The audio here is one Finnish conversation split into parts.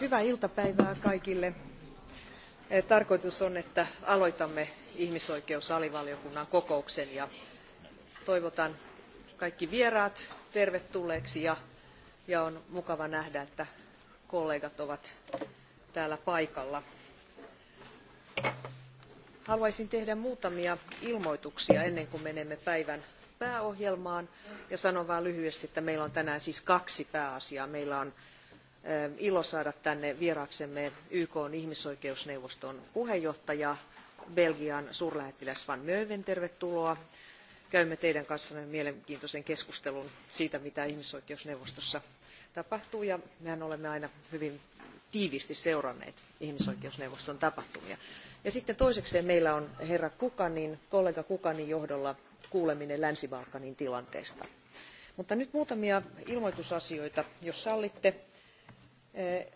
Hyvää iltapäivää kaikille. Eh, tarkoitus on, että aloitamme ihmisoikeusalivaliokunnan kokouksen ja toivotan kaikki vieraat tervetulleeksi ja, ja on mukava nähdä, että kollegat ovat täällä paikalla. Haluaisin tehdä muutamia ilmoituksia ennen kuin menemme päivän pääohjelmaan. Ja sanon vain lyhyesti, että meillä on tänään siis kaksi pääasiaa. Meillä on eh, ilo saada tänne vieraaksemme YK on ihmisoikeusneuvoston puheenjohtaja Belgian suurlähettiläs Van Möven. Tervetuloa. Käymme teidän kanssanne mielenkiintoisen keskustelun siitä, mitä ihmisoikeusneuvostossa tapahtuu. Ja mehän olemme aina hyvin tiiviisti seuranneet ihmisoikeusneuvoston tapahtumia. Ja sitten toisekseen meillä on herra Kukanin, kollega Kukanin johdolla kuuleminen länsi balkanin tilanteesta. mutta nyt muutamia ilmoitusasioita jos sallitte. Eh,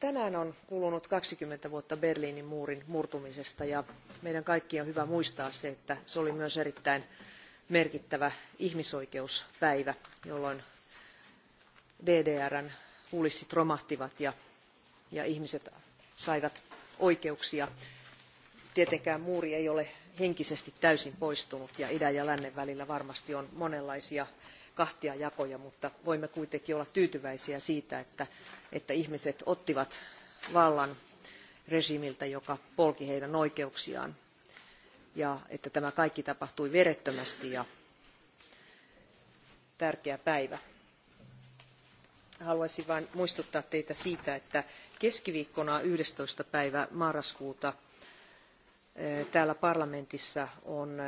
tänään on kulunut kaksikymmentä vuotta berliinin muurin murtumisesta ja meidän kaikkien on hyvä muistaa se että se oli myös erittäin merkittävä ihmisoikeuspäivä jolloin ddrn kulissit romahtivat ja, ja ihmiset saivat oikeuksia. tietenkään muuri ei ole henkisesti täysin poistunut ja idän ja lännen välillä varmasti on monenlaisia kahtiajakoja, mutta voimme kuitenkin olla tyytyväisiä siitä, että, että ihmiset ottivat vallan režiimiltä, joka polki heidän oikeuksiaan ja että tämä kaikki tapahtui verettömästi ja tärkeä päivä. Haluaisin vain muistuttaa teitä siitä, että keskiviikkona 11. päivä marraskuuta täällä parlamentissa on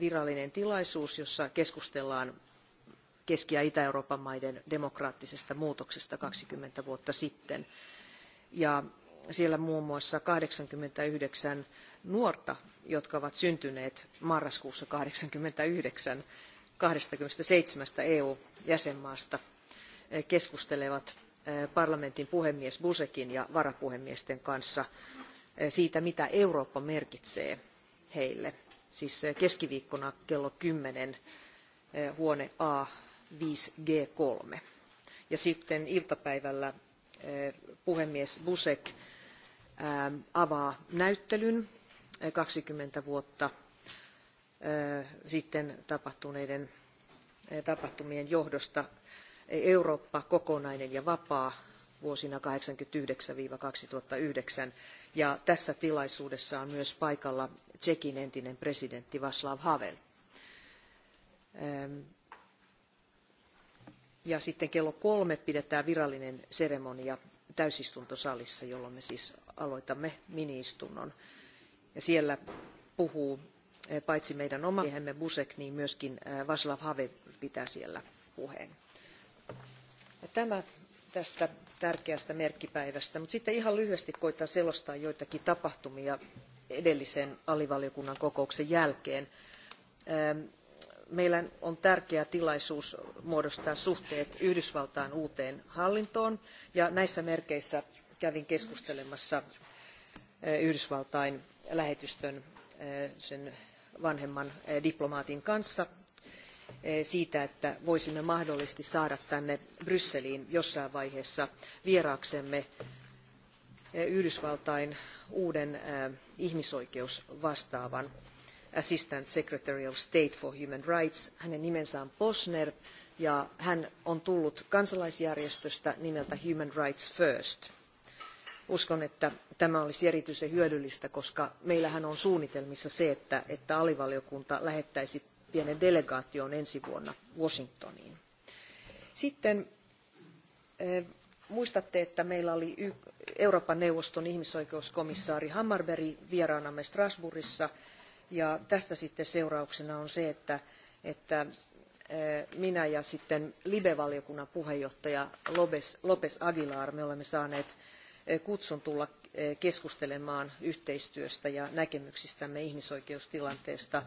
virallinen tilaisuus, jossa keskustellaan Keski- ja Itä-Euroopan maiden demokraattisesta muutoksesta 20 vuotta sitten. Ja siellä muun muassa 89 nuorta, jotka ovat syntyneet marraskuussa 89 27 EU-jäsenmaasta, keskustelevat parlamentin puhemies Busekin ja varapuhemiesten kanssa Eh, siitä, mitä Eurooppa merkitsee heille. Siis eh, keskiviikkona kello kymmenen eh, huone A5G3. Ja sitten iltapäivällä puhemies Busek avaa näyttelyn 20 vuotta sitten tapahtuneiden tapahtumien johdosta Eurooppa kokonainen ja vapaa vuosina 1989-2009 ja tässä tilaisuudessa on myös paikalla tekin entinen presidentti Václav Havel. Ehm, ja sitten kello kolme pidetään virallinen seremonia täysistuntosalissa, jolloin me siis aloitamme miniistunnon. Ja siellä puhuu eh, paitsi meidän oma miehemme Busek, niin myöskin eh, Václav Havel pitää siellä puheen. Ja tämä tästä tärkeästä merkkipäivästä. Mutta sitten ihan lyhyesti koitan selostaa joitakin tapahtumia edellisen alivaliokunnan kokouksen jälkeen. Ehm, meillä on tärkeä tilaisuus muodostaa suhteet Yhdysvaltain uuteen hallintoon ja näissä merkeissä kävin keskustelemassa ehm, Yhdysvaltain lähetystön ehm, sen vanhemman diplomaatin kanssa Eh, siitä, että voisimme mahdollisesti saada tänne Brysseliin jossain vaiheessa vieraaksemme eh, Yhdysvaltain uuden eh, ihmisoikeusvastaavan Assistant Secretary of State for Human Rights. Hänen nimensä on Posner ja hän on tullut kansalaisjärjestöstä nimeltä Human Rights First. Uskon, että tämä olisi erityisen hyödyllistä, koska meillähän on suunnitelmissa se, että, että alivaliokunta lähettäisi pienen delegaation ensi vuonna Washingtoniin. Sitten eh, muistatte, että meillä oli Euroopan neuvoston ihmisoikeuskomissaari Hammarberg vieraanamme Strasbourgissa. Ja tästä sitten seurauksena on se, että, että eh, minä ja sitten Libe-valiokunnan puheenjohtaja Lopes, Lopes Aguilar, me olemme saaneet eh, kutsun tulla keskustelemaan yhteistyöstä ja näkemyksistämme ihmisoikeustilanteesta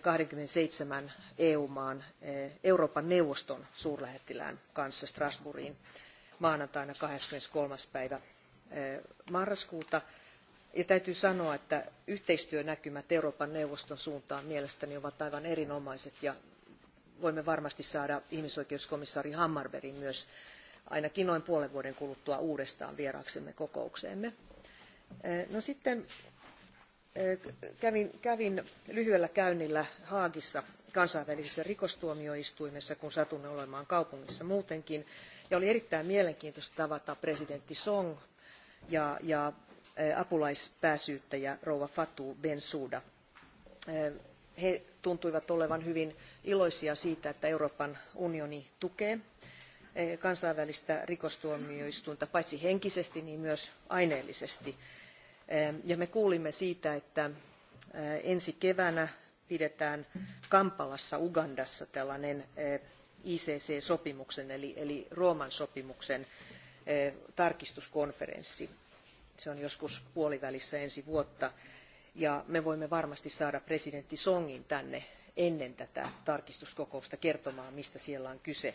27 EU-maan eh, Euroopan neuvoston suurlähettilään kanssa Strasbourgiin maanantaina 23. päivä eh, marraskuuta. Ja täytyy sanoa, että yhteistyönäkymät Euroopan neuvoston suuntaan mielestäni ovat aivan erinomaiset ja voimme varmasti saada ihmisoikeuskomissaari Hammarbergin myös ainakin noin puolen vuoden kuluttua uudestaan vieraaksemme kokoukseemme. Eh, no sitten Kävin, kävin lyhyellä käynnillä Haagissa kansainvälisessä rikostuomioistuimessa, kun satun olemaan kaupungissa muutenkin. Ja oli erittäin mielenkiintoista tavata presidentti Song ja, ja apulaispääsyyttäjä rouva Fatu Bensouda. He tuntuivat olevan hyvin iloisia siitä, että Euroopan unioni tukee kansainvälistä rikostuomioistuinta paitsi henkisesti, niin myös aineellisesti ja me kuulimme siitä, että ensi keväänä pidetään Kampalassa Ugandassa tällainen ICC-sopimuksen eli, eli Rooman sopimuksen tarkistuskonferenssi. Se on joskus puolivälissä ensi vuotta. Ja me voimme varmasti saada presidentti Songin tänne ennen tätä tarkistuskokousta kertomaan, mistä siellä on kyse.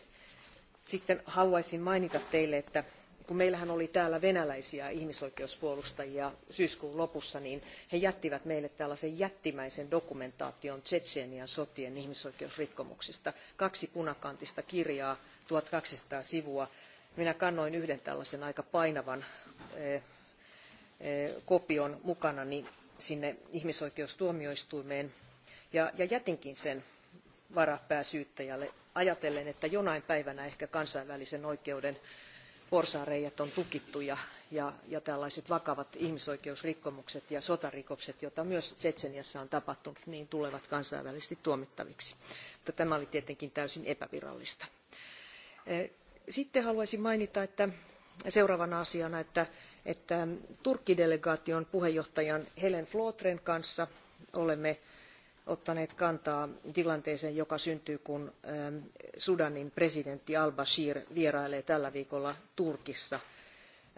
Sitten haluaisin mainita teille, että kun meillähän oli täällä venäläisiä ihmisoikeuspuolustajia syyskuun lopussa, niin he jättivät meille tällaisen jättimäisen dokumentaation Tsetseenian sotien ihmisoikeusrikkomuksista. Kaksi punakantista kirjaa, 1200 sivua. Minä kannoin yhden tällaisen aika painavan e, e, kopion mukanani sinne ihmisoikeustuomioistuimeen ja, ja jätinkin sen varapääsyyttäjälle ajatellen, että jonain päivänä ehkä kansainvälisen oikeuden porsaanreiät on tukittu ja, ja, ja tällaiset vakavat ihmisoikeusrikkomukset ja sotarikokset, joita myös Tsetseniassa on tapahtunut, niin tulevat kansainvälisesti tuomittaviksi. Mutta tämä oli tietenkin täysin epävirallista. Eh, sitten haluaisin mainita, että seuraavana asiana, että, että Turkki-delegaation puheenjohtajan Helen Flotren kanssa olemme ottaneet kantaa tilanteeseen, joka syntyy, kun ähm, Sudanin presidentti al-Bashir vierailee tällä viikolla Turkissa.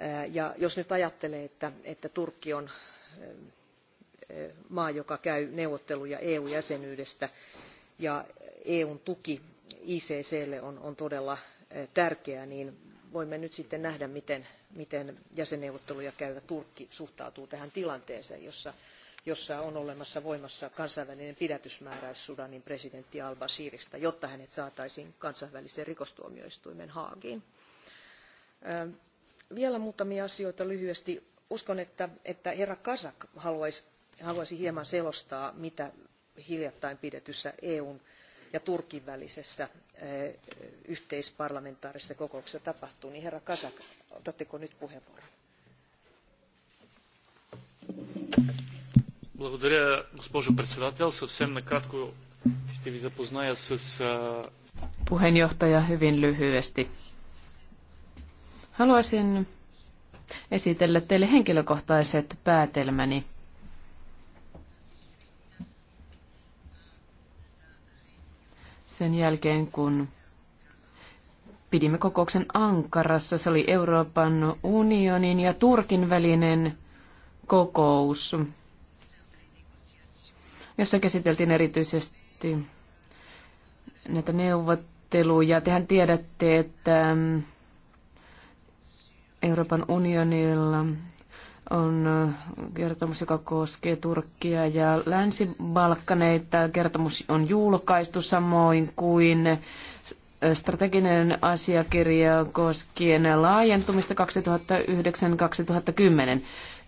Äh, ja jos nyt ajattelee, että, että Turkki on äh, äh, maa, joka käy neuvotteluja EU-jäsenyydestä ja EUn tuki ICClle on, on todella tärkeää, niin voimme nyt sitten nähdä, miten, miten jäsenneuvotteluja käyvä Turkki suhtautuu tähän tilanteeseen, jossa jossa on olemassa voimassa kansainvälinen pidätysmääräys Sudanin presidentti al-Bashirista, jotta hänet saataisiin kansainvälisen rikostuomioistuimen haagiin. Vielä muutamia asioita lyhyesti. Uskon, että, että herra Kazak haluaisi, haluaisi hieman selostaa, mitä hiljattain pidetyssä EUn ja Turkin välisessä yhteisparlamentaarisessa kokouksessa tapahtuu, niin herra Kazak, otatteko nyt puheenvuoron? Благодаря, госпожо председател. Съвсем накратко ще ви запозная с... Puheenjohtaja hyvin lyhyesti. Haluaisin esitellä teille henkilökohtaiset päätelmäni. Sen jälkeen, kun pidimme kokouksen Ankarassa, se oli Euroopan unionin ja Turkin välinen kokous jossa käsiteltiin erityisesti näitä neuvotteluja. Tehän tiedätte, että ähm, Euroopan unionilla on äh, kertomus, joka koskee Turkkia ja Länsi-Balkaneita. Kertomus on julkaistu samoin kuin äh, strateginen asiakirja koskien laajentumista 2009-2010.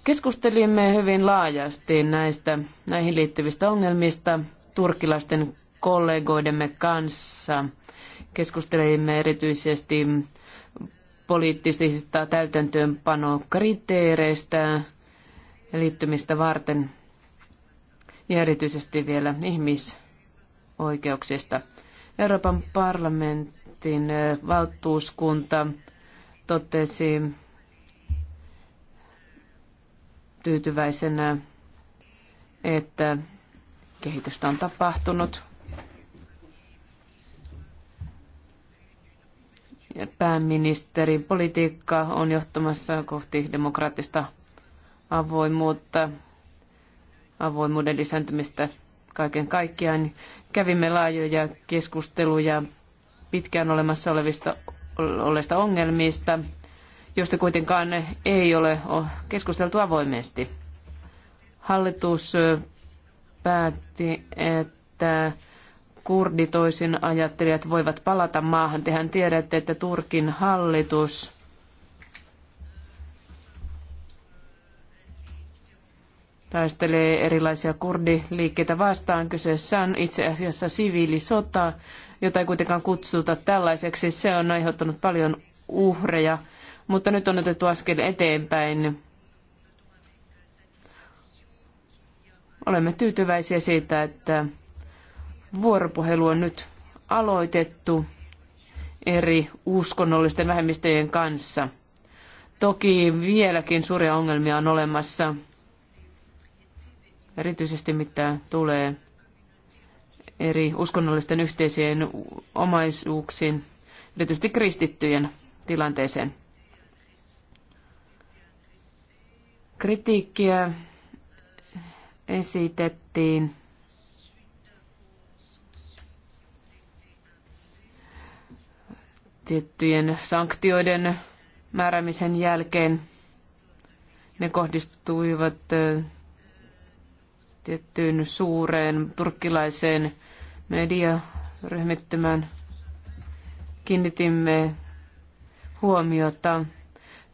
Keskustelimme hyvin laajasti näistä, näihin liittyvistä ongelmista turkilaisten kollegoidemme kanssa. Keskustelimme erityisesti poliittisista täytäntöönpanokriteereistä liittymistä varten ja erityisesti vielä ihmisoikeuksista. Euroopan parlamentin valtuuskunta totesi tyytyväisenä, että kehitystä on tapahtunut. Pääministerin politiikka on johtamassa kohti demokraattista avoimuutta, avoimuuden lisääntymistä kaiken kaikkiaan. Kävimme laajoja keskusteluja pitkään olemassa olevista ongelmista josta kuitenkaan ei ole keskusteltu avoimesti. Hallitus päätti, että kurditoisin ajattelijat voivat palata maahan. Tehän tiedätte, että Turkin hallitus taistelee erilaisia kurdiliikkeitä vastaan. Kyseessä on itse asiassa siviilisota, jota ei kuitenkaan kutsuta tällaiseksi. Se on aiheuttanut paljon uhreja mutta nyt on otettu askel eteenpäin. Olemme tyytyväisiä siitä, että vuoropuhelu on nyt aloitettu eri uskonnollisten vähemmistöjen kanssa. Toki vieläkin suuria ongelmia on olemassa, erityisesti mitä tulee eri uskonnollisten yhteisöjen omaisuuksiin, erityisesti kristittyjen tilanteeseen. Kritiikkiä esitettiin. tiettyjen sanktioiden määrämisen jälkeen. Ne kohdistuivat tiettyyn suureen turkkilaiseen mediaryhmittymään. Kiinnitimme huomiota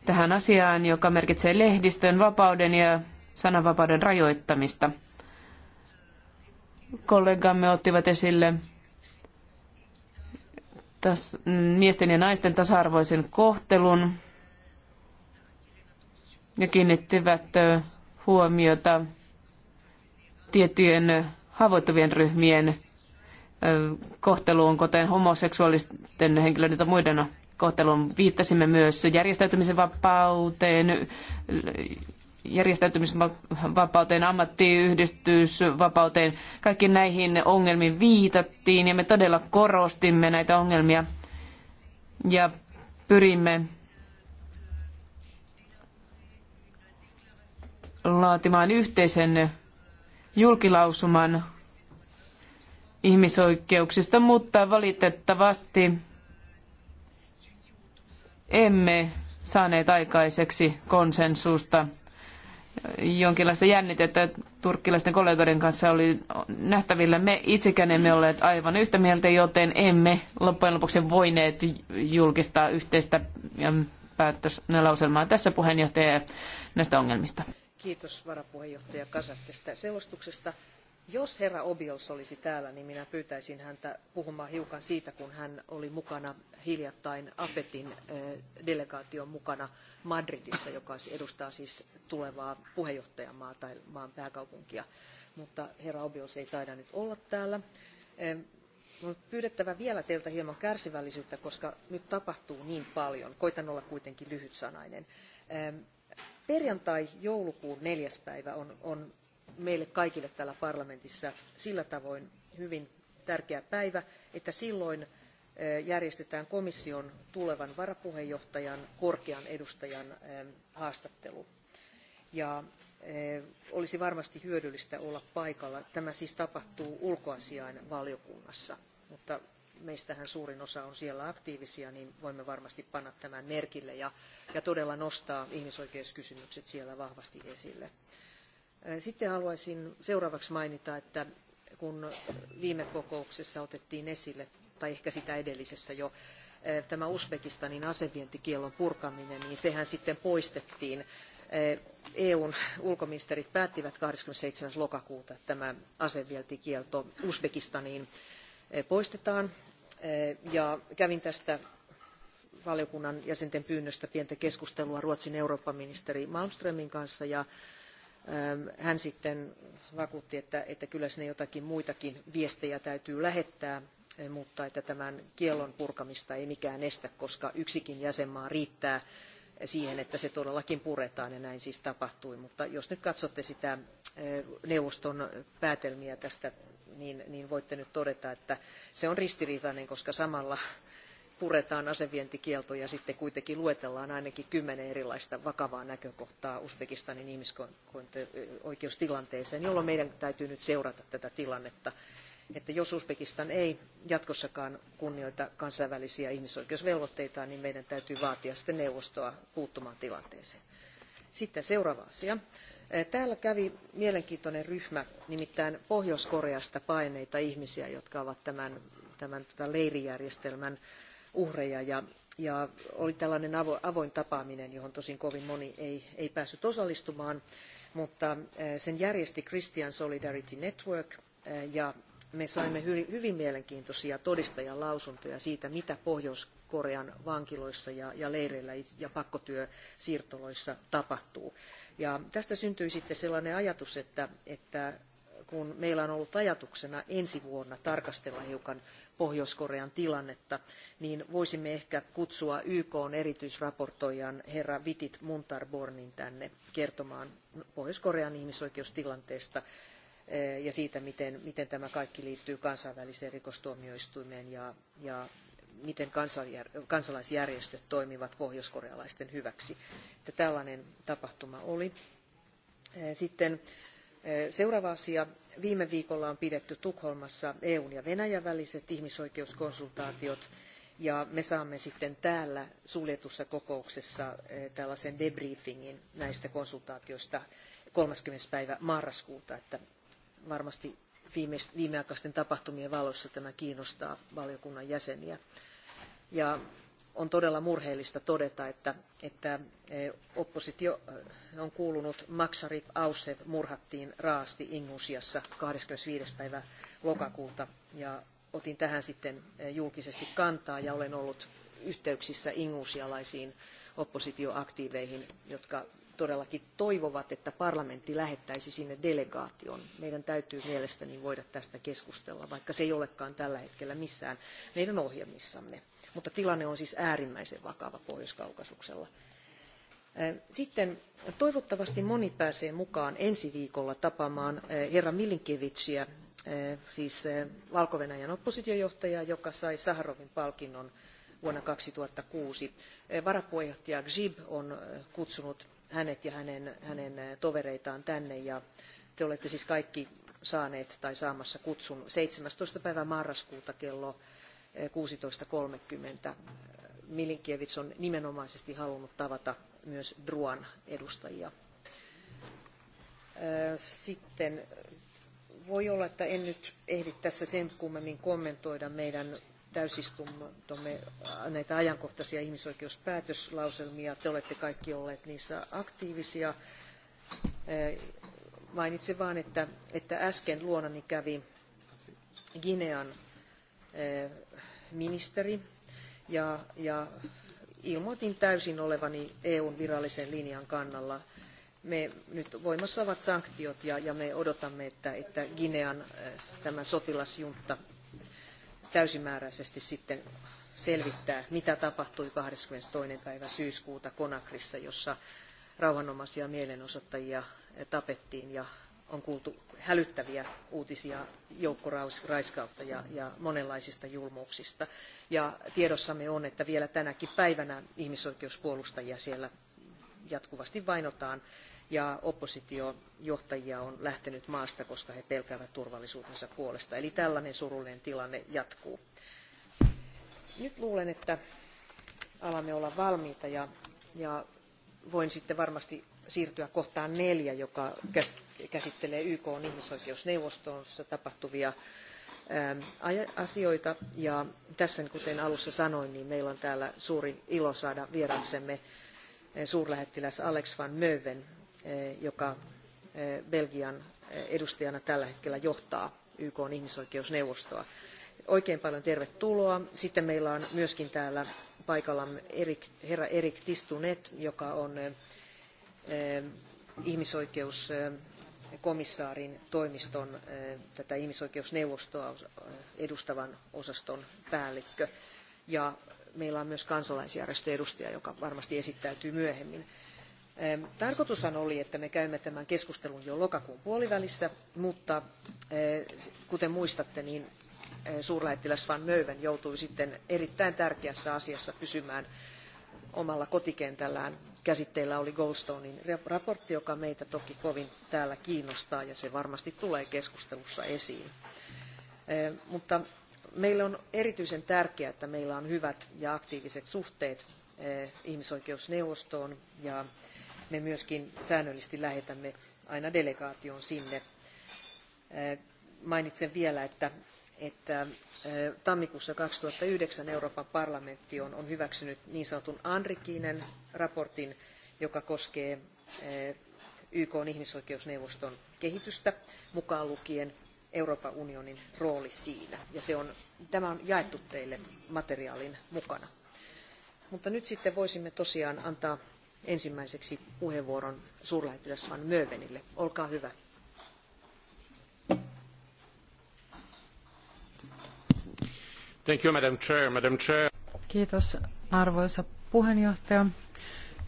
tähän asiaan, joka merkitsee lehdistön vapauden ja sananvapauden rajoittamista. Kollegamme ottivat esille miesten ja naisten tasa-arvoisen kohtelun ja kiinnittivät huomiota tiettyjen haavoittuvien ryhmien kohteluun, kuten homoseksuaalisten henkilöiden tai muiden kohteluun. Viittasimme myös järjestäytymisen vapauteen, järjestäytymisvapauteen, ammattiyhdistysvapauteen. Kaikki näihin ongelmiin viitattiin ja me todella korostimme näitä ongelmia ja pyrimme laatimaan yhteisen julkilausuman ihmisoikeuksista, mutta valitettavasti emme saaneet aikaiseksi konsensusta. Jonkinlaista jännitettä turkkilaisten kollegoiden kanssa oli nähtävillä. Me itsekään emme olleet aivan yhtä mieltä, joten emme loppujen lopuksi voineet julkistaa yhteistä ähm, päätöslauselmaa tässä puheenjohtaja näistä ongelmista. Kiitos varapuheenjohtaja Kasat tästä selostuksesta. Jos herra Obios olisi täällä, niin minä pyytäisin häntä puhumaan hiukan siitä, kun hän oli mukana hiljattain AFETin delegaation mukana Madridissa, joka edustaa siis tulevaa puheenjohtajamaa tai maan pääkaupunkia. Mutta herra Obios ei taida nyt olla täällä. On pyydettävä vielä teiltä hieman kärsivällisyyttä, koska nyt tapahtuu niin paljon. Koitan olla kuitenkin lyhytsanainen. Perjantai joulukuun neljäs päivä on, on meille kaikille täällä parlamentissa sillä tavoin hyvin tärkeä päivä, että silloin järjestetään komission tulevan varapuheenjohtajan korkean edustajan haastattelu. Ja olisi varmasti hyödyllistä olla paikalla. Tämä siis tapahtuu ulkoasiain valiokunnassa, mutta meistähän suurin osa on siellä aktiivisia, niin voimme varmasti panna tämän merkille ja, ja todella nostaa ihmisoikeuskysymykset siellä vahvasti esille. Sitten haluaisin seuraavaksi mainita, että kun viime kokouksessa otettiin esille, tai ehkä sitä edellisessä jo, tämä Uzbekistanin asevientikielon purkaminen, niin sehän sitten poistettiin. EUn ulkoministerit päättivät 27. lokakuuta, että tämä asevientikielto Uzbekistaniin poistetaan. Ja kävin tästä valiokunnan jäsenten pyynnöstä pientä keskustelua Ruotsin Eurooppa-ministeri Malmströmin kanssa ja Ähm, hän sitten vakuutti, että, että kyllä sinne jotakin muitakin viestejä täytyy lähettää, eh, mutta että tämän kiellon purkamista ei mikään estä, koska yksikin jäsenmaa riittää siihen, että se todellakin puretaan ja näin siis tapahtui. Mutta jos nyt katsotte sitä eh, neuvoston päätelmiä tästä, niin, niin voitte nyt todeta, että se on ristiriitainen, koska samalla puretaan asevientikielto ja sitten kuitenkin luetellaan ainakin kymmenen erilaista vakavaa näkökohtaa Uzbekistanin ihmisoikeustilanteeseen, jolloin meidän täytyy nyt seurata tätä tilannetta että jos Uzbekistan ei jatkossakaan kunnioita kansainvälisiä ihmisoikeusvelvoitteita, niin meidän täytyy vaatia sitten neuvostoa puuttumaan tilanteeseen. Sitten seuraava asia. Täällä kävi mielenkiintoinen ryhmä, nimittäin Pohjois-Koreasta paineita ihmisiä, jotka ovat tämän, tämän tota leirijärjestelmän uhreja ja, ja oli tällainen avo, avoin tapaaminen, johon tosin kovin moni ei, ei päässyt osallistumaan, mutta eh, sen järjesti Christian Solidarity Network eh, ja me saimme hyvin, hyvin mielenkiintoisia todistajan lausuntoja siitä, mitä Pohjois-Korean vankiloissa ja, ja leireillä ja pakkotyösiirtoloissa tapahtuu. Ja tästä syntyi sitten sellainen ajatus, että, että kun meillä on ollut ajatuksena ensi vuonna tarkastella hiukan Pohjois-Korean tilannetta, niin voisimme ehkä kutsua YK erityisraportoijan herra Vitit Muntarbornin tänne kertomaan Pohjois-Korean ihmisoikeustilanteesta eh, ja siitä, miten, miten, tämä kaikki liittyy kansainväliseen rikostuomioistuimeen ja, ja miten kansalaisjärjestöt toimivat pohjoiskorealaisten hyväksi. Että tällainen tapahtuma oli. Eh, sitten Seuraava asia. Viime viikolla on pidetty Tukholmassa EUn ja Venäjän väliset ihmisoikeuskonsultaatiot ja me saamme sitten täällä suljetussa kokouksessa tällaisen debriefingin näistä konsultaatioista 30. päivä marraskuuta, että varmasti viimeaikaisten tapahtumien valossa tämä kiinnostaa valiokunnan jäseniä. Ja on todella murheellista todeta, että, että e, oppositio e, on kuulunut Maksarit Ausev murhattiin raasti Ingusiassa 25. päivä lokakuuta ja otin tähän sitten e, julkisesti kantaa ja olen ollut yhteyksissä ingusialaisiin oppositioaktiiveihin, jotka todellakin toivovat, että parlamentti lähettäisi sinne delegaation. Meidän täytyy mielestäni voida tästä keskustella, vaikka se ei olekaan tällä hetkellä missään meidän ohjelmissamme. Mutta tilanne on siis äärimmäisen vakava Pohjois-Kaukasuksella. Sitten toivottavasti moni pääsee mukaan ensi viikolla tapaamaan herra Milinkevitsiä, siis Valko-Venäjän oppositiojohtajaa, joka sai Saharovin palkinnon vuonna 2006. Varapuheenjohtaja Gzib on kutsunut hänet ja hänen, hänen tovereitaan tänne. Ja te olette siis kaikki saaneet tai saamassa kutsun 17. päivä marraskuuta kello 16.30. Milinkievits on nimenomaisesti halunnut tavata myös Druan edustajia. Sitten voi olla, että en nyt ehdi tässä sen kummemmin kommentoida meidän täysistuntomme näitä ajankohtaisia ihmisoikeuspäätöslauselmia. Te olette kaikki olleet niissä aktiivisia. Eh, mainitsen vain, että, että äsken luonani kävi Ginean eh, ministeri ja, ja ilmoitin täysin olevani EUn virallisen linjan kannalla. Me nyt voimassa ovat sanktiot ja, ja me odotamme, että, että Ginean eh, tämä sotilasjunta täysimääräisesti sitten selvittää, mitä tapahtui 22. päivä syyskuuta Konakrissa, jossa rauhanomaisia mielenosoittajia tapettiin ja on kuultu hälyttäviä uutisia joukkoraiskautta ja, ja monenlaisista julmuuksista. Ja tiedossamme on, että vielä tänäkin päivänä ihmisoikeuspuolustajia siellä jatkuvasti vainotaan ja oppositiojohtajia on lähtenyt maasta, koska he pelkäävät turvallisuutensa puolesta. Eli tällainen surullinen tilanne jatkuu. Nyt luulen, että alamme olla valmiita ja, ja voin sitten varmasti siirtyä kohtaan neljä, joka käsittelee YK on ihmisoikeusneuvostossa tapahtuvia ähm, asioita. Ja tässä, kuten alussa sanoin, niin meillä on täällä suuri ilo saada vieraksemme äh, suurlähettiläs Alex van Möven, Eh, joka eh, Belgian eh, edustajana tällä hetkellä johtaa YK :n ihmisoikeusneuvostoa. Oikein paljon tervetuloa. Sitten meillä on myöskin täällä paikalla Erik, herra Erik Tistunet, joka on ihmisoikeuskomissaarin toimiston tätä ihmisoikeusneuvostoa edustavan osaston päällikkö. Ja meillä on myös kansalaisjärjestöedustaja, joka varmasti esittäytyy myöhemmin. Tarkoitushan oli, että me käymme tämän keskustelun jo lokakuun puolivälissä, mutta e, kuten muistatte, niin e, suurlähettiläs Van Möven joutui sitten erittäin tärkeässä asiassa pysymään omalla kotikentällään. Käsitteillä oli Goldstonein raportti, joka meitä toki kovin täällä kiinnostaa ja se varmasti tulee keskustelussa esiin. E, mutta meille on erityisen tärkeää, että meillä on hyvät ja aktiiviset suhteet ihmisoikeusneuvostoon ja me myöskin säännöllisesti lähetämme aina delegaation sinne. Äh, mainitsen vielä, että, että äh, tammikuussa 2009 Euroopan parlamentti on, on hyväksynyt niin sanotun Anrikinen raportin, joka koskee äh, YK ihmisoikeusneuvoston kehitystä, mukaan lukien Euroopan unionin rooli siinä. Ja se on, tämä on jaettu teille materiaalin mukana. Mutta nyt sitten voisimme tosiaan antaa ensimmäiseksi puheenvuoron suurlähettiläs Van Mövenille. Olkaa hyvä. Thank you, Madam Chair. Madam Chair. Kiitos arvoisa puheenjohtaja.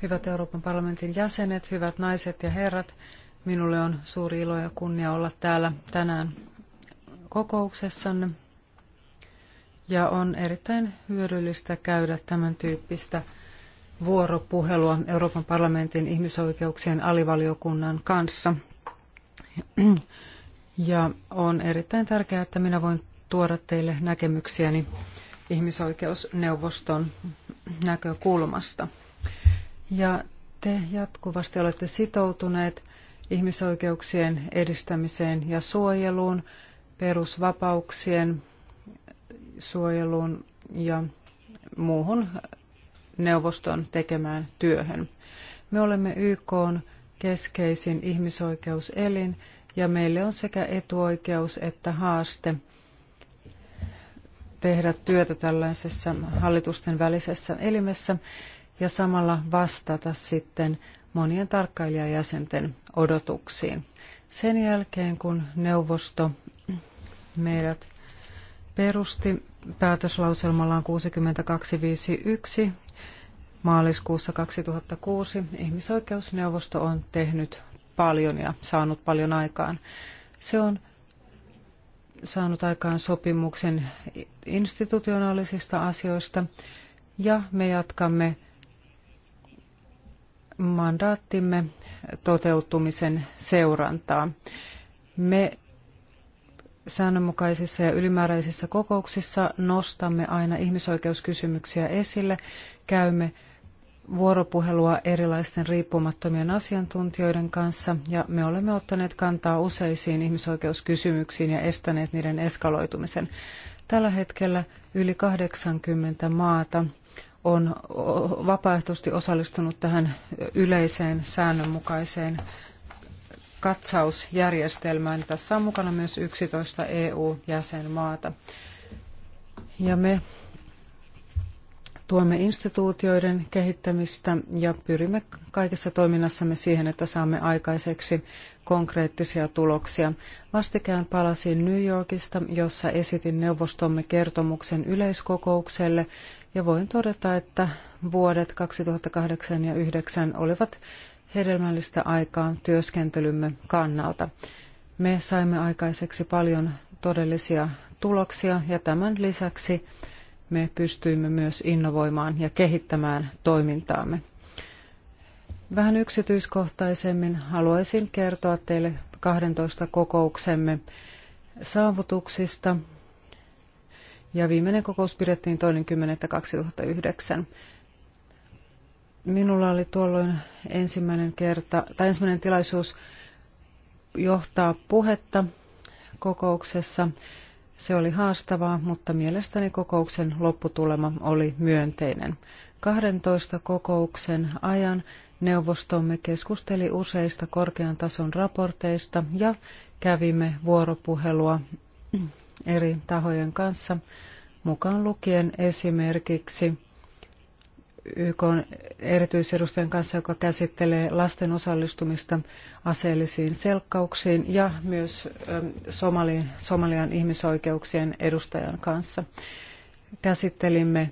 Hyvät Euroopan parlamentin jäsenet, hyvät naiset ja herrat, minulle on suuri ilo ja kunnia olla täällä tänään kokouksessanne. Ja on erittäin hyödyllistä käydä tämän tyyppistä vuoropuhelua Euroopan parlamentin ihmisoikeuksien alivaliokunnan kanssa. Ja on erittäin tärkeää, että minä voin tuoda teille näkemyksiäni ihmisoikeusneuvoston näkökulmasta. Ja te jatkuvasti olette sitoutuneet ihmisoikeuksien edistämiseen ja suojeluun, perusvapauksien suojeluun ja muuhun neuvoston tekemään työhön. Me olemme YK keskeisin ihmisoikeuselin ja meille on sekä etuoikeus että haaste tehdä työtä tällaisessa hallitusten välisessä elimessä ja samalla vastata sitten monien tarkkailijajäsenten odotuksiin. Sen jälkeen, kun neuvosto meidät perusti päätöslauselmallaan 6251, maaliskuussa 2006 ihmisoikeusneuvosto on tehnyt paljon ja saanut paljon aikaan. Se on saanut aikaan sopimuksen institutionaalisista asioista ja me jatkamme mandaattimme toteutumisen seurantaa. Me säännönmukaisissa ja ylimääräisissä kokouksissa nostamme aina ihmisoikeuskysymyksiä esille, käymme vuoropuhelua erilaisten riippumattomien asiantuntijoiden kanssa ja me olemme ottaneet kantaa useisiin ihmisoikeuskysymyksiin ja estäneet niiden eskaloitumisen. Tällä hetkellä yli 80 maata on vapaaehtoisesti osallistunut tähän yleiseen säännönmukaiseen katsausjärjestelmään. Tässä on mukana myös 11 EU-jäsenmaata. Ja me Tuemme instituutioiden kehittämistä ja pyrimme kaikessa toiminnassamme siihen, että saamme aikaiseksi konkreettisia tuloksia. Vastikään palasin New Yorkista, jossa esitin neuvostomme kertomuksen yleiskokoukselle ja voin todeta, että vuodet 2008 ja 2009 olivat hedelmällistä aikaa työskentelymme kannalta. Me saimme aikaiseksi paljon todellisia tuloksia ja tämän lisäksi me pystyimme myös innovoimaan ja kehittämään toimintaamme. Vähän yksityiskohtaisemmin haluaisin kertoa teille 12 kokouksemme saavutuksista. Ja viimeinen kokous pidettiin 2.10.2009. Minulla oli tuolloin ensimmäinen kerta, tai ensimmäinen tilaisuus johtaa puhetta kokouksessa. Se oli haastavaa, mutta mielestäni kokouksen lopputulema oli myönteinen. 12 kokouksen ajan neuvostomme keskusteli useista korkean tason raporteista ja kävimme vuoropuhelua eri tahojen kanssa, mukaan lukien esimerkiksi YK erityisedustajan kanssa, joka käsittelee lasten osallistumista aseellisiin selkkauksiin ja myös ähm, Somalian, Somalian ihmisoikeuksien edustajan kanssa. Käsittelimme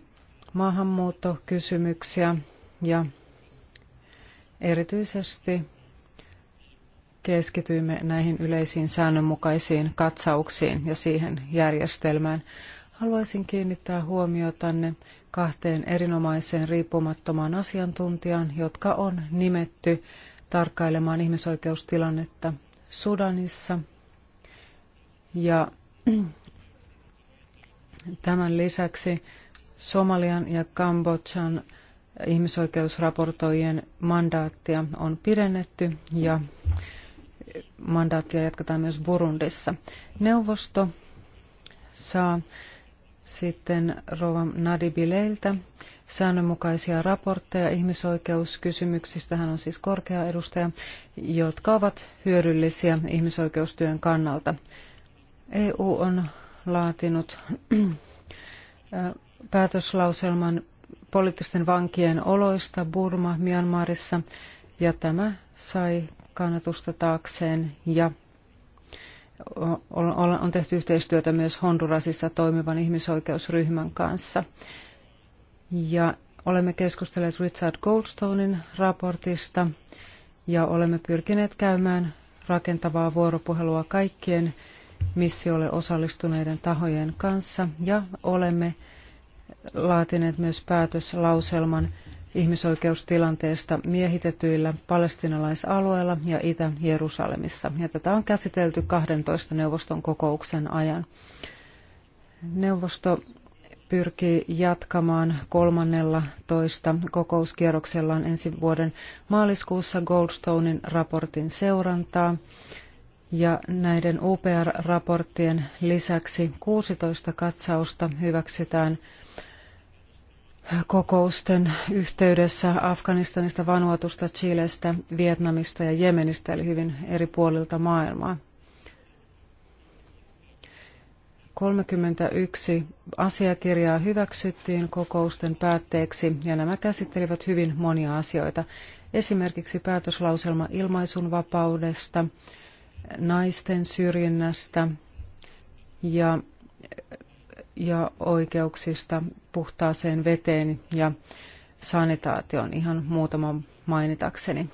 maahanmuuttokysymyksiä ja erityisesti keskityimme näihin yleisiin säännönmukaisiin katsauksiin ja siihen järjestelmään. Haluaisin kiinnittää huomiotanne kahteen erinomaiseen riippumattomaan asiantuntijaan, jotka on nimetty tarkkailemaan ihmisoikeustilannetta Sudanissa. Ja tämän lisäksi Somalian ja Kambodjan ihmisoikeusraportoijien mandaattia on pidennetty ja mandaattia jatketaan myös Burundissa. Neuvosto saa sitten Rovan Nadibileiltä säännönmukaisia raportteja ihmisoikeuskysymyksistä, hän on siis korkea edustaja, jotka ovat hyödyllisiä ihmisoikeustyön kannalta. EU on laatinut äh, päätöslauselman poliittisten vankien oloista Burma Myanmarissa ja tämä sai kannatusta taakseen ja on tehty yhteistyötä myös Hondurasissa toimivan ihmisoikeusryhmän kanssa. Ja olemme keskustelleet Richard Goldstonein raportista ja olemme pyrkineet käymään rakentavaa vuoropuhelua kaikkien missiolle osallistuneiden tahojen kanssa ja olemme laatineet myös päätöslauselman ihmisoikeustilanteesta miehitetyillä palestinalaisalueilla ja Itä-Jerusalemissa. Ja tätä on käsitelty 12 neuvoston kokouksen ajan. Neuvosto pyrkii jatkamaan kolmannella toista kokouskierroksellaan ensi vuoden maaliskuussa Goldstonein raportin seurantaa. Ja näiden UPR-raporttien lisäksi 16 katsausta hyväksytään kokousten yhteydessä Afganistanista, Vanuatusta, Chilestä, Vietnamista ja Jemenistä, eli hyvin eri puolilta maailmaa. 31 asiakirjaa hyväksyttiin kokousten päätteeksi ja nämä käsittelivät hyvin monia asioita. Esimerkiksi päätöslauselma ilmaisunvapaudesta, naisten syrjinnästä ja, ja oikeuksista puhtaaseen veteen ja sanitaatioon ihan muutama mainitakseni.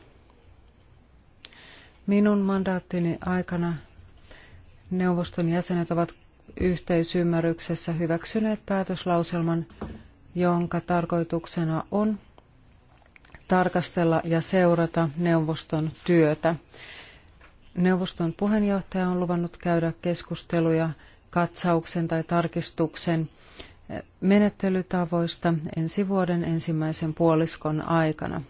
Minun mandaattini aikana neuvoston jäsenet ovat yhteisymmärryksessä hyväksyneet päätöslauselman, jonka tarkoituksena on tarkastella ja seurata neuvoston työtä. Neuvoston puheenjohtaja on luvannut käydä keskusteluja katsauksen tai tarkistuksen menettelytavoista ensi vuoden ensimmäisen puoliskon aikana.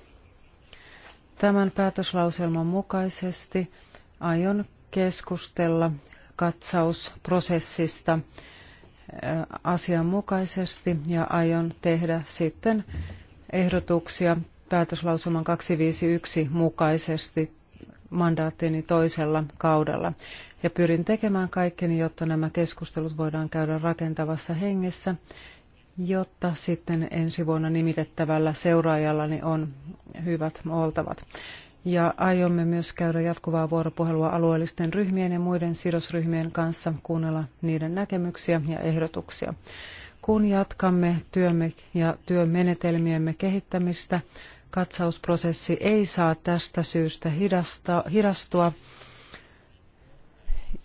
Tämän päätöslauselman mukaisesti aion keskustella katsausprosessista äh, asianmukaisesti ja aion tehdä sitten ehdotuksia päätöslauselman 251 mukaisesti mandaattini toisella kaudella. Ja pyrin tekemään kaikkeni, jotta nämä keskustelut voidaan käydä rakentavassa hengessä, jotta sitten ensi vuonna nimitettävällä seuraajallani on hyvät oltavat ja aiomme myös käydä jatkuvaa vuoropuhelua alueellisten ryhmien ja muiden sidosryhmien kanssa, kuunnella niiden näkemyksiä ja ehdotuksia. Kun jatkamme työmme ja työmenetelmiemme kehittämistä, katsausprosessi ei saa tästä syystä hidasta, hidastua,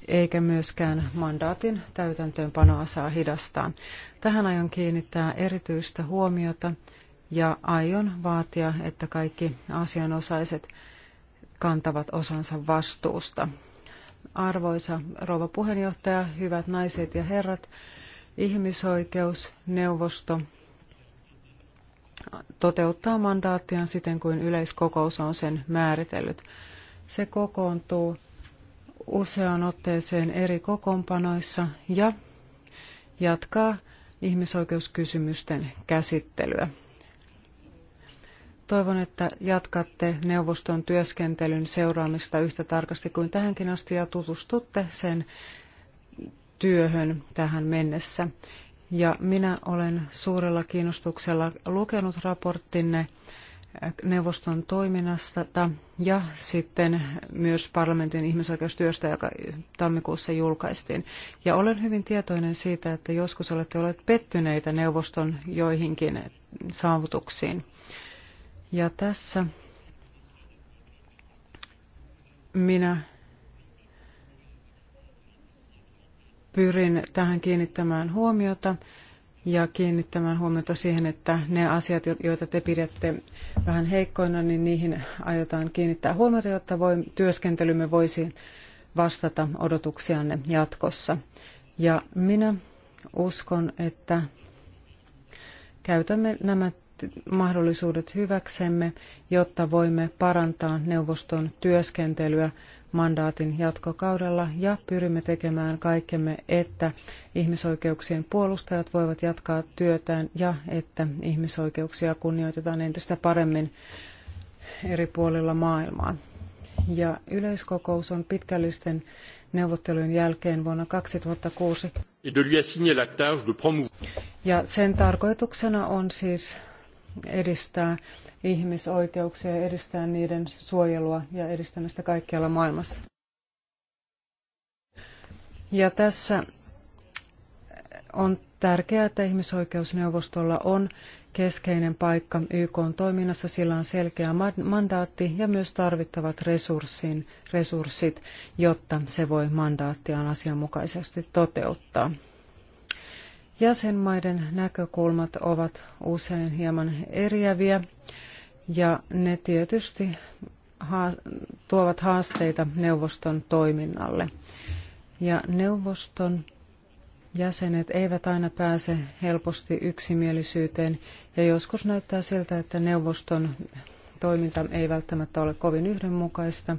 eikä myöskään mandaatin täytäntöönpanoa saa hidastaa. Tähän aion kiinnittää erityistä huomiota ja aion vaatia, että kaikki asianosaiset kantavat osansa vastuusta. Arvoisa rouva puheenjohtaja, hyvät naiset ja herrat, ihmisoikeusneuvosto toteuttaa mandaattiaan siten kuin yleiskokous on sen määritellyt. Se kokoontuu useaan otteeseen eri kokoonpanoissa ja jatkaa ihmisoikeuskysymysten käsittelyä. Toivon, että jatkatte neuvoston työskentelyn seuraamista yhtä tarkasti kuin tähänkin asti ja tutustutte sen työhön tähän mennessä. Ja minä olen suurella kiinnostuksella lukenut raporttinne neuvoston toiminnasta ja sitten myös parlamentin ihmisoikeustyöstä, joka tammikuussa julkaistiin. Ja olen hyvin tietoinen siitä, että joskus olette olleet pettyneitä neuvoston joihinkin saavutuksiin. Ja tässä minä pyrin tähän kiinnittämään huomiota ja kiinnittämään huomiota siihen, että ne asiat, joita te pidätte vähän heikkoina, niin niihin aiotaan kiinnittää huomiota, jotta voi, työskentelymme voisi vastata odotuksianne jatkossa. Ja minä uskon, että käytämme nämä mahdollisuudet hyväksemme, jotta voimme parantaa neuvoston työskentelyä mandaatin jatkokaudella ja pyrimme tekemään kaikkemme, että ihmisoikeuksien puolustajat voivat jatkaa työtään ja että ihmisoikeuksia kunnioitetaan entistä paremmin eri puolilla maailmaa. Ja yleiskokous on pitkällisten neuvottelujen jälkeen vuonna 2006. Ja sen tarkoituksena on siis edistää ihmisoikeuksia, edistää niiden suojelua ja edistämistä kaikkialla maailmassa. Ja tässä on tärkeää, että ihmisoikeusneuvostolla on keskeinen paikka YK toiminnassa. Sillä on selkeä mandaatti ja myös tarvittavat resurssin, resurssit, jotta se voi mandaattiaan asianmukaisesti toteuttaa. Jäsenmaiden näkökulmat ovat usein hieman eriäviä ja ne tietysti tuovat haasteita neuvoston toiminnalle. Ja neuvoston jäsenet eivät aina pääse helposti yksimielisyyteen ja joskus näyttää siltä, että neuvoston toiminta ei välttämättä ole kovin yhdenmukaista,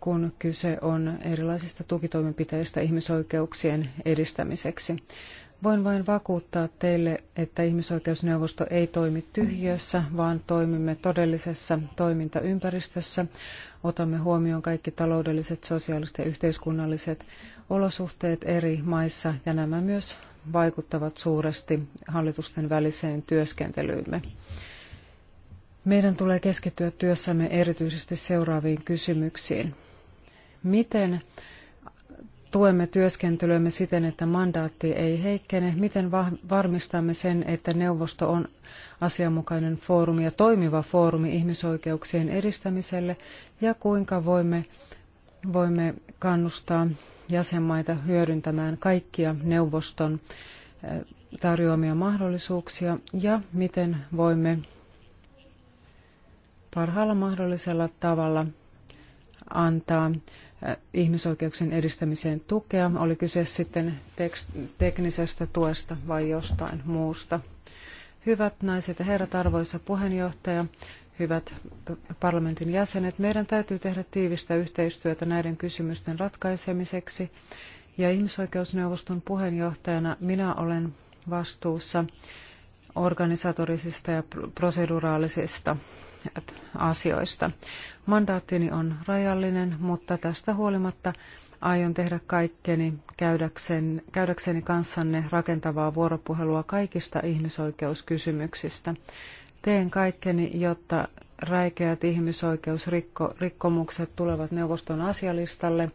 kun kyse on erilaisista tukitoimenpiteistä ihmisoikeuksien edistämiseksi. Voin vain vakuuttaa teille, että ihmisoikeusneuvosto ei toimi tyhjiössä, vaan toimimme todellisessa toimintaympäristössä. Otamme huomioon kaikki taloudelliset, sosiaaliset ja yhteiskunnalliset olosuhteet eri maissa ja nämä myös vaikuttavat suuresti hallitusten väliseen työskentelyymme. Meidän tulee keskittyä työssämme erityisesti seuraaviin kysymyksiin. Miten tuemme työskentelyämme siten, että mandaatti ei heikkene? Miten varmistamme sen, että neuvosto on asianmukainen foorumi ja toimiva foorumi ihmisoikeuksien edistämiselle? Ja kuinka voimme, voimme kannustaa jäsenmaita hyödyntämään kaikkia neuvoston eh, tarjoamia mahdollisuuksia ja miten voimme parhaalla mahdollisella tavalla antaa ihmisoikeuksien edistämiseen tukea, oli kyse sitten teknisestä tuesta vai jostain muusta. Hyvät naiset ja herrat, arvoisa puheenjohtaja, hyvät parlamentin jäsenet, meidän täytyy tehdä tiivistä yhteistyötä näiden kysymysten ratkaisemiseksi. Ja ihmisoikeusneuvoston puheenjohtajana minä olen vastuussa organisatorisista ja proseduraalisista asioista. Mandaattini on rajallinen, mutta tästä huolimatta aion tehdä kaikkeni käydäkseni, käydäkseni kanssanne rakentavaa vuoropuhelua kaikista ihmisoikeuskysymyksistä. Teen kaikkeni, jotta räikeät ihmisoikeusrikkomukset tulevat neuvoston asialistalle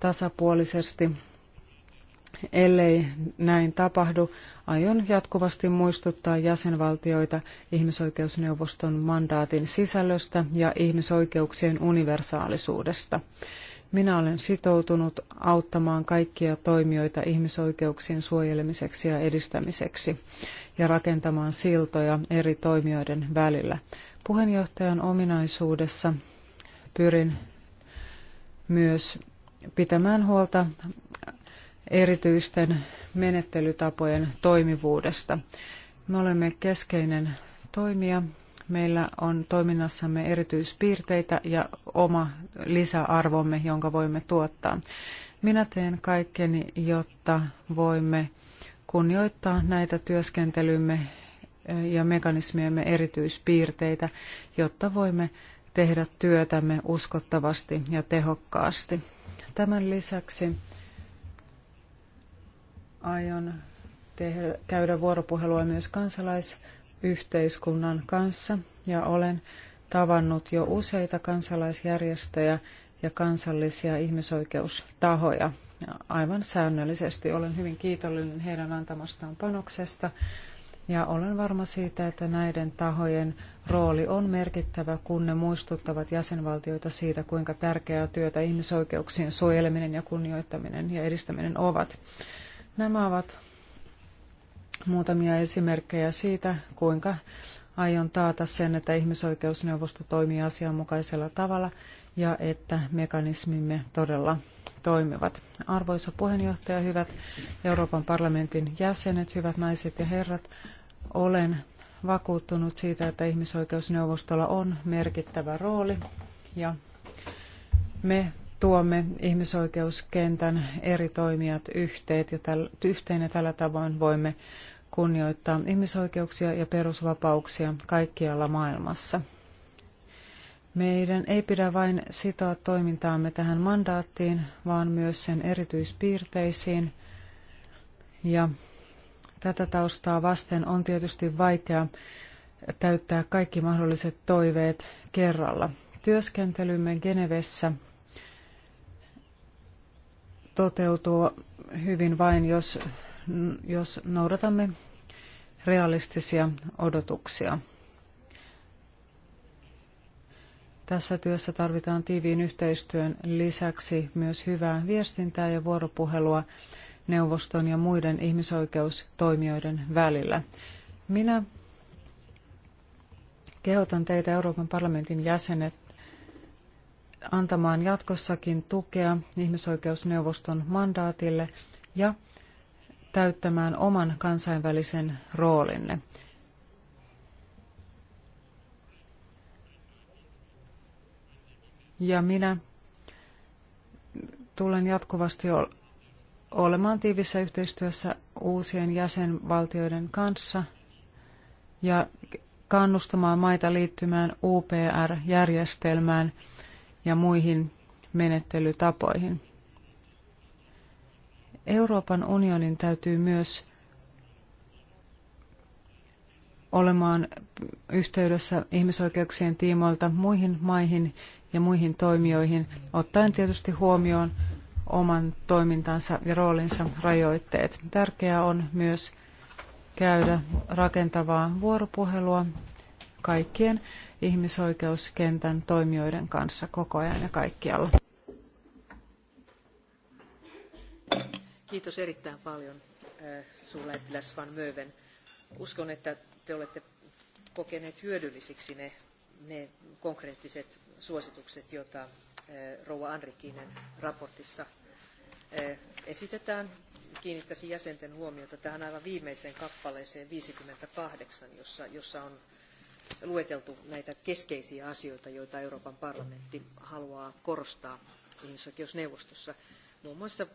tasapuolisesti. Ellei näin tapahdu, Aion jatkuvasti muistuttaa jäsenvaltioita ihmisoikeusneuvoston mandaatin sisällöstä ja ihmisoikeuksien universaalisuudesta. Minä olen sitoutunut auttamaan kaikkia toimijoita ihmisoikeuksien suojelemiseksi ja edistämiseksi ja rakentamaan siltoja eri toimijoiden välillä. Puheenjohtajan ominaisuudessa pyrin myös pitämään huolta erityisten menettelytapojen toimivuudesta. Me olemme keskeinen toimija. Meillä on toiminnassamme erityispiirteitä ja oma lisäarvomme, jonka voimme tuottaa. Minä teen kaikkeni, jotta voimme kunnioittaa näitä työskentelymme ja mekanismiemme erityispiirteitä, jotta voimme tehdä työtämme uskottavasti ja tehokkaasti. Tämän lisäksi aion tehdä, käydä vuoropuhelua myös kansalaisyhteiskunnan kanssa ja olen tavannut jo useita kansalaisjärjestöjä ja kansallisia ihmisoikeustahoja. Aivan säännöllisesti olen hyvin kiitollinen heidän antamastaan panoksesta ja olen varma siitä, että näiden tahojen rooli on merkittävä, kun ne muistuttavat jäsenvaltioita siitä, kuinka tärkeää työtä ihmisoikeuksien suojeleminen ja kunnioittaminen ja edistäminen ovat. Nämä ovat muutamia esimerkkejä siitä, kuinka aion taata sen, että ihmisoikeusneuvosto toimii asianmukaisella tavalla ja että mekanismimme todella toimivat. Arvoisa puheenjohtaja, hyvät Euroopan parlamentin jäsenet, hyvät naiset ja herrat, olen vakuuttunut siitä, että ihmisoikeusneuvostolla on merkittävä rooli ja me tuomme ihmisoikeuskentän eri toimijat yhteen ja, täl, yhteen ja tällä tavoin voimme kunnioittaa ihmisoikeuksia ja perusvapauksia kaikkialla maailmassa. Meidän ei pidä vain sitoa toimintaamme tähän mandaattiin, vaan myös sen erityispiirteisiin. Ja tätä taustaa vasten on tietysti vaikea täyttää kaikki mahdolliset toiveet kerralla. Työskentelymme Genevessä – toteutuu hyvin vain, jos, jos noudatamme realistisia odotuksia. Tässä työssä tarvitaan tiiviin yhteistyön lisäksi myös hyvää viestintää ja vuoropuhelua neuvoston ja muiden ihmisoikeustoimijoiden välillä. Minä kehotan teitä Euroopan parlamentin jäsenet antamaan jatkossakin tukea ihmisoikeusneuvoston mandaatille ja täyttämään oman kansainvälisen roolinne. Ja minä tulen jatkuvasti olemaan tiivissä yhteistyössä uusien jäsenvaltioiden kanssa ja kannustamaan maita liittymään UPR-järjestelmään – ja muihin menettelytapoihin. Euroopan unionin täytyy myös olemaan yhteydessä ihmisoikeuksien tiimoilta muihin maihin ja muihin toimijoihin, ottaen tietysti huomioon oman toimintansa ja roolinsa rajoitteet. Tärkeää on myös käydä rakentavaa vuoropuhelua kaikkien ihmisoikeuskentän toimijoiden kanssa koko ajan ja kaikkialla. Kiitos erittäin paljon eh, suurlähettiläs Van Möven. Uskon, että te olette kokeneet hyödyllisiksi ne, ne konkreettiset suositukset, joita eh, rouva Anrikinen raportissa eh, esitetään. Kiinnittäisin jäsenten huomiota tähän aivan viimeiseen kappaleeseen 58, jossa, jossa on lueteltu näitä keskeisiä asioita, joita Euroopan parlamentti haluaa korostaa ihmisoikeusneuvostossa, muun muassa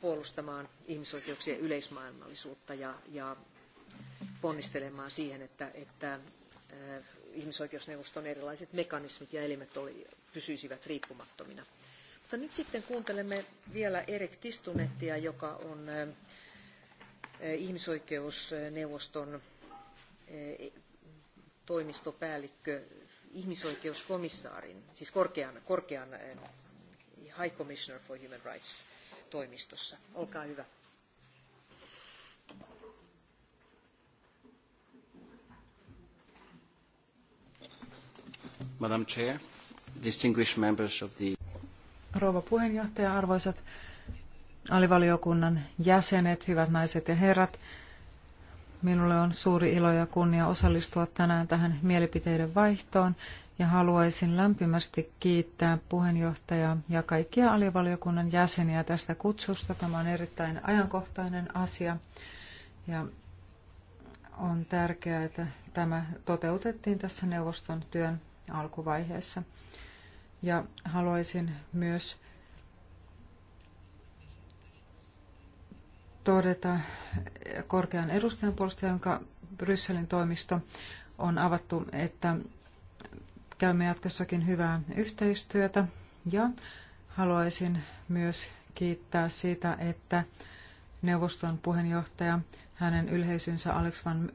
puolustamaan ihmisoikeuksien yleismaailmallisuutta ja, ja ponnistelemaan siihen, että, että eh, ihmisoikeusneuvoston erilaiset mekanismit ja elimet oli, pysyisivät riippumattomina. Mutta nyt sitten kuuntelemme vielä Erik Tistunettia, joka on eh, eh, ihmisoikeusneuvoston toimistopäällikkö ihmisoikeuskomissaarin, siis korkean, korkean eh, High Commissioner for Human Rights toimistossa. Olkaa hyvä. Madam Chair, distinguished members of the... Rouva puheenjohtaja, arvoisat alivaliokunnan jäsenet, hyvät naiset ja herrat. Minulle on suuri ilo ja kunnia osallistua tänään tähän mielipiteiden vaihtoon ja haluaisin lämpimästi kiittää puheenjohtajaa ja kaikkia alivaliokunnan jäseniä tästä kutsusta. Tämä on erittäin ajankohtainen asia ja on tärkeää, että tämä toteutettiin tässä neuvoston työn alkuvaiheessa. Ja haluaisin myös todeta korkean edustajan puolesta, jonka Brysselin toimisto on avattu, että käymme jatkossakin hyvää yhteistyötä ja haluaisin myös kiittää siitä, että neuvoston puheenjohtaja, hänen ylheisynsä Alex van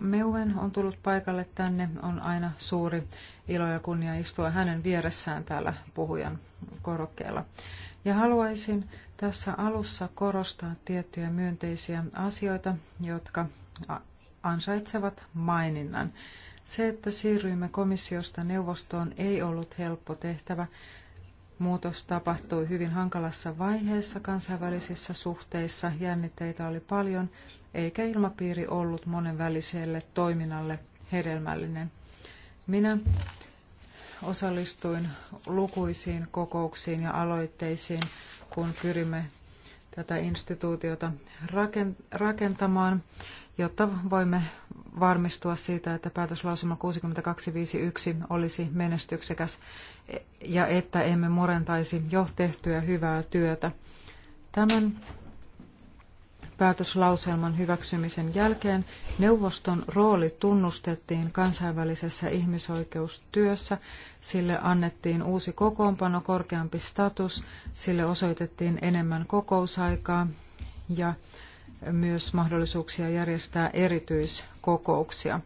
Meuwen on tullut paikalle tänne. On aina suuri ilo ja kunnia istua hänen vieressään täällä puhujan korokkeella. Ja haluaisin tässä alussa korostaa tiettyjä myönteisiä asioita, jotka ansaitsevat maininnan. Se, että siirryimme komissiosta neuvostoon, ei ollut helppo tehtävä. Muutos tapahtui hyvin hankalassa vaiheessa kansainvälisissä suhteissa, jännitteitä oli paljon, eikä ilmapiiri ollut monenväliselle toiminnalle hedelmällinen. Minä osallistuin lukuisiin kokouksiin ja aloitteisiin, kun pyrimme tätä instituutiota rakentamaan, jotta voimme varmistua siitä, että päätöslausuma 6251 olisi menestyksekäs ja että emme murentaisi jo tehtyä hyvää työtä. Tämän päätöslauselman hyväksymisen jälkeen neuvoston rooli tunnustettiin kansainvälisessä ihmisoikeustyössä, sille annettiin uusi kokoonpano, korkeampi status, sille osoitettiin enemmän kokousaikaa ja myös mahdollisuuksia järjestää erityiskokouksia.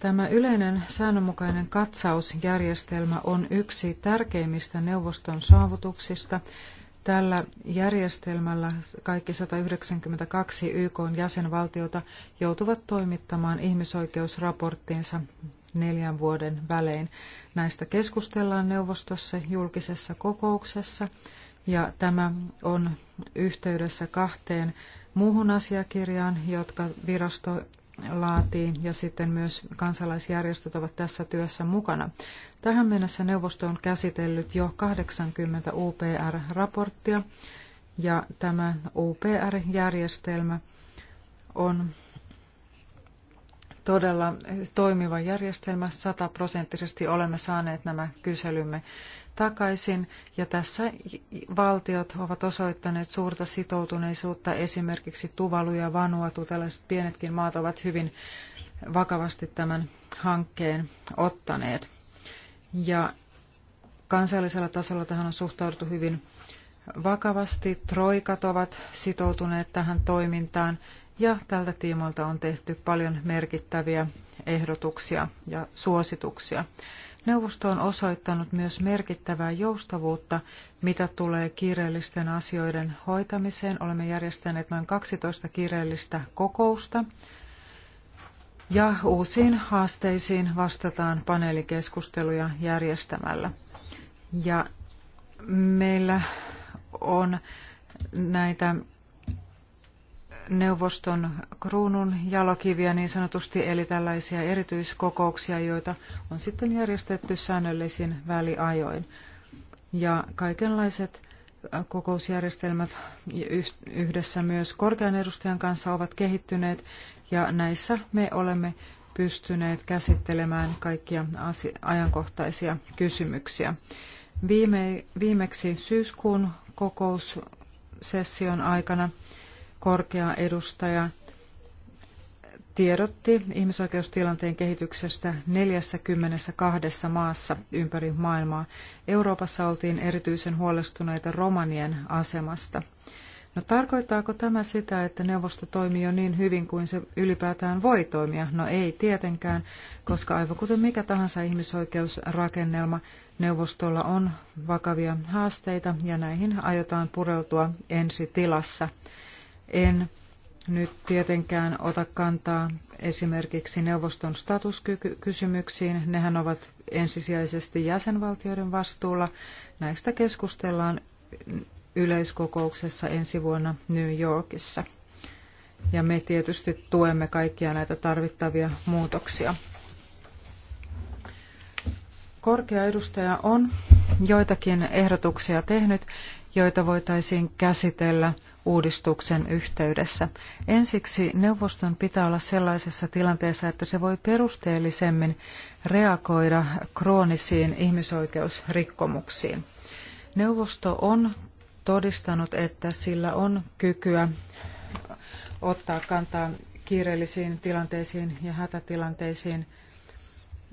Tämä yleinen säännönmukainen katsausjärjestelmä on yksi tärkeimmistä neuvoston saavutuksista Tällä järjestelmällä kaikki 192 YK jäsenvaltiota joutuvat toimittamaan ihmisoikeusraporttinsa neljän vuoden välein. Näistä keskustellaan neuvostossa julkisessa kokouksessa ja tämä on yhteydessä kahteen muuhun asiakirjaan, jotka virasto laatii ja sitten myös kansalaisjärjestöt ovat tässä työssä mukana. Tähän mennessä neuvosto on käsitellyt jo 80 UPR-raporttia ja tämä UPR-järjestelmä on todella toimiva järjestelmä. Sataprosenttisesti olemme saaneet nämä kyselymme takaisin, ja tässä valtiot ovat osoittaneet suurta sitoutuneisuutta, esimerkiksi Tuvalu ja Vanuatu, tällaiset pienetkin maat ovat hyvin vakavasti tämän hankkeen ottaneet. Ja kansallisella tasolla tähän on suhtauduttu hyvin vakavasti, troikat ovat sitoutuneet tähän toimintaan, ja tältä tiimoilta on tehty paljon merkittäviä ehdotuksia ja suosituksia. Neuvosto on osoittanut myös merkittävää joustavuutta, mitä tulee kiireellisten asioiden hoitamiseen. Olemme järjestäneet noin 12 kiireellistä kokousta. Ja uusiin haasteisiin vastataan paneelikeskusteluja järjestämällä. Ja meillä on näitä neuvoston kruunun jalokiviä niin sanotusti, eli tällaisia erityiskokouksia, joita on sitten järjestetty säännöllisin väliajoin. Ja kaikenlaiset äh, kokousjärjestelmät yhdessä myös korkean edustajan kanssa ovat kehittyneet, ja näissä me olemme pystyneet käsittelemään kaikkia ajankohtaisia kysymyksiä. Viime, viimeksi syyskuun kokoussession aikana korkea edustaja tiedotti ihmisoikeustilanteen kehityksestä 42 maassa ympäri maailmaa. Euroopassa oltiin erityisen huolestuneita romanien asemasta. No tarkoittaako tämä sitä, että neuvosto toimii jo niin hyvin kuin se ylipäätään voi toimia? No ei tietenkään, koska aivan kuten mikä tahansa ihmisoikeusrakennelma, neuvostolla on vakavia haasteita ja näihin aiotaan pureutua ensi tilassa – en nyt tietenkään ota kantaa esimerkiksi neuvoston statuskysymyksiin. Nehän ovat ensisijaisesti jäsenvaltioiden vastuulla. Näistä keskustellaan yleiskokouksessa ensi vuonna New Yorkissa. Ja me tietysti tuemme kaikkia näitä tarvittavia muutoksia. Korkea edustaja on joitakin ehdotuksia tehnyt, joita voitaisiin käsitellä – uudistuksen yhteydessä. Ensiksi neuvoston pitää olla sellaisessa tilanteessa, että se voi perusteellisemmin reagoida kroonisiin ihmisoikeusrikkomuksiin. Neuvosto on todistanut, että sillä on kykyä ottaa kantaa kiireellisiin tilanteisiin ja hätätilanteisiin,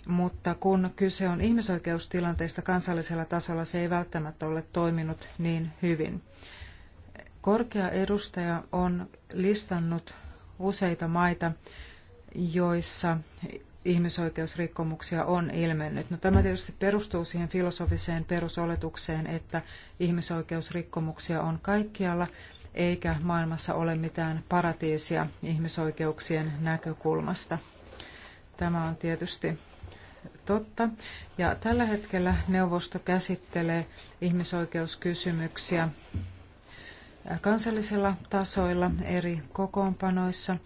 mutta kun kyse on ihmisoikeustilanteista kansallisella tasolla, se ei välttämättä ole toiminut niin hyvin. Korkea edustaja on listannut useita maita, joissa ihmisoikeusrikkomuksia on ilmennyt. No, tämä tietysti perustuu siihen filosofiseen perusoletukseen, että ihmisoikeusrikkomuksia on kaikkialla, eikä maailmassa ole mitään paratiisia ihmisoikeuksien näkökulmasta. Tämä on tietysti totta. Ja tällä hetkellä neuvosto käsittelee ihmisoikeuskysymyksiä kansallisilla tasoilla eri kokoonpanoissa.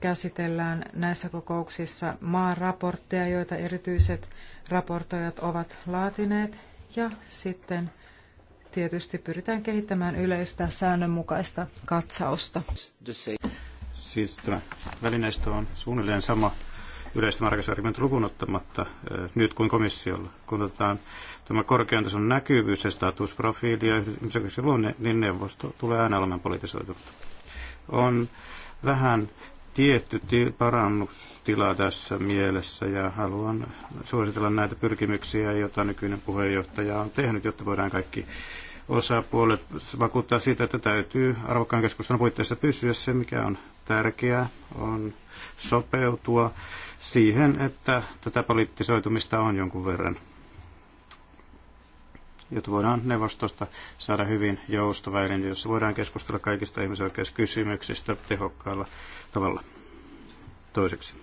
Käsitellään näissä kokouksissa maan raportteja, joita erityiset raportoijat ovat laatineet. Ja sitten tietysti pyritään kehittämään yleistä säännönmukaista katsausta. Siis tämä välineistö on suunnilleen sama yleistä markkinasargumentin lukuun ottamatta nyt kuin komissiolla. Kun otetaan tämä korkean tason näkyvyys ja statusprofiili ja ihmisoikeuksien luonne, niin neuvosto tulee aina olemaan politisoitunut. On vähän tietty parannustila tässä mielessä ja haluan suositella näitä pyrkimyksiä, joita nykyinen puheenjohtaja on tehnyt, jotta voidaan kaikki osapuolet vakuuttaa siitä, että täytyy arvokkaan keskustelun puitteissa pysyä. Se, mikä on tärkeää, on sopeutua siihen, että tätä poliittisoitumista on jonkun verran, jotta voidaan neuvostosta saada hyvin joustava elin, jossa voidaan keskustella kaikista ihmisoikeuskysymyksistä tehokkaalla tavalla. Toiseksi.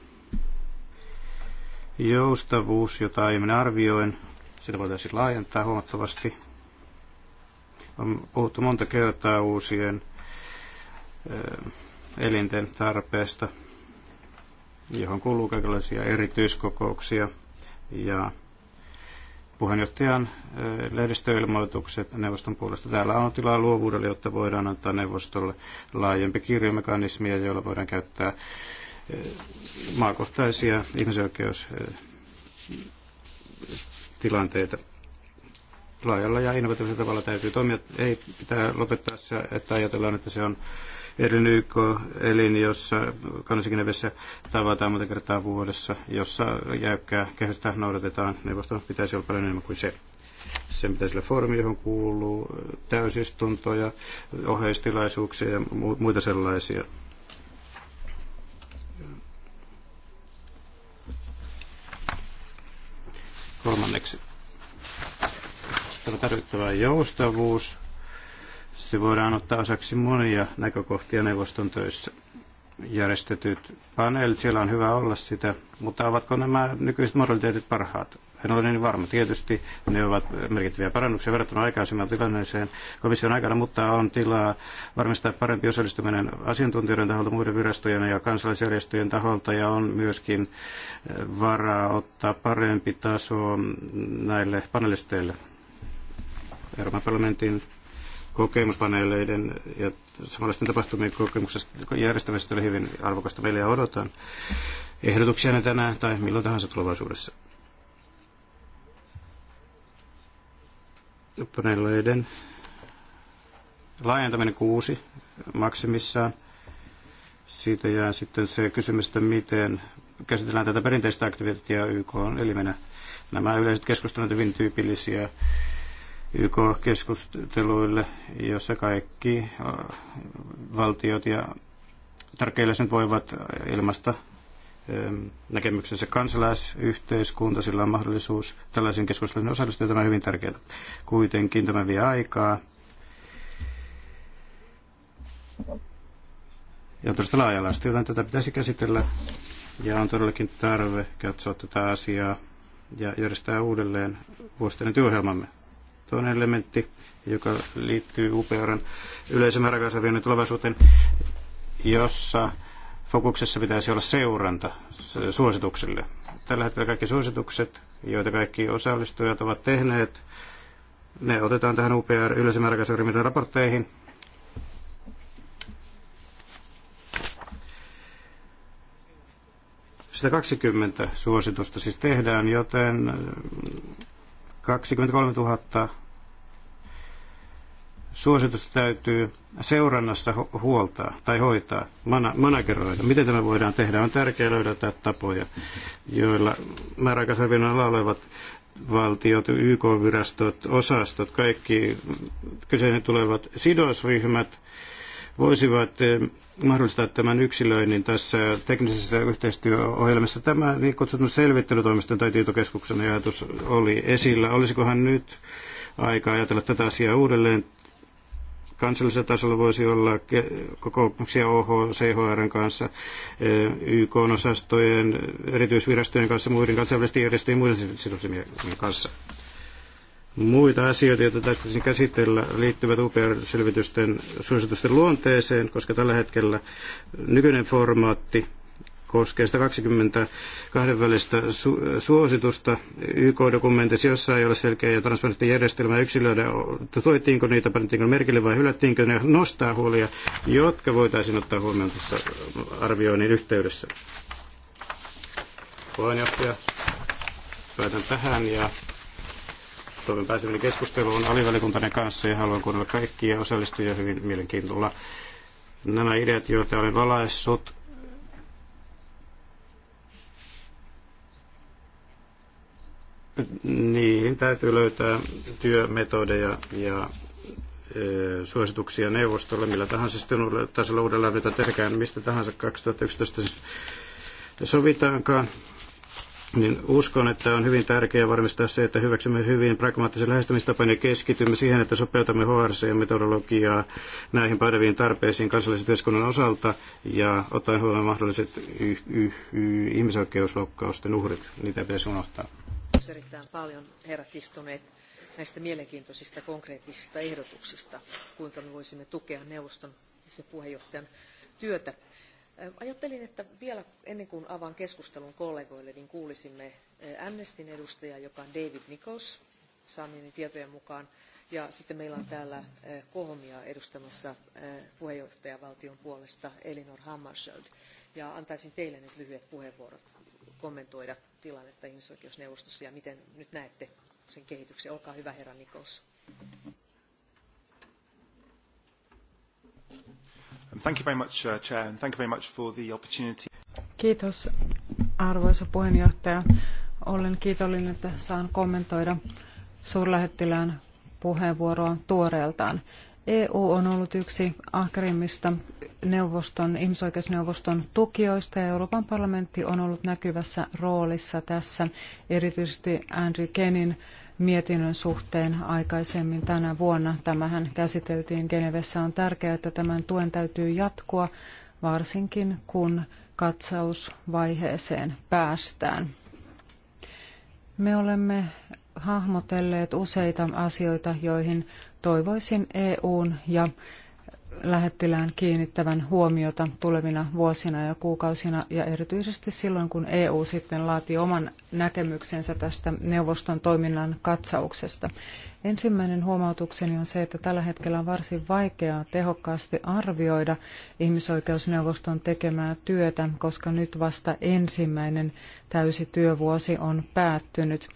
Joustavuus, jota aiemmin arvioin, sitä voitaisiin laajentaa huomattavasti. On puhuttu monta kertaa uusien elinten tarpeesta, johon kuuluu kaikenlaisia erityiskokouksia ja puheenjohtajan eh, lehdistöilmoitukset neuvoston puolesta. Täällä on tilaa luovuudelle, jotta voidaan antaa neuvostolle laajempi kirjomekanismia, joilla voidaan käyttää eh, maakohtaisia ihmisoikeustilanteita eh, laajalla ja innovatiivisella tavalla täytyy toimia. Ei pitää lopettaa se, että ajatellaan, että se on Erin YK-elin, jossa kansikinevessä tavataan monta kertaa vuodessa, jossa jäykkää kehystä noudatetaan. Neuvosto pitäisi olla paljon enemmän kuin se. Sen pitäisi olla foorumi, johon kuuluu täysistuntoja, oheistilaisuuksia ja muita sellaisia. Kolmanneksi. Tämä on tarvittava joustavuus se voidaan ottaa osaksi monia näkökohtia neuvoston töissä. Järjestetyt paneelit, siellä on hyvä olla sitä, mutta ovatko nämä nykyiset modaliteetit parhaat? En ole niin varma. Tietysti ne ovat merkittäviä parannuksia verrattuna aikaisemmin tilanneeseen komission aikana, mutta on tilaa varmistaa parempi osallistuminen asiantuntijoiden taholta, muiden virastojen ja kansalaisjärjestöjen taholta ja on myöskin eh, varaa ottaa parempi taso näille panelisteille. Euroopan parlamentin kokemuspaneeleiden ja samanlaisten tapahtumien kokemuksesta järjestämisestä oli hyvin arvokasta meille ja odotan ehdotuksia ne tänään tai milloin tahansa tulevaisuudessa. Paneeleiden laajentaminen kuusi maksimissaan. Siitä jää sitten se kysymys, että miten käsitellään tätä perinteistä aktiviteettia YK on elimenä. Nämä yleiset keskustelut ovat hyvin tyypillisiä YK-keskusteluille, jossa kaikki valtiot ja tärkeilliset voivat ilmaista näkemyksensä kansalaisyhteiskunta, sillä on mahdollisuus tällaisen keskustelun osallistua, tämä on hyvin tärkeää. Kuitenkin tämä vie aikaa. Ja todella laaja joten tätä pitäisi käsitellä. Ja on todellakin tarve katsoa tätä asiaa ja järjestää uudelleen vuosittainen työohjelmamme toinen elementti, joka liittyy UPRn yleisen määräkaisarvioinnin tulevaisuuteen, jossa fokuksessa pitäisi olla seuranta suosituksille. Tällä hetkellä kaikki suositukset, joita kaikki osallistujat ovat tehneet, ne otetaan tähän UPR yleisen määräkaisarvioinnin raportteihin. Sitä 20 suositusta siis tehdään, joten 23 000 suositusta täytyy seurannassa huoltaa tai hoitaa, manageroida. Miten tämä voidaan tehdä? On tärkeää löydätä tapoja, joilla määräaikaisen alla olevat valtiot, YK-virastot, osastot, kaikki kyseinen tulevat sidosryhmät voisivat eh, mahdollistaa tämän yksilöinnin tässä teknisessä yhteistyöohjelmassa. Tämä niin kutsutun selvittelytoimiston tai tietokeskuksen ajatus oli esillä. Olisikohan nyt aika ajatella tätä asiaa uudelleen? Kansallisella tasolla voisi olla kokouksia CHR kanssa, eh, YK-osastojen, erityisvirastojen kanssa, muiden kansainvälisten järjestöjen ja muiden sidosimien kanssa. Muita asioita, joita tarvitsisin käsitellä, liittyvät UPR-selvitysten suositusten luonteeseen, koska tällä hetkellä nykyinen formaatti koskee 120 kahdenvälistä su- suositusta YK-dokumentissa, jossa ei ole selkeä ja transparentti järjestelmä yksilöidä, tuettiinko niitä, panettiinko merkille vai hylättiinkö ne, nostaa huolia, jotka voitaisiin ottaa huomioon tässä arvioinnin yhteydessä. Puheenjohtaja, päätän tähän ja toivon pääsevän keskusteluun alivälikuntani kanssa ja haluan kuunnella kaikkia osallistujia hyvin mielenkiintoilla. Nämä ideat, joita olen valaissut, niihin täytyy löytää työmetodeja ja suosituksia neuvostolle, millä tahansa sitten tasolla uudelleen, mitä tehdään, mistä tahansa 2011 siis sovitaankaan niin uskon, että on hyvin tärkeää varmistaa se, että hyväksymme hyvin pragmaattisen lähestymistapan ja keskitymme siihen, että sopeutamme HRC-metodologiaa näihin päiviin tarpeisiin kansallisen yhteiskunnan osalta ja ottaen huomioon mahdolliset y- ihmisoikeusloukkausten uhrit. Niitä ei pitäisi unohtaa. Kiitos erittäin paljon herrat istuneet näistä mielenkiintoisista konkreettisista ehdotuksista, kuinka me voisimme tukea neuvoston ja sen puheenjohtajan työtä. Ajattelin, että vielä ennen kuin avaan keskustelun kollegoille, niin kuulisimme Amnestin edustajaa, joka on David Nikos, saamieni tietojen mukaan. Ja sitten meillä on täällä Kohomia edustamassa puheenjohtajavaltion puolesta Elinor Hammarskjöld. Ja antaisin teille nyt lyhyet puheenvuorot kommentoida tilannetta ihmisoikeusneuvostossa ja miten nyt näette sen kehityksen. Olkaa hyvä, herra Nikos. Kiitos, arvoisa puheenjohtaja. Olen kiitollinen, että saan kommentoida suurlähettilään puheenvuoroa tuoreeltaan. EU on ollut yksi ahkerimmista neuvoston, ihmisoikeusneuvoston tukijoista ja Euroopan parlamentti on ollut näkyvässä roolissa tässä, erityisesti Andrew Kenin mietinnön suhteen aikaisemmin tänä vuonna. Tämähän käsiteltiin Genevessä. On tärkeää, että tämän tuen täytyy jatkua, varsinkin kun katsausvaiheeseen päästään. Me olemme hahmotelleet useita asioita, joihin toivoisin EUn ja lähettilään kiinnittävän huomiota tulevina vuosina ja kuukausina ja erityisesti silloin, kun EU sitten laatii oman näkemyksensä tästä neuvoston toiminnan katsauksesta. Ensimmäinen huomautukseni on se, että tällä hetkellä on varsin vaikeaa tehokkaasti arvioida ihmisoikeusneuvoston tekemää työtä, koska nyt vasta ensimmäinen täysi työvuosi on päättynyt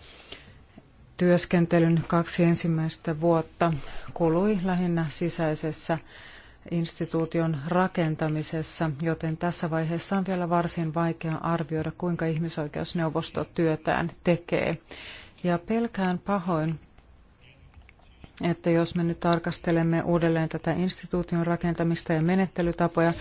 työskentelyn kaksi ensimmäistä vuotta kului lähinnä sisäisessä instituution rakentamisessa, joten tässä vaiheessa on vielä varsin vaikea arvioida, kuinka ihmisoikeusneuvosto työtään tekee. Ja pelkään pahoin, että jos me nyt tarkastelemme uudelleen tätä instituution rakentamista ja menettelytapoja,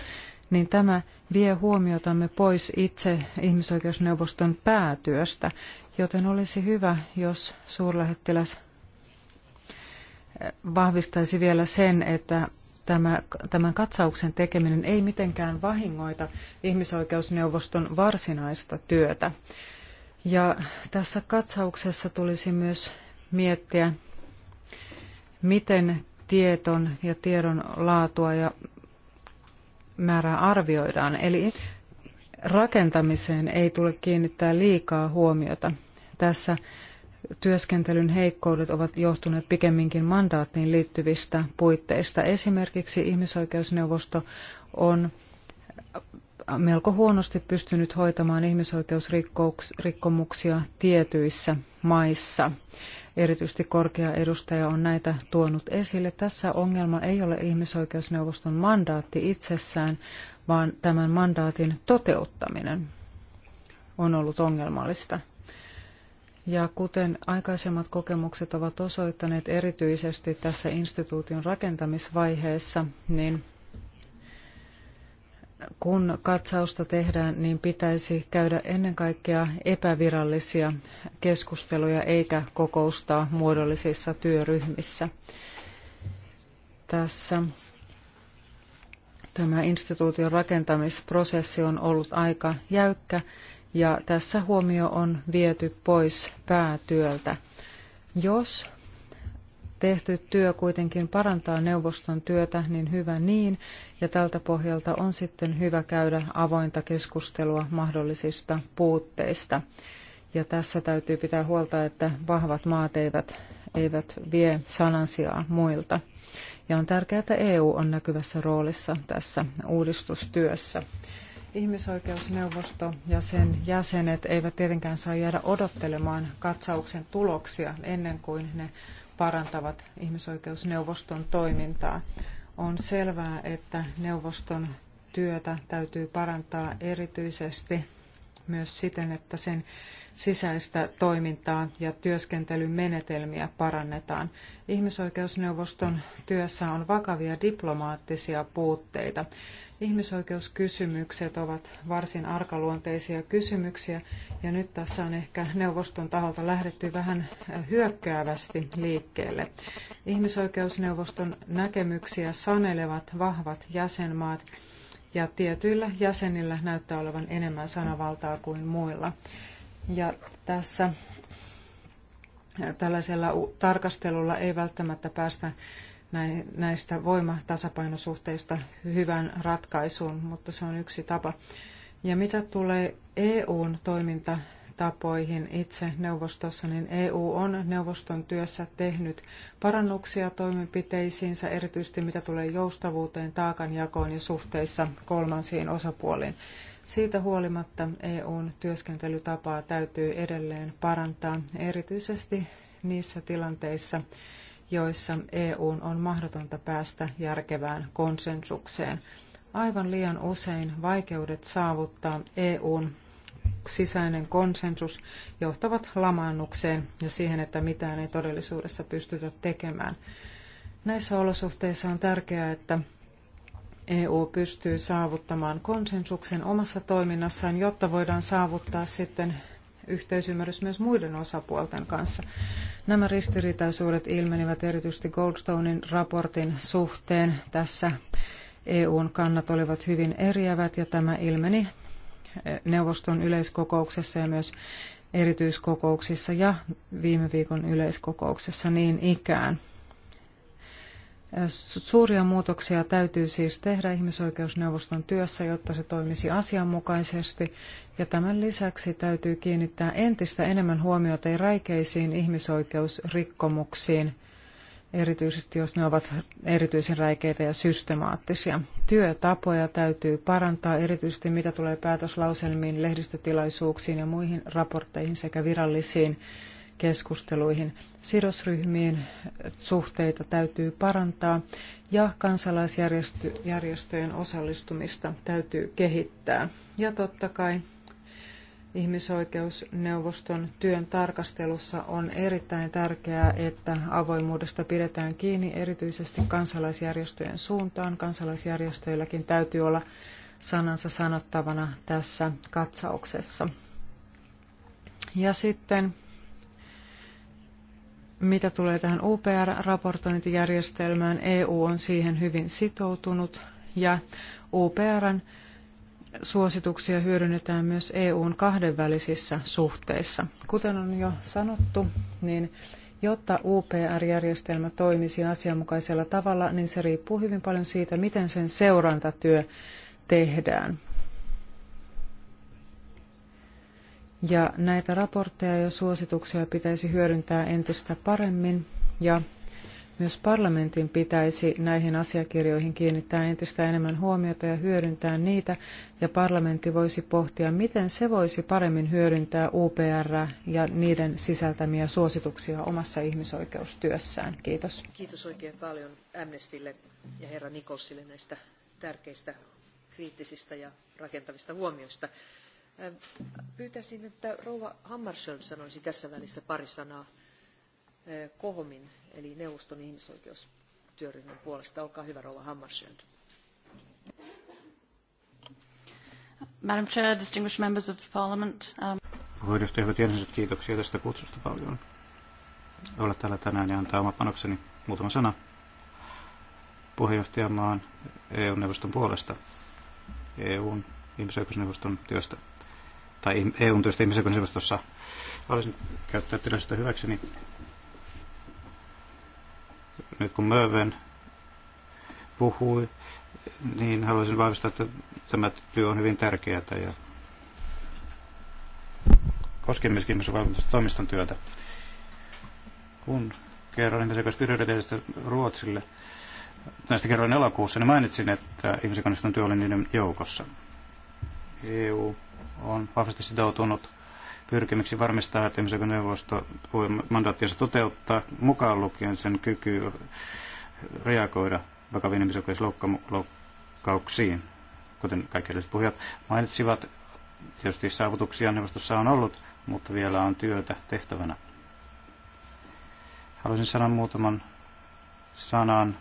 niin tämä vie huomiotamme pois itse ihmisoikeusneuvoston päätyöstä, joten olisi hyvä, jos suurlähettiläs vahvistaisi vielä sen, että tämä, tämän katsauksen tekeminen ei mitenkään vahingoita ihmisoikeusneuvoston varsinaista työtä. Ja tässä katsauksessa tulisi myös miettiä, miten tieton ja tiedon laatua ja määrää arvioidaan. Eli rakentamiseen ei tule kiinnittää liikaa huomiota. Tässä työskentelyn heikkoudet ovat johtuneet pikemminkin mandaattiin liittyvistä puitteista. Esimerkiksi ihmisoikeusneuvosto on melko huonosti pystynyt hoitamaan ihmisoikeusrikkomuksia tietyissä maissa. Erityisesti korkea edustaja on näitä tuonut esille. Tässä ongelma ei ole ihmisoikeusneuvoston mandaatti itsessään, vaan tämän mandaatin toteuttaminen on ollut ongelmallista. Ja kuten aikaisemmat kokemukset ovat osoittaneet erityisesti tässä instituution rakentamisvaiheessa, niin kun katsausta tehdään, niin pitäisi käydä ennen kaikkea epävirallisia keskusteluja eikä kokoustaa muodollisissa työryhmissä. Tässä tämä instituution rakentamisprosessi on ollut aika jäykkä ja tässä huomio on viety pois päätyöltä. Jos tehty työ kuitenkin parantaa neuvoston työtä, niin hyvä niin, ja tältä pohjalta on sitten hyvä käydä avointa keskustelua mahdollisista puutteista. Ja tässä täytyy pitää huolta, että vahvat maat eivät, eivät vie sanansiaa muilta. Ja on tärkeää, että EU on näkyvässä roolissa tässä uudistustyössä. Ihmisoikeusneuvosto ja sen jäsenet eivät tietenkään saa jäädä odottelemaan katsauksen tuloksia ennen kuin ne parantavat ihmisoikeusneuvoston toimintaa. On selvää, että neuvoston työtä täytyy parantaa erityisesti myös siten, että sen sisäistä toimintaa ja työskentelymenetelmiä parannetaan. Ihmisoikeusneuvoston työssä on vakavia diplomaattisia puutteita. Ihmisoikeuskysymykset ovat varsin arkaluonteisia kysymyksiä ja nyt tässä on ehkä neuvoston taholta lähdetty vähän hyökkäävästi liikkeelle. Ihmisoikeusneuvoston näkemyksiä sanelevat vahvat jäsenmaat ja tietyillä jäsenillä näyttää olevan enemmän sanavaltaa kuin muilla. Ja tässä tällaisella tarkastelulla ei välttämättä päästä näistä voimatasapainosuhteista hyvän ratkaisuun, mutta se on yksi tapa. Ja mitä tulee EUn toimintatapoihin itse neuvostossa, niin EU on neuvoston työssä tehnyt parannuksia toimenpiteisiinsä, erityisesti mitä tulee joustavuuteen, taakanjakoon ja suhteissa kolmansiin osapuoliin. Siitä huolimatta EUn työskentelytapaa täytyy edelleen parantaa, erityisesti niissä tilanteissa, joissa EUn on mahdotonta päästä järkevään konsensukseen. Aivan liian usein vaikeudet saavuttaa EUn sisäinen konsensus johtavat lamaannukseen ja siihen, että mitään ei todellisuudessa pystytä tekemään. Näissä olosuhteissa on tärkeää, että EU pystyy saavuttamaan konsensuksen omassa toiminnassaan, jotta voidaan saavuttaa sitten yhteisymmärrys myös muiden osapuolten kanssa. Nämä ristiriitaisuudet ilmenivät erityisesti Goldstonein raportin suhteen. Tässä EUn kannat olivat hyvin eriävät ja tämä ilmeni eh, neuvoston yleiskokouksessa ja myös erityiskokouksissa ja viime viikon yleiskokouksessa niin ikään. Suuria muutoksia täytyy siis tehdä ihmisoikeusneuvoston työssä, jotta se toimisi asianmukaisesti, ja tämän lisäksi täytyy kiinnittää entistä enemmän huomiota räikeisiin ihmisoikeusrikkomuksiin, erityisesti jos ne ovat erityisen räikeitä ja systemaattisia. Työtapoja täytyy parantaa, erityisesti mitä tulee päätöslauselmiin, lehdistötilaisuuksiin ja muihin raportteihin sekä virallisiin keskusteluihin. Sidosryhmien suhteita täytyy parantaa ja kansalaisjärjestöjen osallistumista täytyy kehittää. Ja totta kai ihmisoikeusneuvoston työn tarkastelussa on erittäin tärkeää, että avoimuudesta pidetään kiinni erityisesti kansalaisjärjestöjen suuntaan. Kansalaisjärjestöilläkin täytyy olla sanansa sanottavana tässä katsauksessa. Ja sitten mitä tulee tähän UPR-raportointijärjestelmään, EU on siihen hyvin sitoutunut ja UPRn suosituksia hyödynnetään myös EUn kahdenvälisissä suhteissa. Kuten on jo sanottu, niin jotta UPR-järjestelmä toimisi asianmukaisella tavalla, niin se riippuu hyvin paljon siitä, miten sen seurantatyö tehdään. Ja näitä raportteja ja suosituksia pitäisi hyödyntää entistä paremmin ja myös parlamentin pitäisi näihin asiakirjoihin kiinnittää entistä enemmän huomiota ja hyödyntää niitä, ja parlamentti voisi pohtia, miten se voisi paremmin hyödyntää UPR ja niiden sisältämiä suosituksia omassa ihmisoikeustyössään. Kiitos. Kiitos oikein paljon Amnestille ja herra Nikolsille näistä tärkeistä kriittisistä ja rakentavista huomioista. Pyytäisin, että Rouva Hammarskjöld sanoisi tässä välissä pari sanaa Kohomin, eli neuvoston ihmisoikeustyöryhmän puolesta. Olkaa hyvä, Rouva Hammarskjöld. Madam Chair, distinguished members of parliament. Um... Puheenjohtaja, hyvät jäsenet, kiitoksia tästä kutsusta paljon. Olla täällä tänään ja antaa oma panokseni muutama sana puheenjohtajamaan EU-neuvoston puolesta EUn ihmisoikeusneuvoston työstä tai EUn työstä ihmisoikeusneuvostossa. Haluaisin käyttää tilaisuutta hyväkseni. Nyt kun Möven puhui, niin haluaisin vahvistaa, että tämä työ on hyvin tärkeää ja koskee myöskin ihmisoikeustoimiston työtä. Kun kerroin ihmisoikeusprioriteetista Ruotsille, näistä kerroin elokuussa, niin mainitsin, että ihmisoikeustoimiston työ oli niiden joukossa. EU on vahvasti sitoutunut pyrkimyksi varmistaa, että ihmisen neuvosto voi mandaattinsa toteuttaa, mukaan lukien sen kyky reagoida vakaviin ihmisoikeusloukkauksiin, kuten kaikki edelliset puhujat mainitsivat. Tietysti saavutuksia neuvostossa on ollut, mutta vielä on työtä tehtävänä. Haluaisin sanoa muutaman sanan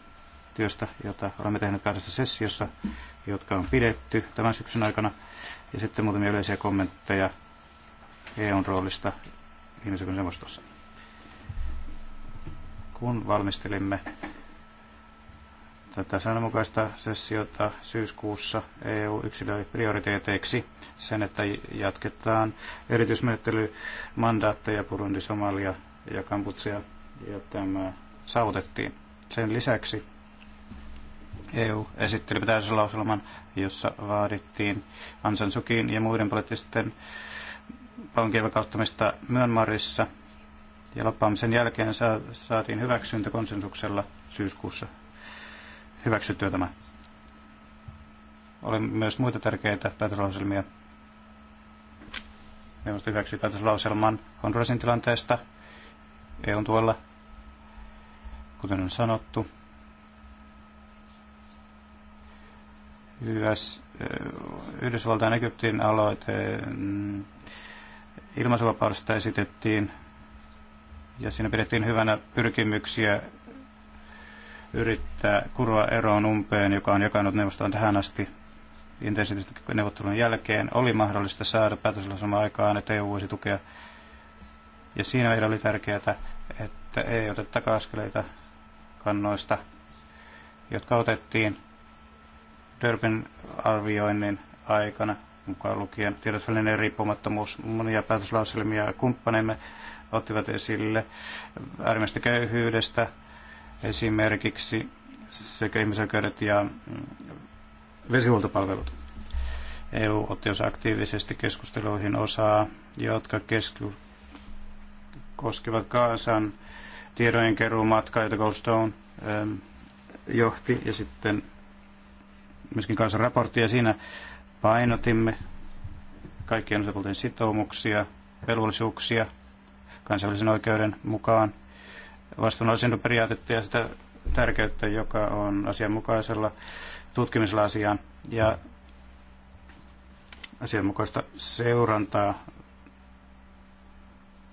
työstä, jota olemme tehneet kahdessa sessiossa, jotka on pidetty tämän syksyn aikana. Ja sitten muutamia yleisiä kommentteja EUn roolista ihmisoikeuden neuvostossa. Kun valmistelimme tätä säännönmukaista sessiota syyskuussa EU yksilöi prioriteeteiksi sen, että jatketaan erityismenettelymandaatteja Burundi, Somalia ja Kambutsia ja tämä saavutettiin. Sen lisäksi EU esitteli päätöslauselman, jossa vaadittiin Sukin ja muiden poliittisten pankien vakauttamista Myönmarissa. Ja loppaamisen jälkeen saatiin hyväksyntä konsensuksella syyskuussa hyväksyttyä tämä. Oli myös muita tärkeitä päätöslauselmia. Neuvosto hyväksyi päätöslauselman Hondurasin tilanteesta EUn tuolla, kuten on sanottu. YS, Yhdysvaltain Egyptin aloite mm, ilmaisuvapaudesta esitettiin ja siinä pidettiin hyvänä pyrkimyksiä yrittää kuroa eroon umpeen, joka on jakanut neuvostoon tähän asti intensiivisesti neuvottelun jälkeen. Oli mahdollista saada päätöslausuma aikaan, että EU voisi tukea. Ja siinä meillä oli tärkeää, että ei oteta taka-askeleita kannoista, jotka otettiin Durbin arvioinnin aikana, mukaan lukien tiedotusvälineen riippumattomuus, monia päätöslauselmia kumppaneimme ottivat esille äärimmäistä köyhyydestä, esimerkiksi sekä ihmisoikeudet ja mm, vesihuoltopalvelut. EU otti osa aktiivisesti keskusteluihin osaa, jotka kesku- koskevat Kaasan tiedojenkeruumatkaa, jota Goldstone johti, ja sitten myöskin kanssa raporttia. Siinä painotimme kaikkien osapuolten sitoumuksia, velvollisuuksia kansainvälisen oikeuden mukaan, vastuunalaisen periaatetta ja sitä tärkeyttä, joka on asianmukaisella tutkimisella asiaan ja asianmukaista seurantaa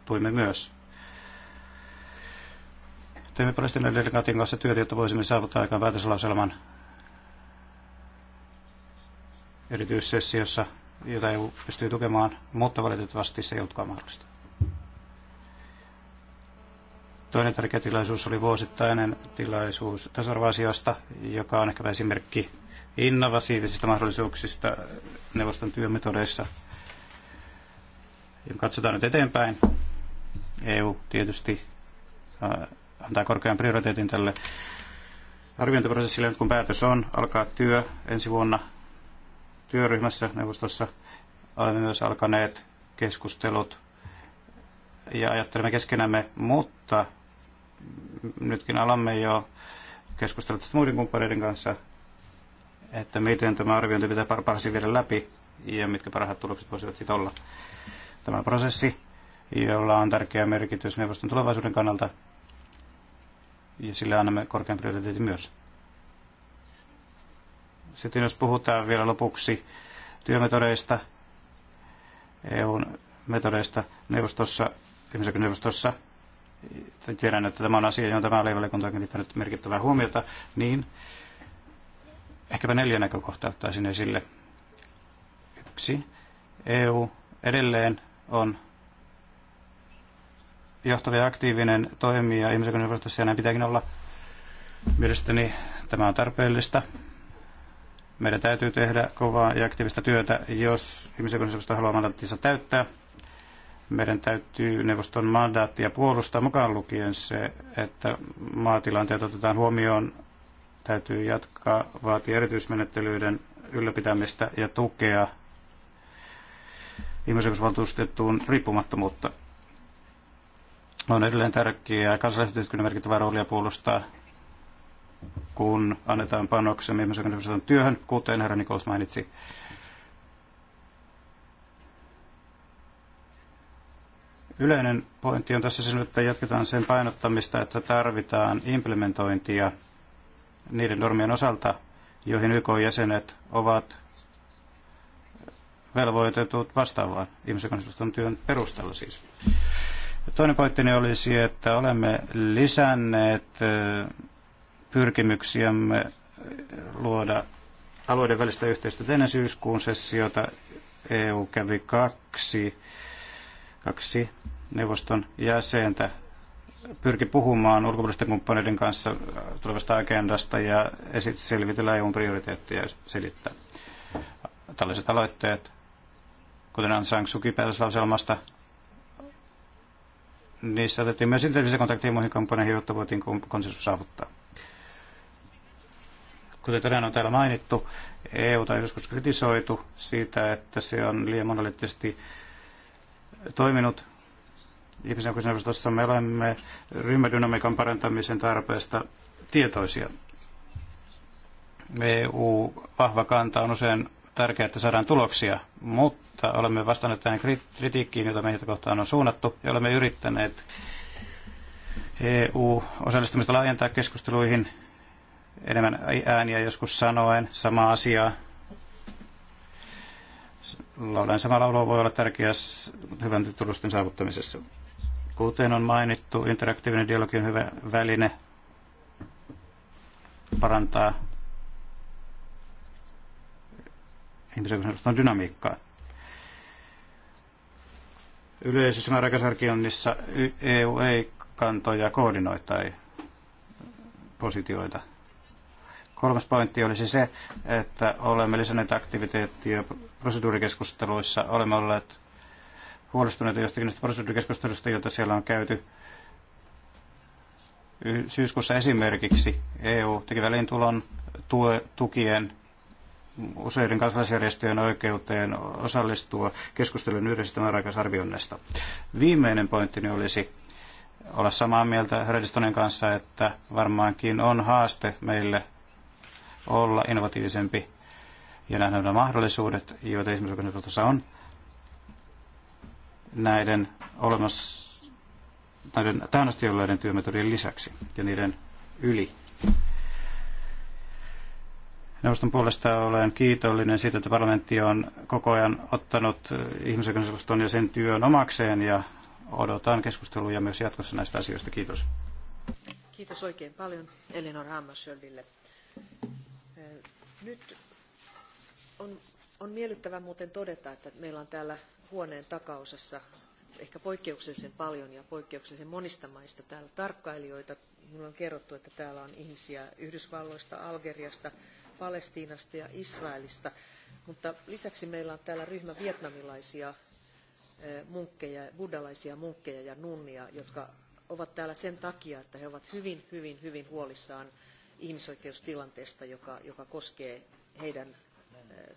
tuimme myös. Teimme Palestinan delegaatin kanssa työtä, jotta voisimme saavuttaa aikaan päätöslauselman erityissessiossa, jota EU pystyy tukemaan, mutta valitettavasti se ei ollutkaan mahdollista. Toinen tärkeä tilaisuus oli vuosittainen tilaisuus tasa-arvoasioista, joka on ehkä esimerkki innovatiivisista mahdollisuuksista neuvoston työmetodeissa. Ja katsotaan nyt eteenpäin. EU tietysti antaa korkean prioriteetin tälle arviointiprosessille, nyt kun päätös on, alkaa työ ensi vuonna työryhmässä neuvostossa olemme myös alkaneet keskustelut ja ajattelemme keskenämme, mutta nytkin alamme jo keskustella muiden kumppaneiden kanssa, että miten tämä arviointi pitää parhaasti viedä läpi ja mitkä parhaat tulokset voisivat sitten olla. Tämä prosessi, jolla on tärkeä merkitys neuvoston tulevaisuuden kannalta, ja sille annamme korkean prioriteetin myös. Sitten jos puhutaan vielä lopuksi työmetodeista, EUn metodeista neuvostossa, neuvostossa, tiedän, että tämä on asia, johon tämä alivaliokunta on kiinnittänyt merkittävää huomiota, niin ehkäpä neljä näkökohtaa ottaisin esille. Yksi, EU edelleen on johtava ja aktiivinen toimija ihmisoikeusneuvostossa ja näin pitääkin olla. Mielestäni tämä on tarpeellista. Meidän täytyy tehdä kovaa ja aktiivista työtä, jos ihmisoikeusneuvosto haluaa mandaattinsa täyttää. Meidän täytyy neuvoston mandaattia puolustaa mukaan lukien se, että maatilanteet otetaan huomioon. Täytyy jatkaa vaatia erityismenettelyiden ylläpitämistä ja tukea ihmisoikeusvaltuustettuun riippumattomuutta on edelleen tärkeää kansalaisyhteiskunnan merkittävää roolia puolustaa kun annetaan panoksemme ihmisoikeuksien työhön, kuten herra Nikos mainitsi. Yleinen pointti on tässä se, että jatketaan sen painottamista, että tarvitaan implementointia niiden normien osalta, joihin YK-jäsenet ovat velvoitetut vastaavaan ihmisoikeuksien työn perusteella siis. Toinen pointtini olisi, että olemme lisänneet pyrkimyksiämme luoda alueiden välistä yhteistyötä ennen syyskuun sessiota. EU kävi kaksi, kaksi neuvoston jäsentä pyrki puhumaan ulkopuolisten kumppaneiden kanssa tulevasta agendasta ja esitti selvitellä EUn prioriteetteja ja selittää tällaiset aloitteet, kuten Aung San Suu päätöslauselmasta. Niissä otettiin myös intensiivisiä kontakteja muihin kampanjoihin, jotta voitiin konsensus saavuttaa. Kuten tänään on täällä mainittu, EU on joskus kritisoitu siitä, että se on liian monoliittisesti toiminut ihmisoikeusneuvostossa. Me olemme ryhmädynamiikan parantamisen tarpeesta tietoisia. EU-vahva kanta on usein tärkeää, että saadaan tuloksia, mutta olemme vastanneet tähän kritiikkiin, jota meitä kohtaan on suunnattu, ja olemme yrittäneet EU-osallistumista laajentaa keskusteluihin enemmän ääniä joskus sanoen, sama asia. Laulan sama laulu voi olla tärkeä hyvän tulosten saavuttamisessa. Kuten on mainittu, interaktiivinen dialogi on hyvä väline parantaa ihmisoikeusneuvoston dynamiikkaa. Yleisessä määräaikaisarkioinnissa EU ei kantoja koordinoi tai positioita. Kolmas pointti olisi se, että olemme lisänneet aktiviteettia proseduurikeskusteluissa. Olemme olleet huolestuneita jostakin näistä proseduurikeskusteluista, joita siellä on käyty. Syyskuussa esimerkiksi EU teki tulon tukien useiden kansalaisjärjestöjen oikeuteen osallistua keskustelun yhdessä määräaikaisarvioinnista. Viimeinen pointtini olisi olla samaa mieltä Redstonen kanssa, että varmaankin on haaste meille olla innovatiivisempi ja nähdä nämä mahdollisuudet, joita ihmisoikeusneuvostossa on näiden olemassa näiden täynnästi olleiden työmetodien lisäksi ja niiden yli. Neuvoston puolesta olen kiitollinen siitä, että parlamentti on koko ajan ottanut ihmisoikeusneuvoston ja sen työn omakseen ja odotan keskusteluja myös jatkossa näistä asioista. Kiitos. Kiitos oikein paljon Elinor Hammarskjöldille nyt on, on miellyttävää muuten todeta, että meillä on täällä huoneen takaosassa ehkä poikkeuksellisen paljon ja poikkeuksellisen monista maista täällä tarkkailijoita. Minulle on kerrottu, että täällä on ihmisiä Yhdysvalloista, Algeriasta, Palestiinasta ja Israelista, mutta lisäksi meillä on täällä ryhmä vietnamilaisia eh, munkkeja, buddalaisia munkkeja ja nunnia, jotka ovat täällä sen takia, että he ovat hyvin, hyvin, hyvin huolissaan ihmisoikeustilanteesta, joka, joka koskee heidän eh,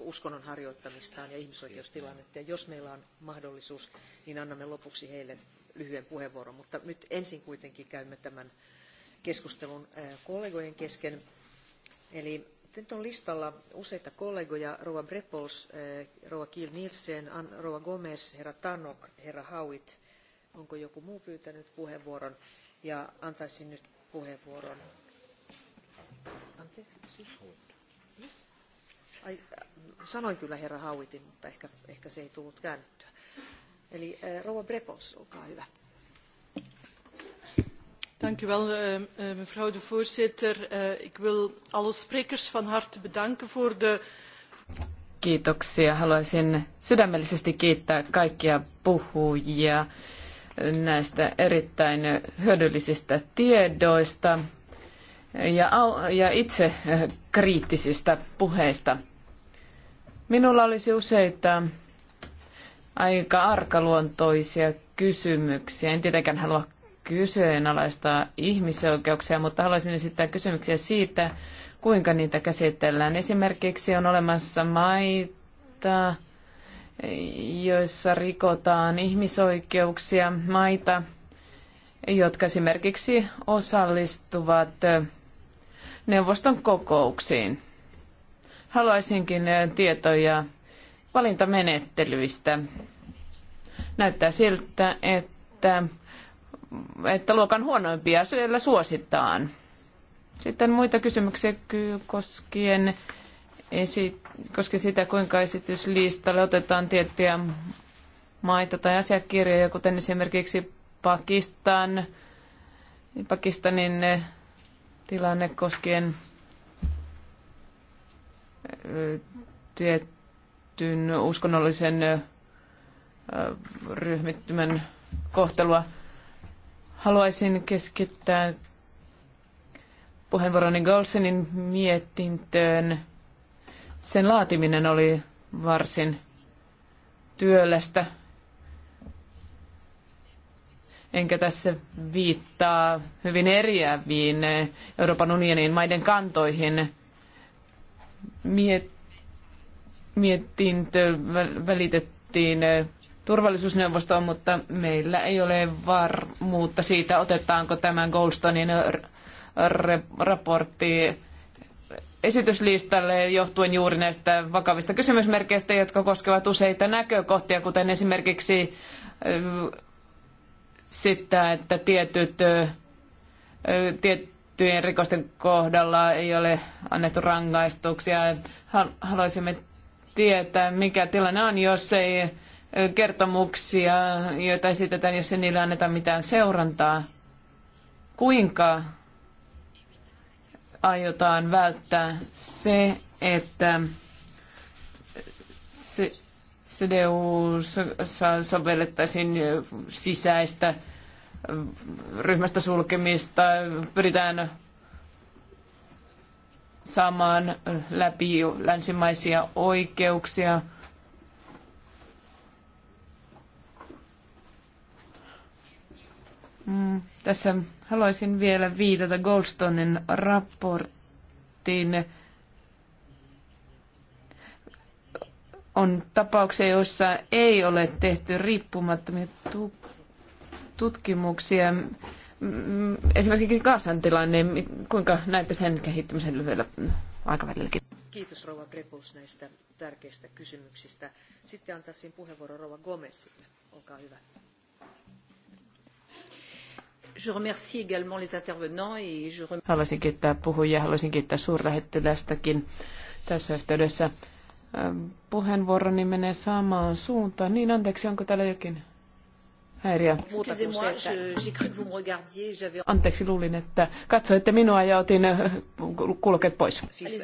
uskonnon harjoittamistaan ja ihmisoikeustilannetta. Ja jos meillä on mahdollisuus, niin annamme lopuksi heille lyhyen puheenvuoron. Mutta nyt ensin kuitenkin käymme tämän keskustelun eh, kollegojen kesken. Eli nyt on listalla useita kollegoja, Rova Brepols, eh, Rova Kiel Nielsen, Rova Gomez, herra Tanok, herra Hauit. Onko joku muu pyytänyt puheenvuoron? Ja antaisin nyt puheenvuoron. Anteeksi. Siis- Ai, äh, sanoin kyllä herra Hauitin, mutta ehkä, ehkä se ei tullut käännettyä. Eli äh, rouva Brepos, olkaa hyvä. Dank u wel, eh, eh, mevrouw de voorzitter. Eh, ik wil alle sprekers van harte bedanken voor de... Kiitoksia. Haluaisin sydämellisesti kiittää kaikkia puhujia näistä erittäin hyödyllisistä tiedoista ja, ja itse kriittisistä puheista. Minulla olisi useita aika arkaluontoisia kysymyksiä. En tietenkään halua kyseenalaistaa ihmisoikeuksia, mutta haluaisin esittää kysymyksiä siitä, kuinka niitä käsitellään. Esimerkiksi on olemassa maita, joissa rikotaan ihmisoikeuksia, maita, jotka esimerkiksi osallistuvat neuvoston kokouksiin. Haluaisinkin tietoja valintamenettelyistä. Näyttää siltä, että, että luokan huonoimpia siellä suositaan. Sitten muita kysymyksiä koskien esit koska sitä, kuinka esityslistalle otetaan tiettyjä maita tai asiakirjoja, kuten esimerkiksi Pakistan, Pakistanin eh, tilanne koskien eh, tietyn uskonnollisen eh, ryhmittymän kohtelua. Haluaisin keskittää puheenvuoroni Golsenin mietintöön sen laatiminen oli varsin työlästä. Enkä tässä viittaa hyvin eriäviin Euroopan unionin maiden kantoihin. Miet, mietintö välitettiin turvallisuusneuvostoon, mutta meillä ei ole varmuutta siitä, otetaanko tämän Goldstonein raportti esityslistalle johtuen juuri näistä vakavista kysymysmerkeistä, jotka koskevat useita näkökohtia, kuten esimerkiksi sitä, että tietyt, tiettyjen rikosten kohdalla ei ole annettu rangaistuksia. Haluaisimme tietää, mikä tilanne on, jos ei kertomuksia, joita esitetään, jos ei niille anneta mitään seurantaa. Kuinka aiotaan välttää se, että CDU sovellettaisiin sisäistä ryhmästä sulkemista, pyritään saamaan läpi länsimaisia oikeuksia. Mm, tässä Haluaisin vielä viitata Goldstonen raporttiin. On tapauksia, joissa ei ole tehty riippumattomia tutkimuksia. Esimerkiksi Kaasan tilanne, kuinka näette sen kehittymisen lyhyellä aikavälilläkin? Kiitos rova Grepus näistä tärkeistä kysymyksistä. Sitten antaisin puheenvuoron rova Gomezille. Olkaa hyvä. Je je remercie également les intervenants et Haluaisin kiittää puhujia, haluaisin kiittää suurlähettilästäkin tässä yhteydessä. Puheenvuoroni menee samaan suuntaan. Niin, anteeksi, onko täällä jokin häiriö? Anteeksi, luulin, että katsoitte minua ja otin kulket pois. Siis,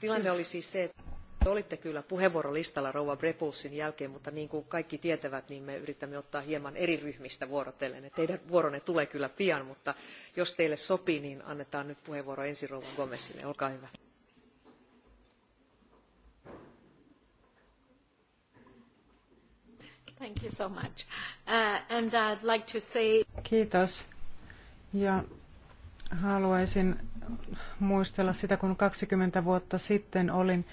Tilanne oli siis se, että te olitte kyllä puheenvuorolistalla Rouva Brepulsin jälkeen, mutta niin kuin kaikki tietävät, niin me yritämme ottaa hieman eri ryhmistä vuorotellen. Teidän vuoronne tulee kyllä pian, mutta jos teille sopii, niin annetaan nyt puheenvuoro ensin Rouva Gomezille. Olkaa hyvä. Thank you so much. Uh, and I'd like to say... Kiitos. Ja haluaisin muistella sitä, kun 20 vuotta sitten olin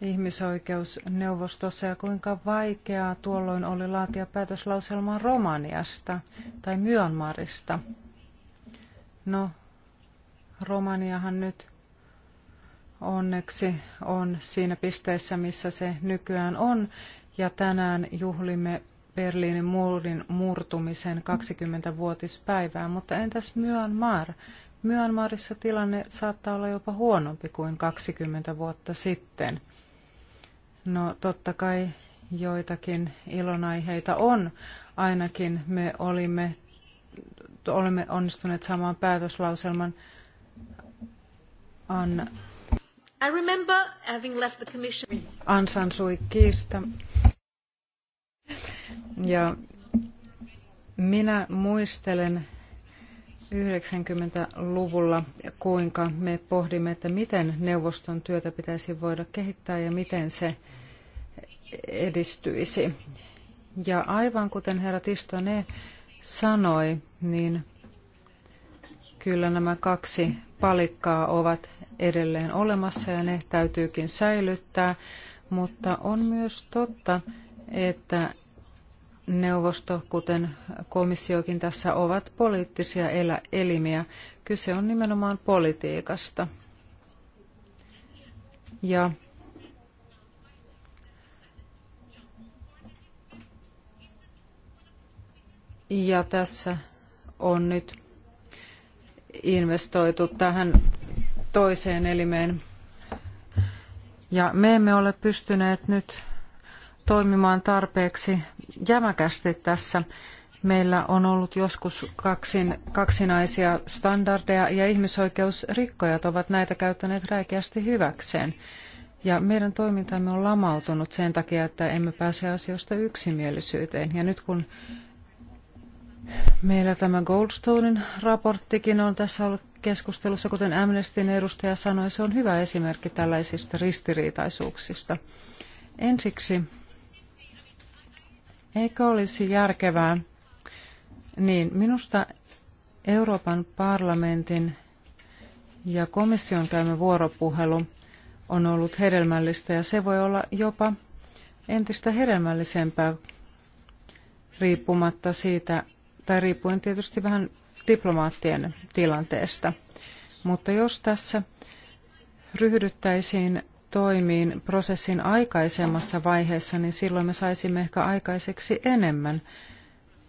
ihmisoikeusneuvostossa ja kuinka vaikeaa tuolloin oli laatia päätöslauselmaa Romaniasta tai Myanmarista. No, Romaniahan nyt onneksi on siinä pisteessä, missä se nykyään on. Ja tänään juhlimme Berliinin muurin murtumisen 20-vuotispäivää. Mutta entäs Myanmar? Myanmarissa tilanne saattaa olla jopa huonompi kuin 20 vuotta sitten. No totta kai joitakin ilonaiheita on. Ainakin me olimme, olemme onnistuneet saamaan päätöslauselman Anna. I remember having left the commission. Ansan Suikista. Ja minä muistelen 90-luvulla, kuinka me pohdimme, että miten neuvoston työtä pitäisi voida kehittää ja miten se edistyisi. Ja aivan kuten herra Tistone sanoi, niin kyllä nämä kaksi palikkaa ovat edelleen olemassa ja ne täytyykin säilyttää, mutta on myös totta, että neuvosto, kuten komissiokin tässä, ovat poliittisia elimiä. Kyse on nimenomaan politiikasta. Ja Ja tässä on nyt investoitu tähän toiseen elimeen. Ja me emme ole pystyneet nyt toimimaan tarpeeksi jämäkästi tässä. Meillä on ollut joskus kaksin, kaksinaisia standardeja ja ihmisoikeusrikkojat ovat näitä käyttäneet räikeästi hyväkseen. Ja meidän toimintamme on lamautunut sen takia, että emme pääse asioista yksimielisyyteen. Ja nyt kun Meillä tämä Goldstonein raporttikin on tässä ollut keskustelussa, kuten Amnestyn edustaja sanoi, se on hyvä esimerkki tällaisista ristiriitaisuuksista. Ensiksi, eikö olisi järkevää, niin minusta Euroopan parlamentin ja komission käymä vuoropuhelu on ollut hedelmällistä ja se voi olla jopa entistä hedelmällisempää riippumatta siitä, tai riippuen tietysti vähän diplomaattien tilanteesta. Mutta jos tässä ryhdyttäisiin toimiin prosessin aikaisemmassa vaiheessa, niin silloin me saisimme ehkä aikaiseksi enemmän.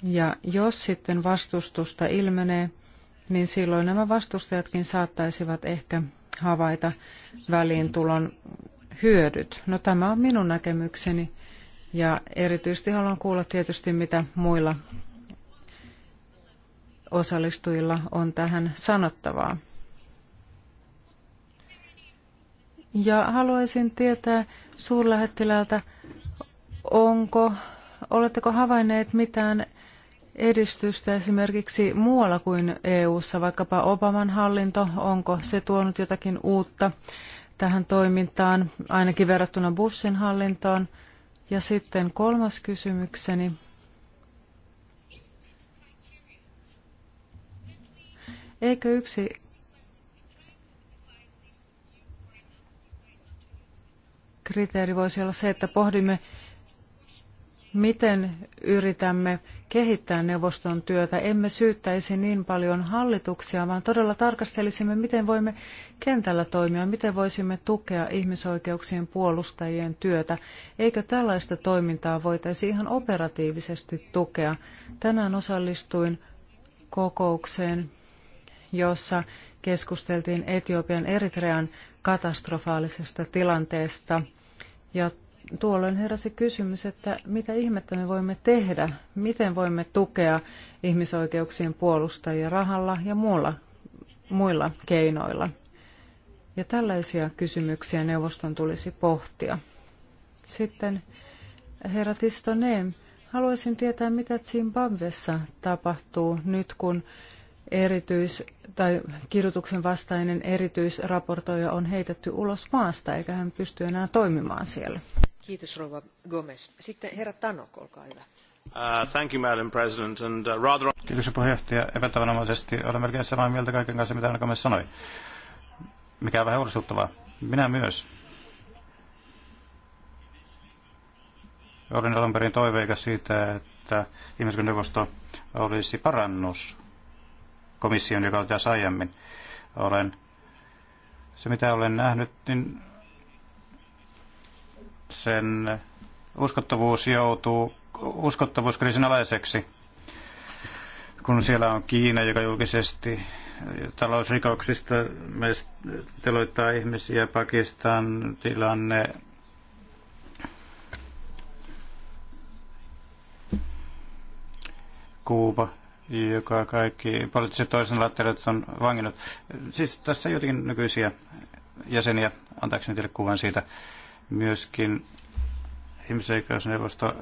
Ja jos sitten vastustusta ilmenee, niin silloin nämä vastustajatkin saattaisivat ehkä havaita väliintulon hyödyt. No tämä on minun näkemykseni ja erityisesti haluan kuulla tietysti, mitä muilla osallistujilla on tähän sanottavaa. Ja haluaisin tietää suurlähettilältä, onko, oletteko havainneet mitään edistystä esimerkiksi muualla kuin EU-ssa, vaikkapa Obaman hallinto, onko se tuonut jotakin uutta tähän toimintaan, ainakin verrattuna Bushin hallintoon? Ja sitten kolmas kysymykseni. Eikö yksi kriteeri voisi olla se, että pohdimme, miten yritämme kehittää neuvoston työtä. Emme syyttäisi niin paljon hallituksia, vaan todella tarkastelisimme, miten voimme kentällä toimia, miten voisimme tukea ihmisoikeuksien puolustajien työtä. Eikö tällaista toimintaa voitaisi ihan operatiivisesti tukea? Tänään osallistuin kokoukseen, jossa keskusteltiin Etiopian Eritrean katastrofaalisesta tilanteesta. Ja tuolloin heräsi kysymys, että mitä ihmettä me voimme tehdä, miten voimme tukea ihmisoikeuksien puolustajia rahalla ja muulla, muilla keinoilla. Ja tällaisia kysymyksiä neuvoston tulisi pohtia. Sitten herra Tistoneem, haluaisin tietää, mitä Zimbabwessa tapahtuu nyt, kun erityis- tai kidutuksen vastainen erityisraportoija on heitetty ulos maasta, eikä hän pysty enää toimimaan siellä. Kiitos rouva Gomez. Sitten herra Tanok, olkaa hyvä. Uh, thank you, Madam President, and uh, rather... Kiitoksia puheenjohtaja. Epätavanomaisesti olen melkein samaa mieltä kaiken kanssa, mitä Gomez sanoi. Mikä on vähän huolestuttavaa. Minä myös. Olin alun perin toiveikas siitä, että ihmiskunnan ihmiskunneuvosto olisi parannus komission, joka oli tässä aiemmin. Olen, se mitä olen nähnyt, niin sen uskottavuus joutuu uskottavuuskriisin alaiseksi, kun siellä on Kiina, joka julkisesti talousrikoksista teloittaa ihmisiä, Pakistan tilanne, Kuuba, joka kaikki poliittiset toisen laitteet on vanginnut. Siis tässä jotenkin nykyisiä jäseniä, antaakseni teille kuvan siitä, myöskin ihmisoikeusneuvosto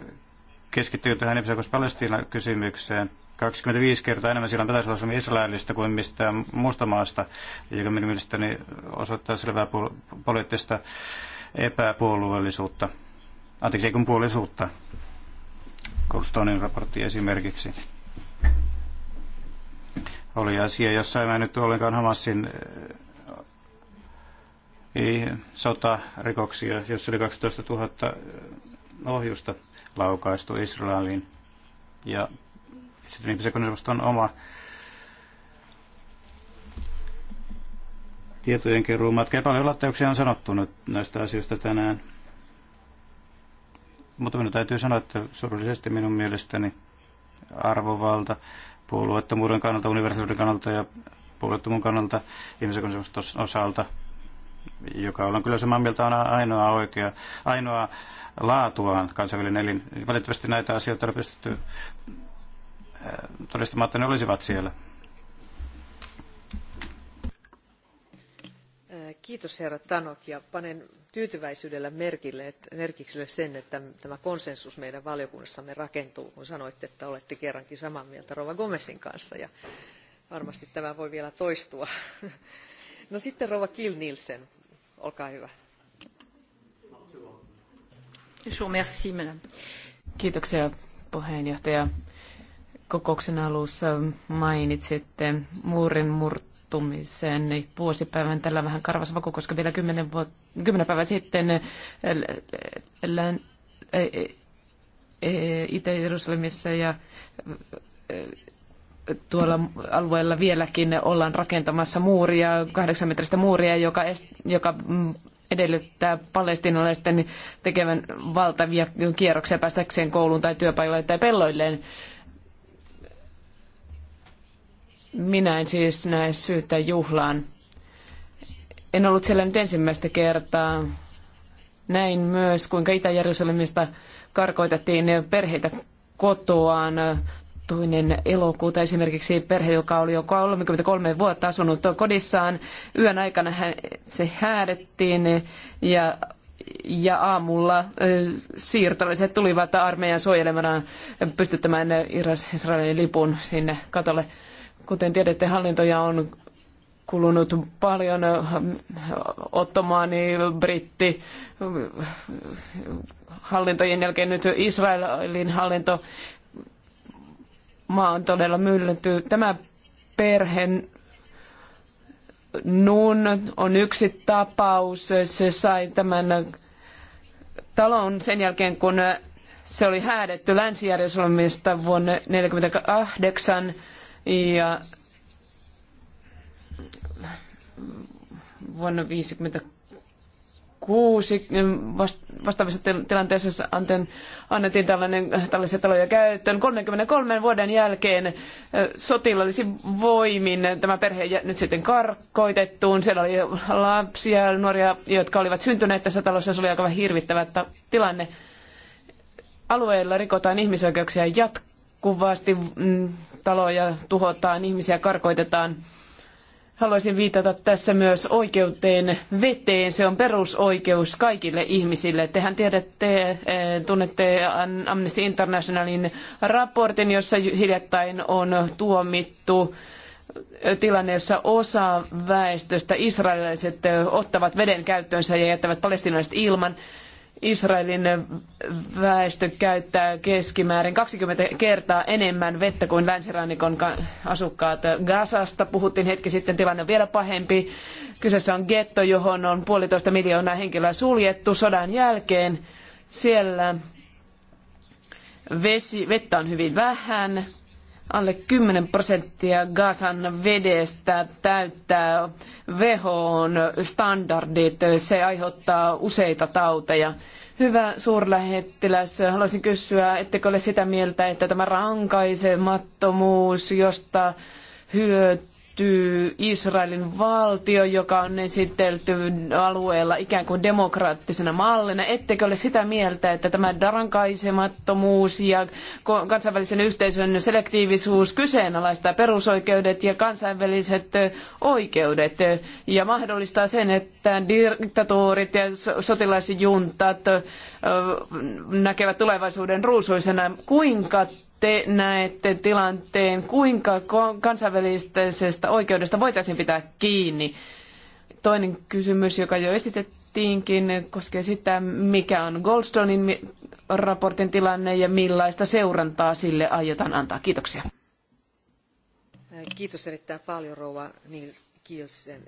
keskittyy tähän ihmisoikeus kysymykseen 25 kertaa enemmän silloin pitäisi olla Israelista kuin mistään muusta maasta, joka minun mielestäni osoittaa selvää poliittista epäpuolueellisuutta. Anteeksi, ei kun puolisuutta. Goldstonein raportti esimerkiksi oli asia, jossa ei nyt ollenkaan Hamasin eh, sotarikoksia, jossa oli 12 000 eh, ohjusta laukaistu Israeliin. Ja sitten ihmisekoneuvoston on oma tietojen keruumatka. Ja paljon latteuksia on sanottu nyt näistä asioista tänään. Mutta minun täytyy sanoa, että surullisesti minun mielestäni arvovalta puolueettomuuden kannalta, universaalisuuden kannalta ja puolueettomuuden kannalta ihmisoikeuksien osalta, joka on kyllä samaa mieltä on ainoa oikea, ainoa laatuaan kansainvälinen elin. Valitettavasti näitä asioita on pystytty todistamaan, että ne olisivat siellä. Kiitos herra Tanok ja panen tyytyväisyydellä merkille, sen, että tämä konsensus meidän valiokunnassamme rakentuu, kun sanoitte, että olette kerrankin samaa mieltä rouva Gomesin kanssa. Ja varmasti tämä voi vielä toistua. No sitten Rova Kill Nielsen, olkaa hyvä. Kiitoksia puheenjohtaja. Kokouksen alussa mainitsitte muurin murto tapahtumiseen niin vuosipäivän tällä vähän karvas vaku, koska vielä kymmenen, vuot- kymmenen päivää sitten Itä-Jerusalemissa ja tuolla alueella vieläkin ollaan rakentamassa muuria, kahdeksan metristä muuria, joka, joka mm, edellyttää palestinalaisten tekevän valtavia kierroksia päästäkseen kouluun tai työpaikalle tai pelloilleen. Minä en siis näe syytä juhlaan. En ollut siellä nyt ensimmäistä kertaa. Näin myös, kuinka Itä-Jerusalemista karkoitettiin perheitä kotoaan toinen elokuuta esimerkiksi perhe, joka oli jo 33 vuotta asunut kodissaan. Yön aikana se häädettiin ja, ja aamulla siirtolaiset tulivat armeijan suojelemana pystyttämään Israelin lipun sinne katolle. Kuten tiedätte, hallintoja on kulunut paljon ottomaani, britti, hallintojen jälkeen nyt Israelin hallinto. Maa on todella myllytty. Tämä perhe Nun on yksi tapaus. Se sai tämän talon sen jälkeen, kun se oli häädetty länsi vuonna 1948 ja vuonna 1956 mm, vastaavissa tilanteissa anten, annettiin tällainen, tällaisia taloja käyttöön. 33 vuoden jälkeen sotilaallisin voimin tämä perhe nyt sitten karkoitettuun. Siellä oli lapsia, nuoria, jotka olivat syntyneet tässä talossa. Se oli aika hirvittävä tilanne. Alueella rikotaan ihmisoikeuksia jatkuvasti jatkuvasti mm, taloja tuhotaan, ihmisiä karkoitetaan. Haluaisin viitata tässä myös oikeuteen veteen. Se on perusoikeus kaikille ihmisille. Tehän tiedätte, eh, tunnette Amnesty Internationalin raportin, jossa hiljattain on tuomittu eh, tilanne, jossa osa väestöstä, israelilaiset, eh, ottavat veden käyttöönsä ja jättävät palestinalaiset ilman. Israelin väestö käyttää keskimäärin 20 kertaa enemmän vettä kuin länsirannikon asukkaat. Gazasta puhuttiin hetki sitten, tilanne on vielä pahempi. Kyseessä on getto, johon on puolitoista miljoonaa henkilöä suljettu sodan jälkeen. Siellä vesi, vettä on hyvin vähän alle 10 prosenttia Gazan vedestä täyttää WHOn standardit. Se aiheuttaa useita tauteja. Hyvä suurlähettiläs, haluaisin kysyä, ettekö ole sitä mieltä, että tämä rankaisemattomuus, josta hyötyy kehittyy Israelin valtio, joka on esitelty alueella ikään kuin demokraattisena mallina. Ettekö ole sitä mieltä, että tämä darankaisemattomuus ja kansainvälisen yhteisön selektiivisuus kyseenalaistaa perusoikeudet ja kansainväliset oikeudet ja mahdollistaa sen, että diktatuurit ja sotilaisjuntat näkevät tulevaisuuden ruusuisena? Kuinka te näette tilanteen, kuinka kansainvälisestä oikeudesta voitaisiin pitää kiinni? Toinen kysymys, joka jo esitettiinkin, koskee sitä, mikä on Goldstonein raportin tilanne ja millaista seurantaa sille aiotaan antaa. Kiitoksia. Kiitos erittäin paljon rouva Kielsen,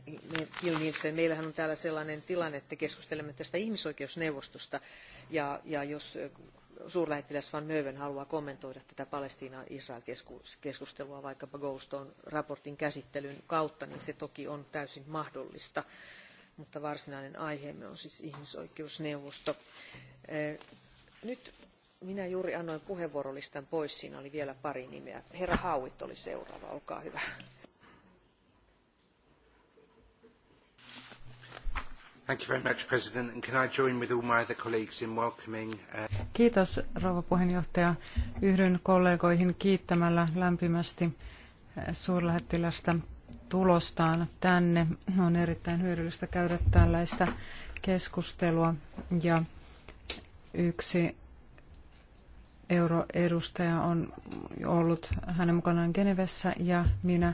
Kiel Nielsen. Meillähän on täällä sellainen tilanne, että keskustelemme tästä ihmisoikeusneuvostosta ja, ja jos suurlähettiläs Van Möven haluaa kommentoida tätä Palestiina-Israel-keskustelua vaikkapa Goldstone raportin käsittelyn kautta, niin se toki on täysin mahdollista. Mutta varsinainen aiheemme on siis ihmisoikeusneuvosto. Eh, nyt minä juuri annoin puheenvuorolistan pois. Siinä oli vielä pari nimeä. Herra Hauit oli seuraava. Olkaa hyvä. Kiitos rouva puheenjohtaja. Yhdyn kollegoihin kiittämällä lämpimästi eh, suurlähettilästä tulostaan tänne. On erittäin hyödyllistä käydä tällaista keskustelua ja yksi euroedustaja on ollut hänen mukanaan Genevessä ja minä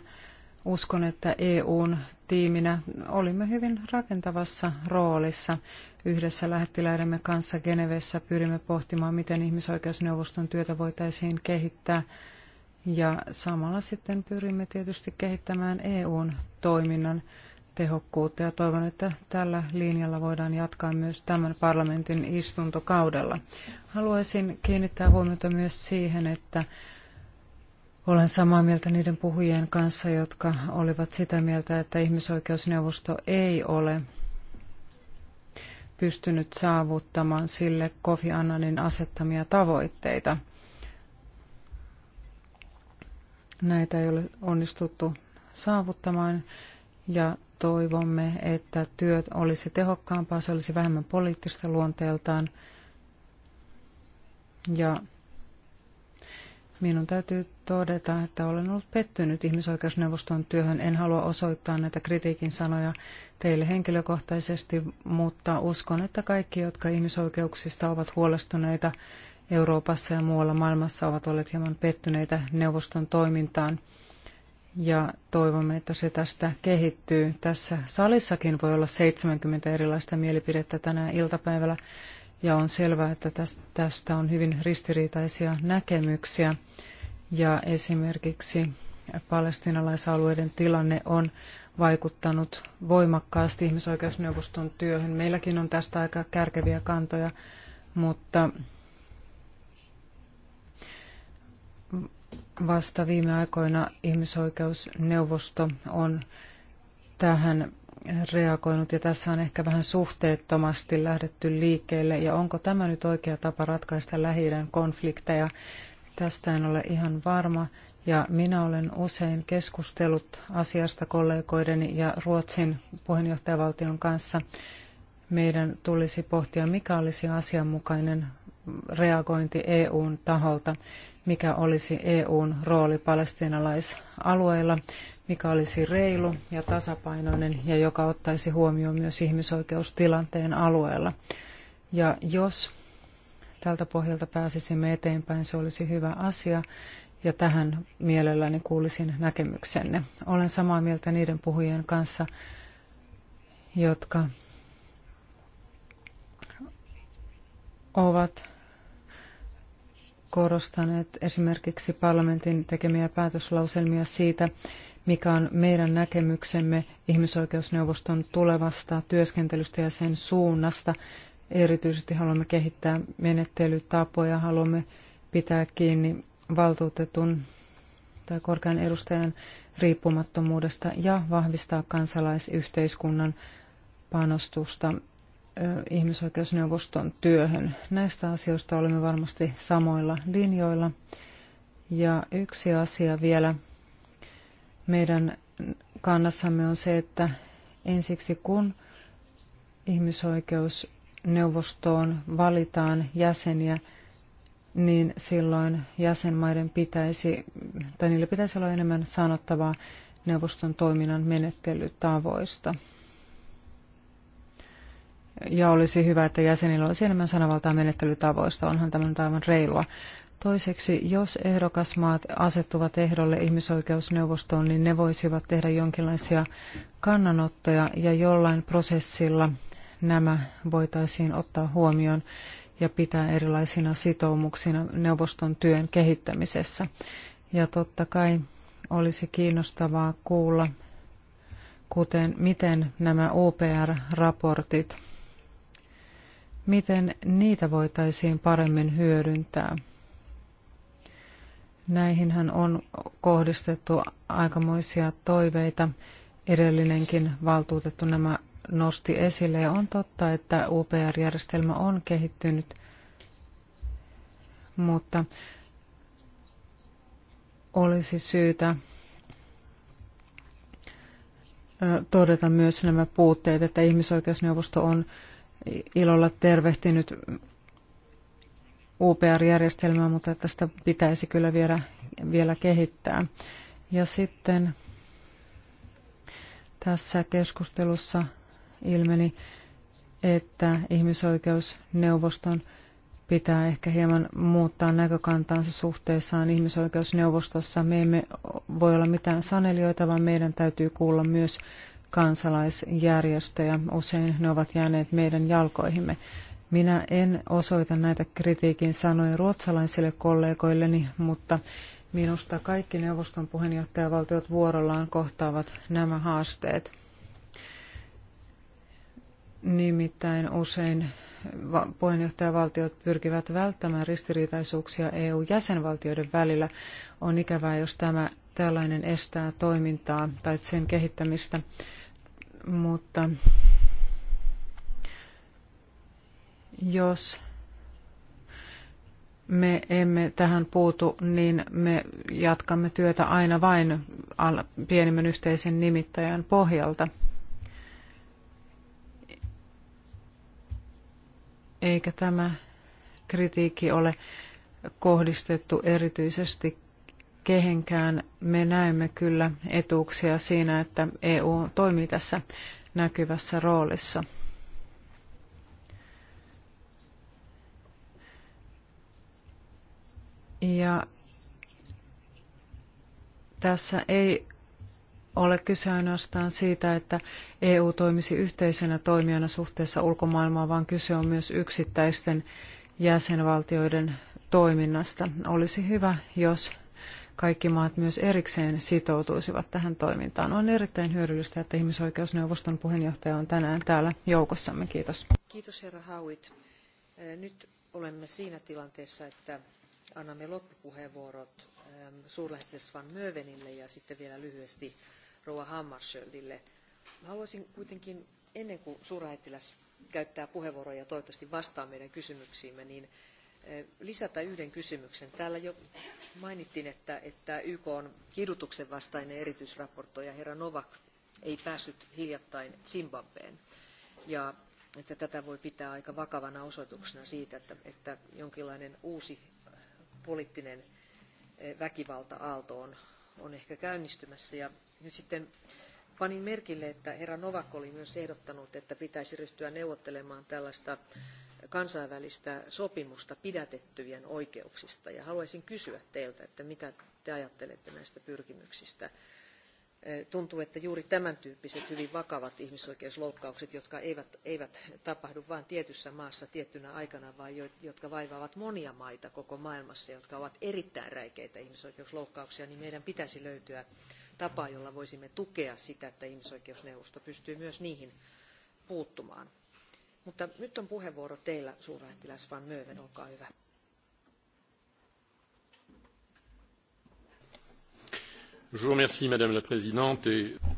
uskon, että EUn tiiminä olimme hyvin rakentavassa roolissa. Yhdessä lähettiläidemme kanssa Genevessä pyrimme pohtimaan, miten ihmisoikeusneuvoston työtä voitaisiin kehittää. Ja samalla sitten pyrimme tietysti kehittämään EUn toiminnan tehokkuutta ja toivon, että tällä linjalla voidaan jatkaa myös tämän parlamentin istuntokaudella. Haluaisin kiinnittää huomiota myös siihen, että olen samaa mieltä niiden puhujien kanssa, jotka olivat sitä mieltä, että ihmisoikeusneuvosto ei ole pystynyt saavuttamaan sille Kofi Annanin asettamia tavoitteita. Näitä ei ole onnistuttu saavuttamaan ja toivomme, että työt olisi tehokkaampaa, se olisi vähemmän poliittista luonteeltaan ja Minun täytyy todeta, että olen ollut pettynyt ihmisoikeusneuvoston työhön. En halua osoittaa näitä kritiikin sanoja teille henkilökohtaisesti, mutta uskon, että kaikki, jotka ihmisoikeuksista ovat huolestuneita Euroopassa ja muualla maailmassa, ovat olleet hieman pettyneitä neuvoston toimintaan. Ja toivomme, että se tästä kehittyy. Tässä salissakin voi olla 70 erilaista mielipidettä tänä iltapäivällä ja on selvää, että tästä on hyvin ristiriitaisia näkemyksiä. Ja esimerkiksi palestinalaisalueiden tilanne on vaikuttanut voimakkaasti ihmisoikeusneuvoston työhön. Meilläkin on tästä aika kärkeviä kantoja, mutta vasta viime aikoina ihmisoikeusneuvosto on tähän reagoinut ja tässä on ehkä vähän suhteettomasti lähdetty liikkeelle ja onko tämä nyt oikea tapa ratkaista lähi konflikteja? Tästä en ole ihan varma ja minä olen usein keskustellut asiasta kollegoideni ja Ruotsin puheenjohtajavaltion kanssa. Meidän tulisi pohtia, mikä olisi asianmukainen reagointi EUn taholta mikä olisi EUn rooli palestiinalaisalueilla mikä olisi reilu ja tasapainoinen ja joka ottaisi huomioon myös ihmisoikeustilanteen alueella. Ja jos tältä pohjalta pääsisimme eteenpäin, se olisi hyvä asia ja tähän mielelläni kuulisin näkemyksenne. Olen samaa mieltä niiden puhujien kanssa, jotka ovat korostaneet esimerkiksi parlamentin tekemiä päätöslauselmia siitä, mikä on meidän näkemyksemme ihmisoikeusneuvoston tulevasta työskentelystä ja sen suunnasta. Erityisesti haluamme kehittää menettelytapoja, haluamme pitää kiinni valtuutetun tai korkean edustajan riippumattomuudesta ja vahvistaa kansalaisyhteiskunnan panostusta ihmisoikeusneuvoston työhön. Näistä asioista olemme varmasti samoilla linjoilla. Ja yksi asia vielä, meidän kannassamme on se, että ensiksi kun ihmisoikeusneuvostoon valitaan jäseniä, niin silloin jäsenmaiden pitäisi, tai niille pitäisi olla enemmän sanottavaa neuvoston toiminnan menettelytavoista. Ja olisi hyvä, että jäsenillä olisi enemmän sanavaltaa menettelytavoista. Onhan tämä nyt aivan reilua. Toiseksi, jos ehdokasmaat asettuvat ehdolle ihmisoikeusneuvostoon, niin ne voisivat tehdä jonkinlaisia kannanottoja ja jollain prosessilla nämä voitaisiin ottaa huomioon ja pitää erilaisina sitoumuksina neuvoston työn kehittämisessä. Ja totta kai olisi kiinnostavaa kuulla, kuten miten nämä UPR-raportit, miten niitä voitaisiin paremmin hyödyntää – Näihinhän on kohdistettu aikamoisia toiveita. Edellinenkin valtuutettu nämä nosti esille. Ja on totta, että UPR-järjestelmä on kehittynyt, mutta olisi syytä todeta myös nämä puutteet, että ihmisoikeusneuvosto on ilolla tervehtinyt UPR-järjestelmää, mutta tästä pitäisi kyllä vielä, vielä kehittää. Ja sitten tässä keskustelussa ilmeni, että ihmisoikeusneuvoston pitää ehkä hieman muuttaa näkökantaansa suhteessaan ihmisoikeusneuvostossa. Me emme voi olla mitään sanelijoita, vaan meidän täytyy kuulla myös kansalaisjärjestöjä. Usein ne ovat jääneet meidän jalkoihimme. Minä en osoita näitä kritiikin sanoja ruotsalaisille kollegoilleni, mutta minusta kaikki neuvoston puheenjohtajavaltiot vuorollaan kohtaavat nämä haasteet. Nimittäin usein puheenjohtajavaltiot pyrkivät välttämään ristiriitaisuuksia EU-jäsenvaltioiden välillä. On ikävää, jos tämä tällainen estää toimintaa tai sen kehittämistä, mutta jos me emme tähän puutu, niin me jatkamme työtä aina vain pienimmän yhteisen nimittäjän pohjalta. Eikä tämä kritiikki ole kohdistettu erityisesti kehenkään. Me näemme kyllä etuuksia siinä, että EU toimii tässä näkyvässä roolissa. Ja tässä ei ole kyse ainoastaan siitä, että EU toimisi yhteisenä toimijana suhteessa ulkomaailmaan, vaan kyse on myös yksittäisten jäsenvaltioiden toiminnasta. Olisi hyvä, jos kaikki maat myös erikseen sitoutuisivat tähän toimintaan. On erittäin hyödyllistä, että ihmisoikeusneuvoston puheenjohtaja on tänään täällä joukossamme. Kiitos. Kiitos herra Hauit. Nyt olemme siinä tilanteessa, että annamme loppupuheenvuorot ähm, suurlähettiläs Van Mövenille ja sitten vielä lyhyesti Rouva Hammarskjöldille. Haluaisin kuitenkin, ennen kuin suurlähettiläs käyttää puheenvuoroja ja toivottavasti vastaa meidän kysymyksiimme, niin äh, lisätä yhden kysymyksen. Täällä jo mainittiin, että, että YK on kidutuksen vastainen erityisraportoija herra Novak ei päässyt hiljattain Zimbabween. Ja että tätä voi pitää aika vakavana osoituksena siitä, että, että jonkinlainen uusi poliittinen eh, väkivalta-aalto on, on ehkä käynnistymässä. Ja nyt sitten panin merkille, että herra Novak oli myös ehdottanut, että pitäisi ryhtyä neuvottelemaan tällaista kansainvälistä sopimusta pidätettyjen oikeuksista. Ja haluaisin kysyä teiltä, että mitä te ajattelette näistä pyrkimyksistä tuntuu, että juuri tämän tyyppiset hyvin vakavat ihmisoikeusloukkaukset, jotka eivät, eivät tapahdu vain tietyssä maassa tiettynä aikana, vaan jo, jotka vaivaavat monia maita koko maailmassa, jotka ovat erittäin räikeitä ihmisoikeusloukkauksia, niin meidän pitäisi löytyä tapa, jolla voisimme tukea sitä, että ihmisoikeusneuvosto pystyy myös niihin puuttumaan. Mutta nyt on puheenvuoro teillä, suurlähettiläs Van Möven, olkaa hyvä.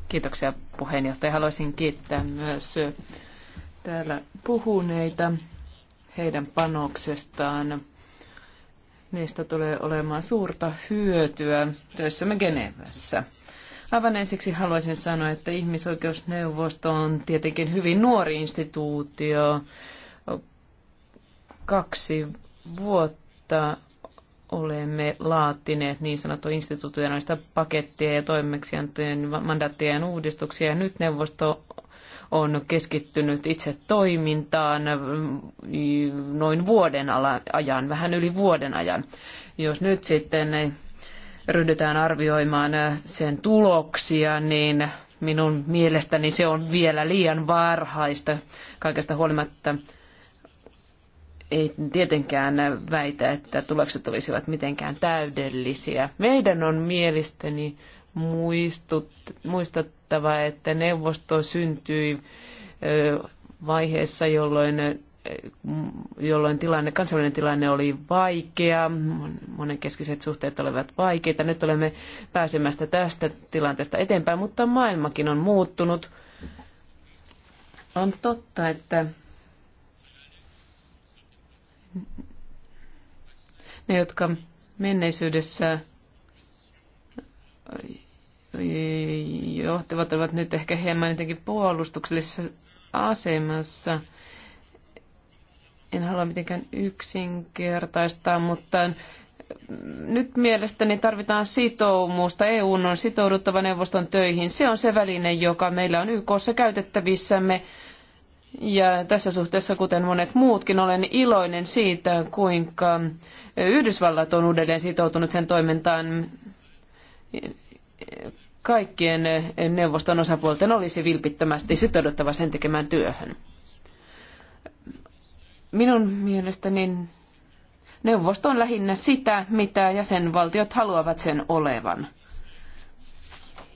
Kiitoksia puheenjohtaja. Haluaisin kiittää myös täällä puhuneita heidän panoksestaan. Niistä tulee olemaan suurta hyötyä töissämme Genevessä. Aivan ensiksi haluaisin sanoa, että ihmisoikeusneuvosto on tietenkin hyvin nuori instituutio. Kaksi vuotta olemme laattineet niin sanottu institutionaalista pakettia ja toimeksiantojen mandaattien uudistuksia. Ja nyt neuvosto on keskittynyt itse toimintaan mm, noin vuoden ajan, vähän yli vuoden ajan. Jos nyt sitten ryhdytään arvioimaan äh, sen tuloksia, niin minun mielestäni se on vielä liian varhaista kaikesta huolimatta ei tietenkään väitä, että tulokset olisivat mitenkään täydellisiä. Meidän on mielestäni muistut, muistattava, että neuvosto syntyi vaiheessa, jolloin, jolloin tilanne, kansainvälinen tilanne oli vaikea, monenkeskiset suhteet olivat vaikeita. Nyt olemme pääsemästä tästä tilanteesta eteenpäin, mutta maailmakin on muuttunut. On totta, että Ne, jotka menneisyydessä johtavat ovat nyt ehkä hieman jotenkin puolustuksellisessa asemassa. En halua mitenkään yksinkertaistaa, mutta nyt mielestäni tarvitaan sitoumusta. EU on sitouduttava neuvoston töihin. Se on se väline, joka meillä on YKssa käytettävissämme ja tässä suhteessa, kuten monet muutkin, olen iloinen siitä, kuinka Yhdysvallat on uudelleen sitoutunut sen toimintaan. Kaikkien neuvoston osapuolten olisi vilpittömästi sitouduttava sen tekemään työhön. Minun mielestäni neuvosto on lähinnä sitä, mitä jäsenvaltiot haluavat sen olevan.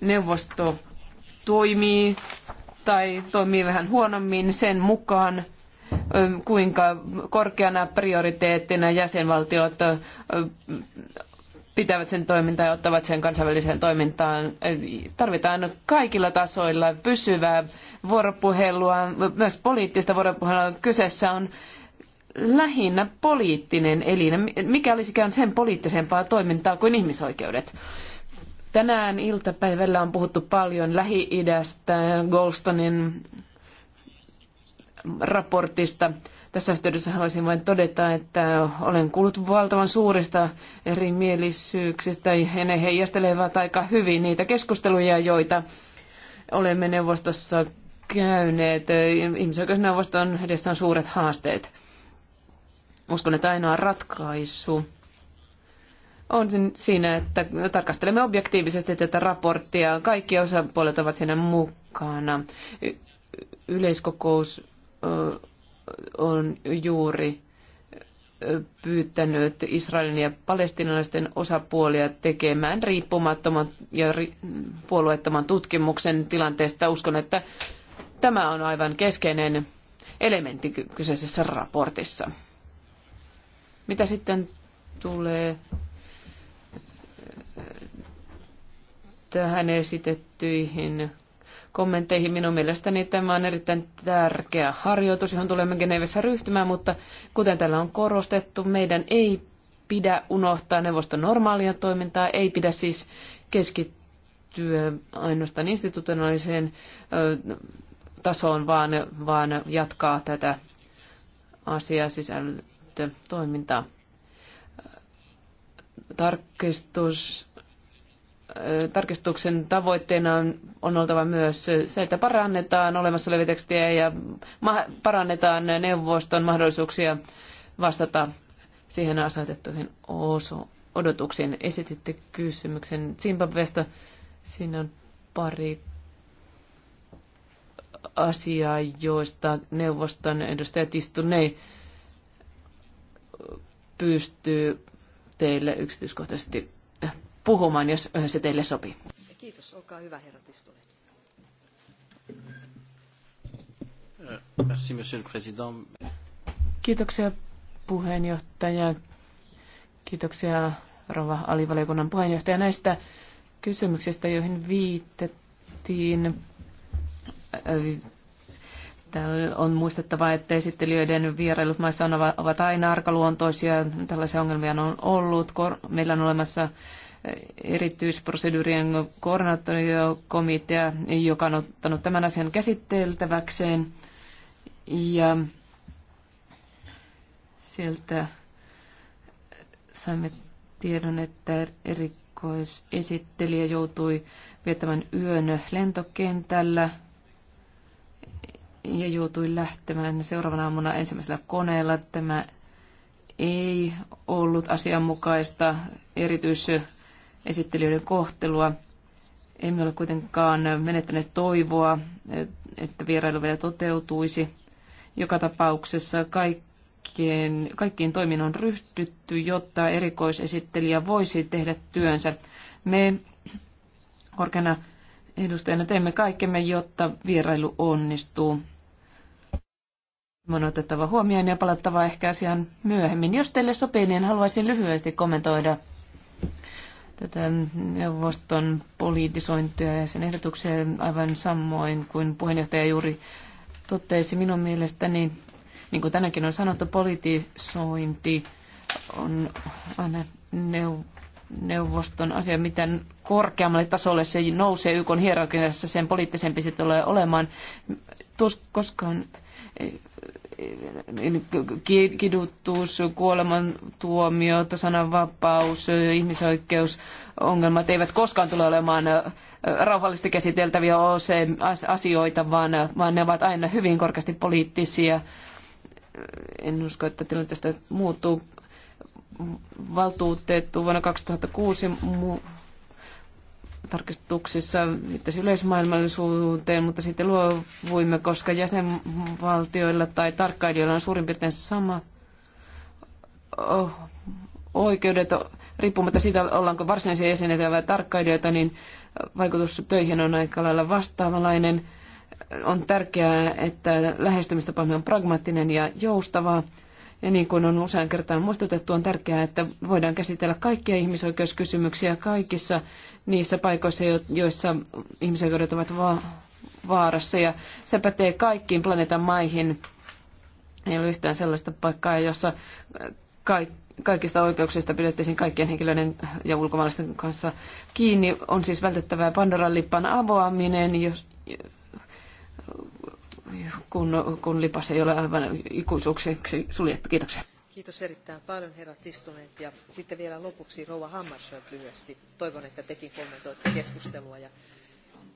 Neuvosto toimii tai toimii vähän huonommin sen mukaan, kuinka korkeana prioriteettina jäsenvaltiot pitävät sen toimintaa ja ottavat sen kansainväliseen toimintaan. Tarvitaan kaikilla tasoilla pysyvää vuoropuhelua, myös poliittista vuoropuhelua. Kyseessä on lähinnä poliittinen elin. Mikä olisikään sen poliittisempaa toimintaa kuin ihmisoikeudet? Tänään iltapäivällä on puhuttu paljon Lähi-idästä, Goldstonin raportista. Tässä yhteydessä haluaisin vain todeta, että olen kuullut valtavan suurista erimielisyyksistä ja ne heijastelevat aika hyvin niitä keskusteluja, joita olemme neuvostossa käyneet. Ihmisoikeusneuvoston edessä on suuret haasteet. Uskon, että ainoa ratkaisu on siinä, että tarkastelemme objektiivisesti tätä raporttia. Kaikki osapuolet ovat siinä mukana. Y- yleiskokous on juuri pyytänyt Israelin ja palestinalaisten osapuolia tekemään riippumattoman ja ri- puolueettoman tutkimuksen tilanteesta. Uskon, että tämä on aivan keskeinen elementti kyseisessä raportissa. Mitä sitten tulee tähän esitettyihin kommentteihin. Minun mielestäni tämä on erittäin tärkeä harjoitus, johon tulemme Genevessä ryhtymään, mutta kuten täällä on korostettu, meidän ei pidä unohtaa neuvoston normaalia toimintaa, ei pidä siis keskittyä ainoastaan institutionaaliseen tasoon, vaan, vaan jatkaa tätä asiaa sisältötoimintaa. toimintaa tarkistus, tarkistuksen tavoitteena on, on oltava myös se, että parannetaan olemassa olevia tekstejä ja parannetaan neuvoston mahdollisuuksia vastata siihen asetettuihin oso- odotuksiin. Esititte kysymyksen Zimbabwesta. Siinä on pari asiaa, joista neuvoston edustaja Tistunei pystyy teille yksityiskohtaisesti äh, puhumaan, jos äh, se teille sopii. Kiitos, olkaa hyvä herra Pistonen. Äh, merci, monsieur le président. Kiitoksia puheenjohtaja. Kiitoksia rouva alivaliokunnan puheenjohtaja näistä kysymyksistä, joihin viitettiin Täällä on muistettava, että esittelijöiden vierailut maissa ovat aina arkaluontoisia. Tällaisia ongelmia on ollut. Meillä on olemassa eh, erityisproseduurien koordinaattorikomitea, joka on ottanut tämän asian käsiteltäväkseen. Ja sieltä saimme tiedon, että erikoisesittelijä joutui viettämään yön lentokentällä – ja joutui lähtemään seuraavana aamuna ensimmäisellä koneella. Tämä ei ollut asianmukaista erityisesittelijöiden kohtelua. Emme ole kuitenkaan menettäneet toivoa, että vierailu vielä toteutuisi. Joka tapauksessa kaikkien, kaikkiin toimiin on ryhtytty, jotta erikoisesittelijä voisi tehdä työnsä. Me korkeana edustajana teemme kaikkemme, jotta vierailu onnistuu on otettava huomioon ja palattava ehkä asiaan myöhemmin. Jos teille sopii, niin haluaisin lyhyesti kommentoida tätä neuvoston politisointia ja sen ehdotuksia aivan samoin kuin puheenjohtaja juuri totesi. Minun mielestäni, niin kuin tänäänkin on sanottu, politisointi on aina neuvoston asia, mitä korkeammalle tasolle se nousee YK hierarkiassa, sen poliittisempi se tulee olemaan. Tus, koskaan kiduttuus, kuolemantuomiot, sananvapaus, ihmisoikeusongelmat eivät koskaan tule olemaan rauhallisesti käsiteltäviä asioita, vaan, vaan ne ovat aina hyvin korkeasti poliittisia. En usko, että tilanteesta muuttuu valtuutettu vuonna 2006 tarkistuksissa viittasi yleismaailmallisuuteen, mutta sitten luovuimme, koska jäsenvaltioilla tai tarkkailijoilla on suurin piirtein sama oh, oikeudet, riippumatta siitä, ollaanko varsinaisia jäseniä vai tarkkailijoita, niin vaikutus töihin on aika lailla vastaavanlainen. On tärkeää, että lähestymistapamme on pragmaattinen ja joustava. Ja niin kuin on usean kertaan muistutettu, on tärkeää, että voidaan käsitellä kaikkia ihmisoikeuskysymyksiä kaikissa niissä paikoissa, joissa ihmisoikeudet ovat va- vaarassa. Ja se pätee kaikkiin planeetan maihin. Ei ole yhtään sellaista paikkaa, jossa ka- kaikista oikeuksista pidettäisiin kaikkien henkilöiden ja ulkomaalaisten kanssa kiinni. On siis vältettävää Pandoran lippan avoaminen, jos, kun, kun lipas ei ole aivan ikuisuuksiksi suljettu. Kiitoksia. Kiitos erittäin paljon herrat istuneet Ja sitten vielä lopuksi Rouva Hammarskjöld lyhyesti. Toivon, että tekin kommentoitte keskustelua. Ja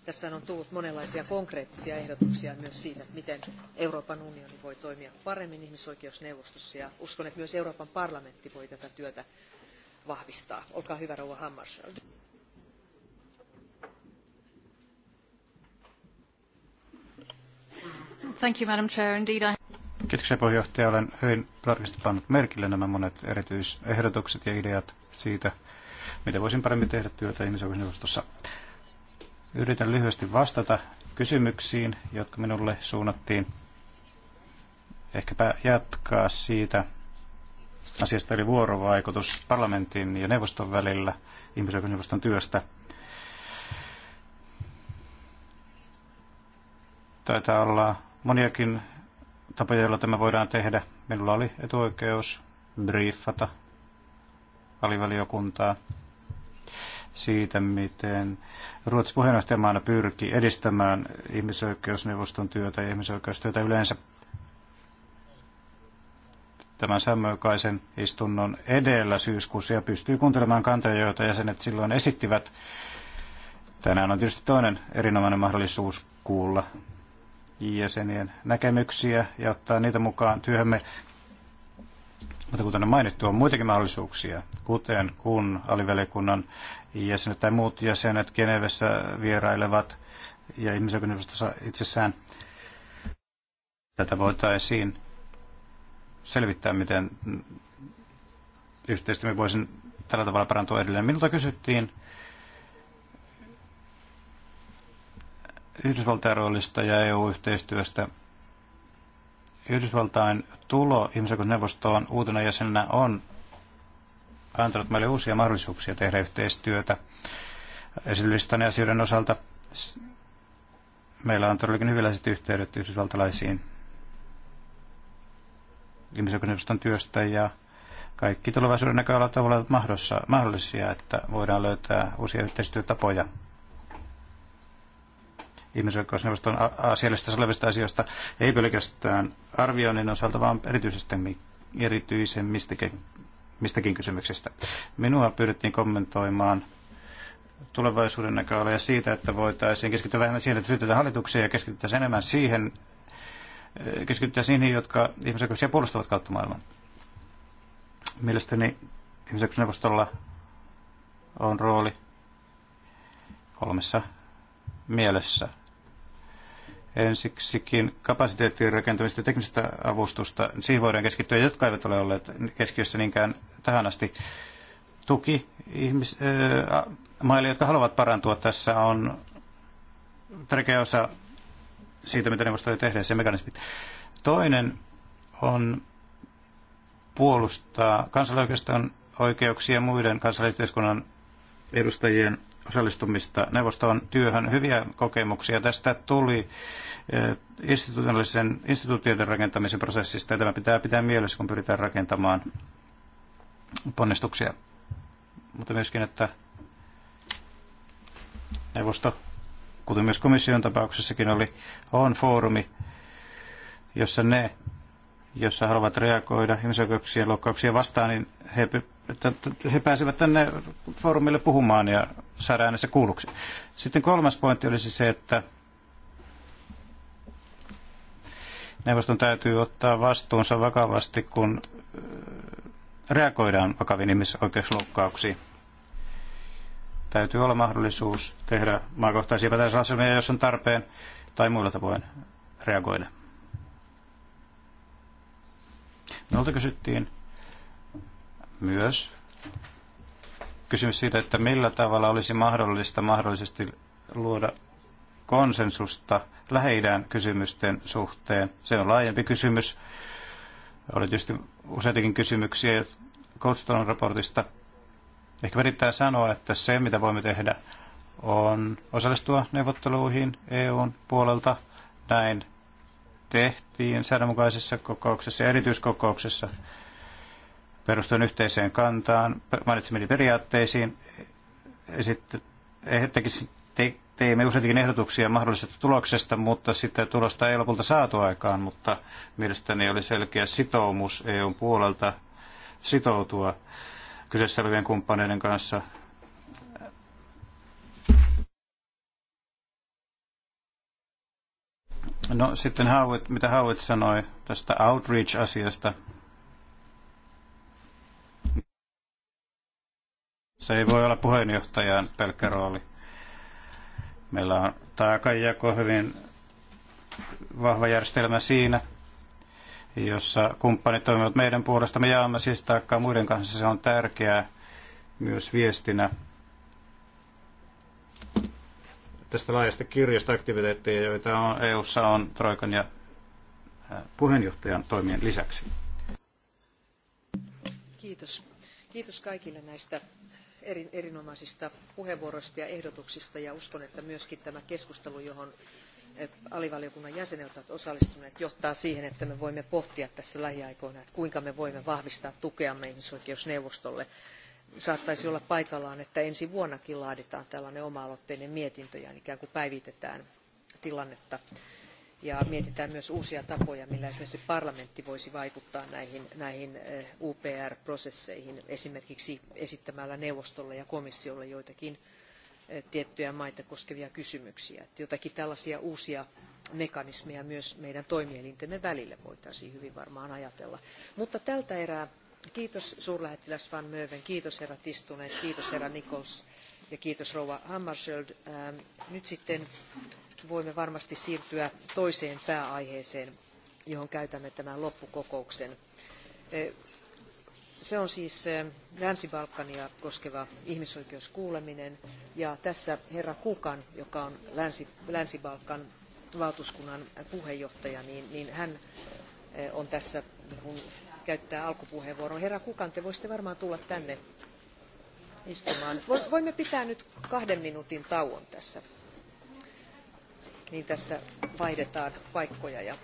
tässä on tullut monenlaisia konkreettisia ehdotuksia myös siitä, miten Euroopan unioni voi toimia paremmin ihmisoikeusneuvostossa. Ja uskon, että myös Euroopan parlamentti voi tätä työtä vahvistaa. Olkaa hyvä, Rouva Hammarskjöld. Thank you, Madam Chair. Indeed, I... Kiitoksia puheenjohtaja. Olen hyvin tarkasti pannut merkille nämä monet erityisehdotukset ja ideat siitä, miten voisin paremmin tehdä työtä ihmisoikeusneuvostossa. Yritän lyhyesti vastata kysymyksiin, jotka minulle suunnattiin. Ehkäpä jatkaa siitä asiasta eli vuorovaikutus parlamentin ja neuvoston välillä ihmisoikeusneuvoston työstä. Taitaa olla moniakin tapoja, joilla tämä voidaan tehdä. Minulla oli etuoikeus briefata alivaliokuntaa siitä, miten Ruotsi puheenjohtajamaana pyrkii edistämään ihmisoikeusneuvoston työtä ja ihmisoikeustyötä yleensä tämän sämmöikäisen istunnon edellä syyskuussa ja pystyy kuuntelemaan kantoja, joita jäsenet silloin esittivät. Tänään on tietysti toinen erinomainen mahdollisuus kuulla jäsenien näkemyksiä ja ottaa niitä mukaan työhömme. Mutta kuten on mainittu, on muitakin mahdollisuuksia, kuten kun alivelikunnan jäsenet tai muut jäsenet Genevessä vierailevat ja ihmisoikeusneuvostossa itsessään. Tätä voitaisiin selvittää, miten yhteistyömme voisin tällä tavalla parantua edelleen. Minulta kysyttiin Yhdysvaltain roolista ja EU-yhteistyöstä. Yhdysvaltain tulo ihmisoikeusneuvostoon uutena jäsenenä on antanut meille uusia mahdollisuuksia tehdä yhteistyötä esillistäneen asioiden osalta. Meillä on todellakin hyvilläiset yhteydet yhdysvaltalaisiin ihmisoikeusneuvoston työstä ja kaikki tulevaisuuden näköalat ovat mahdollisia, että voidaan löytää uusia yhteistyötapoja ihmisoikeusneuvoston asiallisista olevista asioista, ei pelkästään arvioinnin osalta, vaan erityisesti erityisen mistäkin kysymyksestä. Minua pyydettiin kommentoimaan tulevaisuuden näköaloja siitä, että voitaisiin keskittyä vähemmän siihen, että syytetään hallituksia ja keskityttäisiin enemmän siihen, eh, keskityttäisiin niihin, jotka ihmisoikeuksia puolustavat kautta maailman. Mielestäni ihmisoikeusneuvostolla on rooli kolmessa mielessä. Ensiksikin kapasiteettien rakentamista ja teknistä avustusta, siihen voidaan keskittyä, jotka eivät ole olleet keskiössä niinkään tähän asti. Tuki ihmis, äh, maille, jotka haluavat parantua tässä, on tärkeä osa siitä, mitä neuvostoja tehdään, se mekanismit. Toinen on puolustaa kansalaisoikeuston oikeuksia muiden kansalaisyhteiskunnan edustajien osallistumista neuvoston työhön. Hyviä kokemuksia tästä tuli eh, institutionaalisen instituutioiden rakentamisen prosessista, ja tämä pitää pitää mielessä, kun pyritään rakentamaan ponnistuksia. Mutta myöskin, että neuvosto, kuten myös komission tapauksessakin oli, on foorumi, jossa ne jossa haluavat reagoida ihmisoikeuksien loukkauksia vastaan, niin he, he pääsevät tänne foorumille puhumaan ja saada äänessä kuulluksi. Sitten kolmas pointti olisi se, että neuvoston täytyy ottaa vastuunsa vakavasti, kun reagoidaan vakaviin ihmisoikeusloukkauksiin. Täytyy olla mahdollisuus tehdä maakohtaisia päätöslaselmia, jos on tarpeen, tai muilla tavoin reagoida. Minulta kysyttiin myös kysymys siitä, että millä tavalla olisi mahdollista mahdollisesti luoda konsensusta lähi kysymysten suhteen. Se on laajempi kysymys. Oli tietysti useitakin kysymyksiä Goldstone raportista. Ehkä verittää sanoa, että se mitä voimme tehdä on osallistua neuvotteluihin EUn puolelta. Näin tehtiin säännönmukaisessa kokouksessa ja erityiskokouksessa perustuen yhteiseen kantaan, mainitsemiin periaatteisiin. Sitten eh, teimme useitakin ehdotuksia mahdollisesta tuloksesta, mutta sitä tulosta ei lopulta saatu aikaan, mutta mielestäni oli selkeä sitoumus EUn puolelta sitoutua kyseessä olevien kumppaneiden kanssa No sitten Howard, mitä Howard sanoi tästä outreach-asiasta. Se ei voi olla puheenjohtajan pelkkä rooli. Meillä on taakajako hyvin vahva järjestelmä siinä, jossa kumppanit toimivat meidän puolesta. Me jaamme siis taakkaa muiden kanssa. Se on tärkeää myös viestinä tästä laajasta kirjasta aktiviteetteja, joita on, EU:ssa on Troikan ja puheenjohtajan toimien lisäksi. Kiitos. Kiitos kaikille näistä erinomaisista puheenvuoroista ja ehdotuksista ja uskon, että myöskin tämä keskustelu, johon alivaliokunnan jäsenet ovat osallistuneet, johtaa siihen, että me voimme pohtia tässä lähiaikoina, että kuinka me voimme vahvistaa tukeamme ihmisoikeusneuvostolle saattaisi olla paikallaan, että ensi vuonnakin laaditaan tällainen oma-aloitteinen mietintö ja ikään kuin päivitetään tilannetta ja mietitään myös uusia tapoja, millä esimerkiksi parlamentti voisi vaikuttaa näihin, näihin eh, UPR-prosesseihin, esimerkiksi esittämällä neuvostolle ja komissiolle joitakin eh, tiettyjä maita koskevia kysymyksiä. Että jotakin tällaisia uusia mekanismeja myös meidän toimielintemme välille voitaisiin hyvin varmaan ajatella. Mutta tältä erää Kiitos suurlähettiläs Van Möven, kiitos herra Tistunen, kiitos herra Nikos ja kiitos rouva Hammarskjöld. Ähm, nyt sitten voimme varmasti siirtyä toiseen pääaiheeseen, johon käytämme tämän loppukokouksen. Se on siis Länsi-Balkania koskeva ihmisoikeuskuuleminen ja tässä herra Kukan, joka on Länsi-Balkan valtuuskunnan puheenjohtaja, niin, niin hän on tässä niin käyttää alkupuheenvuoron. Herra Kukan, te voisitte varmaan tulla tänne istumaan. Voimme pitää nyt kahden minuutin tauon tässä. Niin tässä vaihdetaan paikkoja ja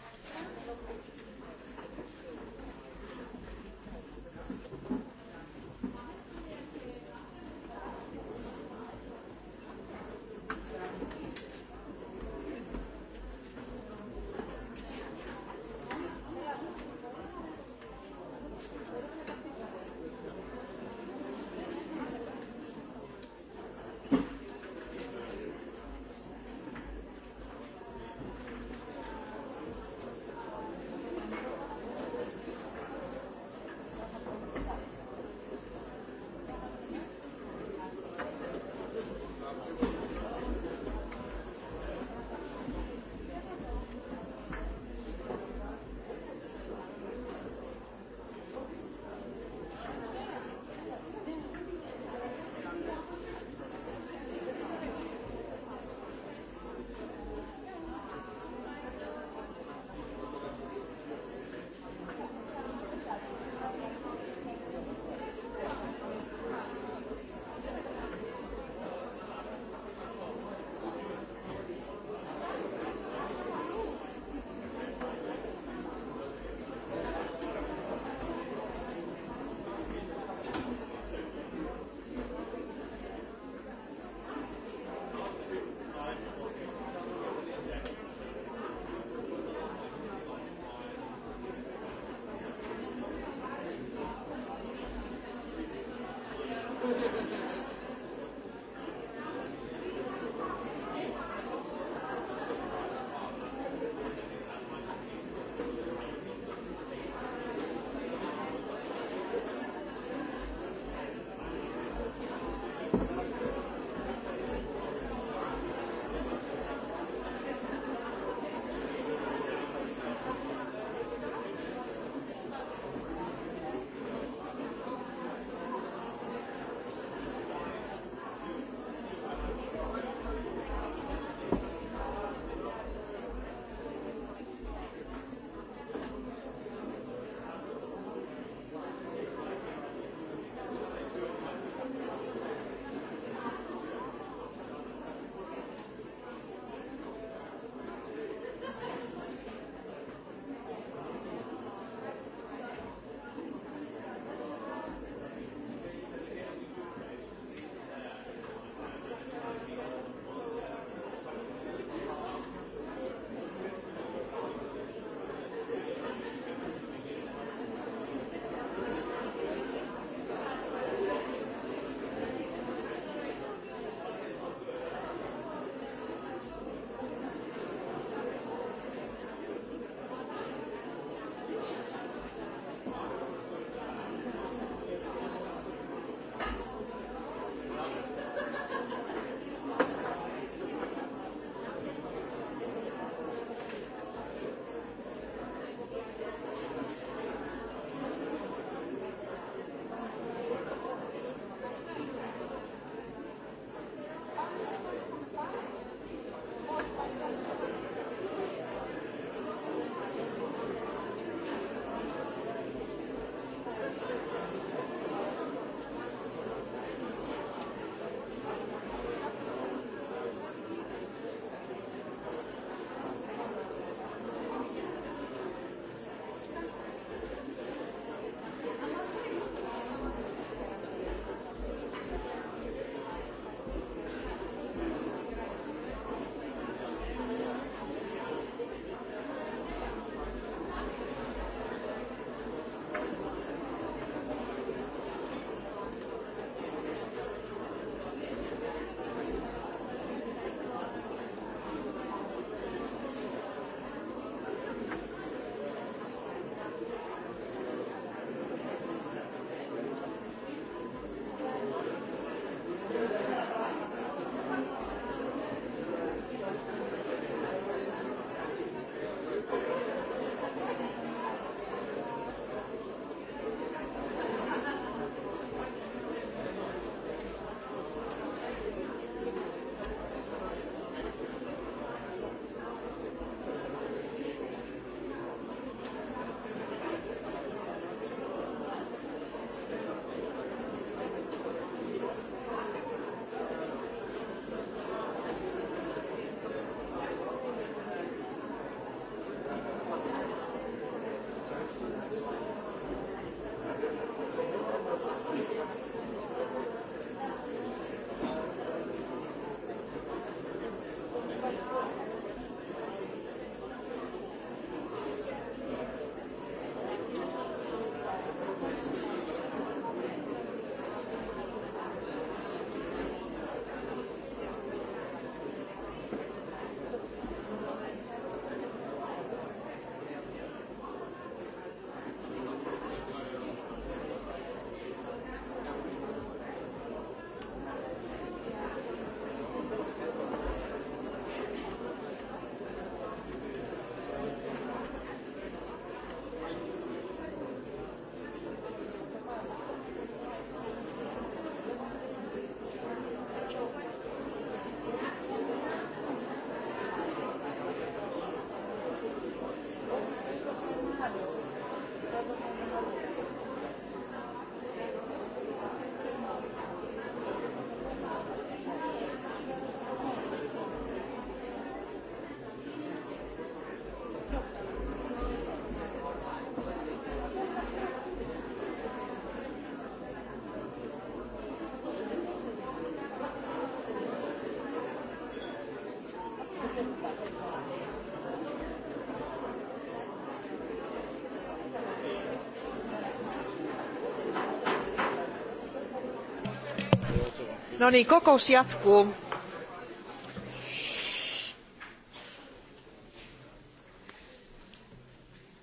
No niin, kokous jatkuu.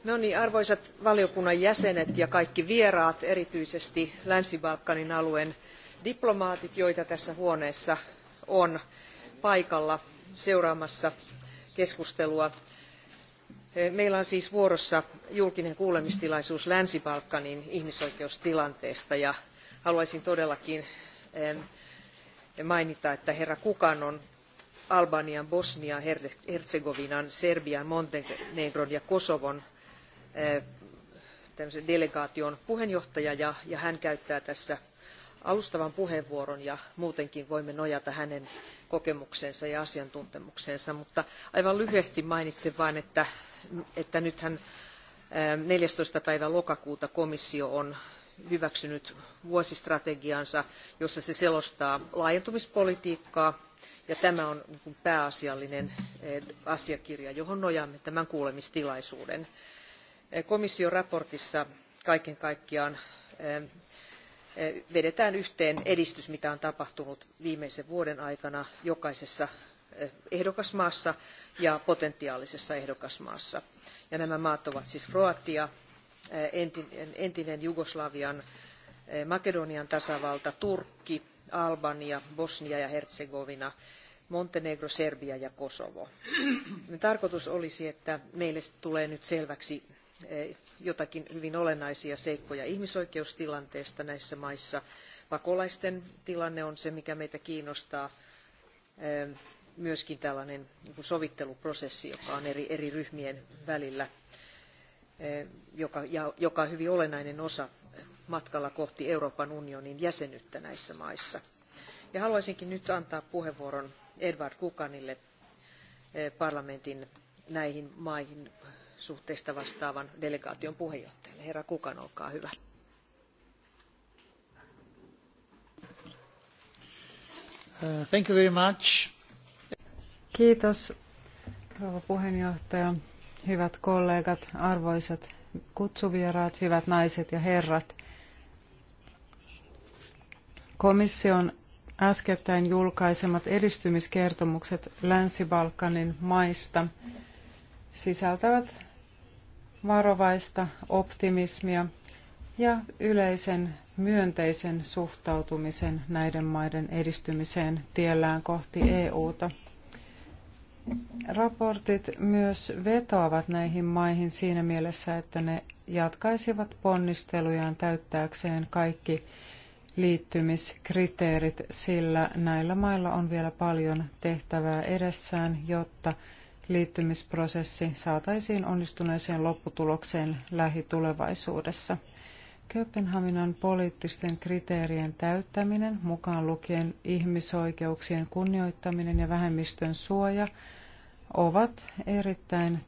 No niin, arvoisat valiokunnan jäsenet ja kaikki vieraat, erityisesti Länsi-Balkanin alueen diplomaatit, joita tässä huoneessa on paikalla seuraamassa keskustelua. Meillä on siis vuorossa julkinen kuulemistilaisuus Länsi-Balkanin ihmisoikeustilanteesta ja haluaisin todellakin mainita, että herra Kukan on Albanian, Bosnian, Herzegovinan, Serbian, Montenegron ja Kosovon eh, delegaation puheenjohtaja ja, ja hän käyttää tässä alustavan puheenvuoron ja muutenkin voimme nojata hänen kokemukseensa ja asiantuntemukseensa. Mutta aivan lyhyesti mainitsen vain, että, että nythän 14. Eh, päivä lokakuuta komissio on hyväksynyt vuosistrategiansa, jossa se selostaa laajentumispolitiikkaa. Ja tämä on niin pääasiallinen eh, asiakirja, johon nojaamme tämän kuulemistilaisuuden. Eh, komission raportissa kaiken kaikkiaan eh, vedetään yhteen edistys, mitä on tapahtunut viimeisen vuoden aikana jokaisessa ehdokasmaassa ja potentiaalisessa ehdokasmaassa. Ja nämä maat ovat siis Kroatia, Eh, entinen Jugoslavian, eh, Makedonian tasavalta, Turkki, Albania, Bosnia ja Herzegovina, Montenegro, Serbia ja Kosovo. Tarkoitus olisi, että meille tulee nyt selväksi eh, jotakin hyvin olennaisia seikkoja ihmisoikeustilanteesta näissä maissa. Pakolaisten tilanne on se, mikä meitä kiinnostaa. Myöskin tällainen niin sovitteluprosessi, joka on eri, eri ryhmien välillä Eh, joka, ja, joka on hyvin olennainen osa matkalla kohti Euroopan unionin jäsenyyttä näissä maissa. Ja haluaisinkin nyt antaa puheenvuoron Edward Kukanille eh, parlamentin näihin maihin suhteesta vastaavan delegaation puheenjohtajalle. Herra Kukan, olkaa hyvä. Uh, thank you very much. Kiitos, rouva puheenjohtaja. Hyvät kollegat, arvoisat kutsuvieraat, hyvät naiset ja herrat. Komission äskettäin julkaisemat edistymiskertomukset Länsi-Balkanin maista sisältävät varovaista optimismia ja yleisen myönteisen suhtautumisen näiden maiden edistymiseen tiellään kohti EUta. Raportit myös vetoavat näihin maihin siinä mielessä, että ne jatkaisivat ponnistelujaan täyttääkseen kaikki liittymiskriteerit, sillä näillä mailla on vielä paljon tehtävää edessään, jotta liittymisprosessi saataisiin onnistuneeseen lopputulokseen lähitulevaisuudessa. Kööpenhaminan poliittisten kriteerien täyttäminen, mukaan lukien ihmisoikeuksien kunnioittaminen ja vähemmistön suoja, ovat erittäin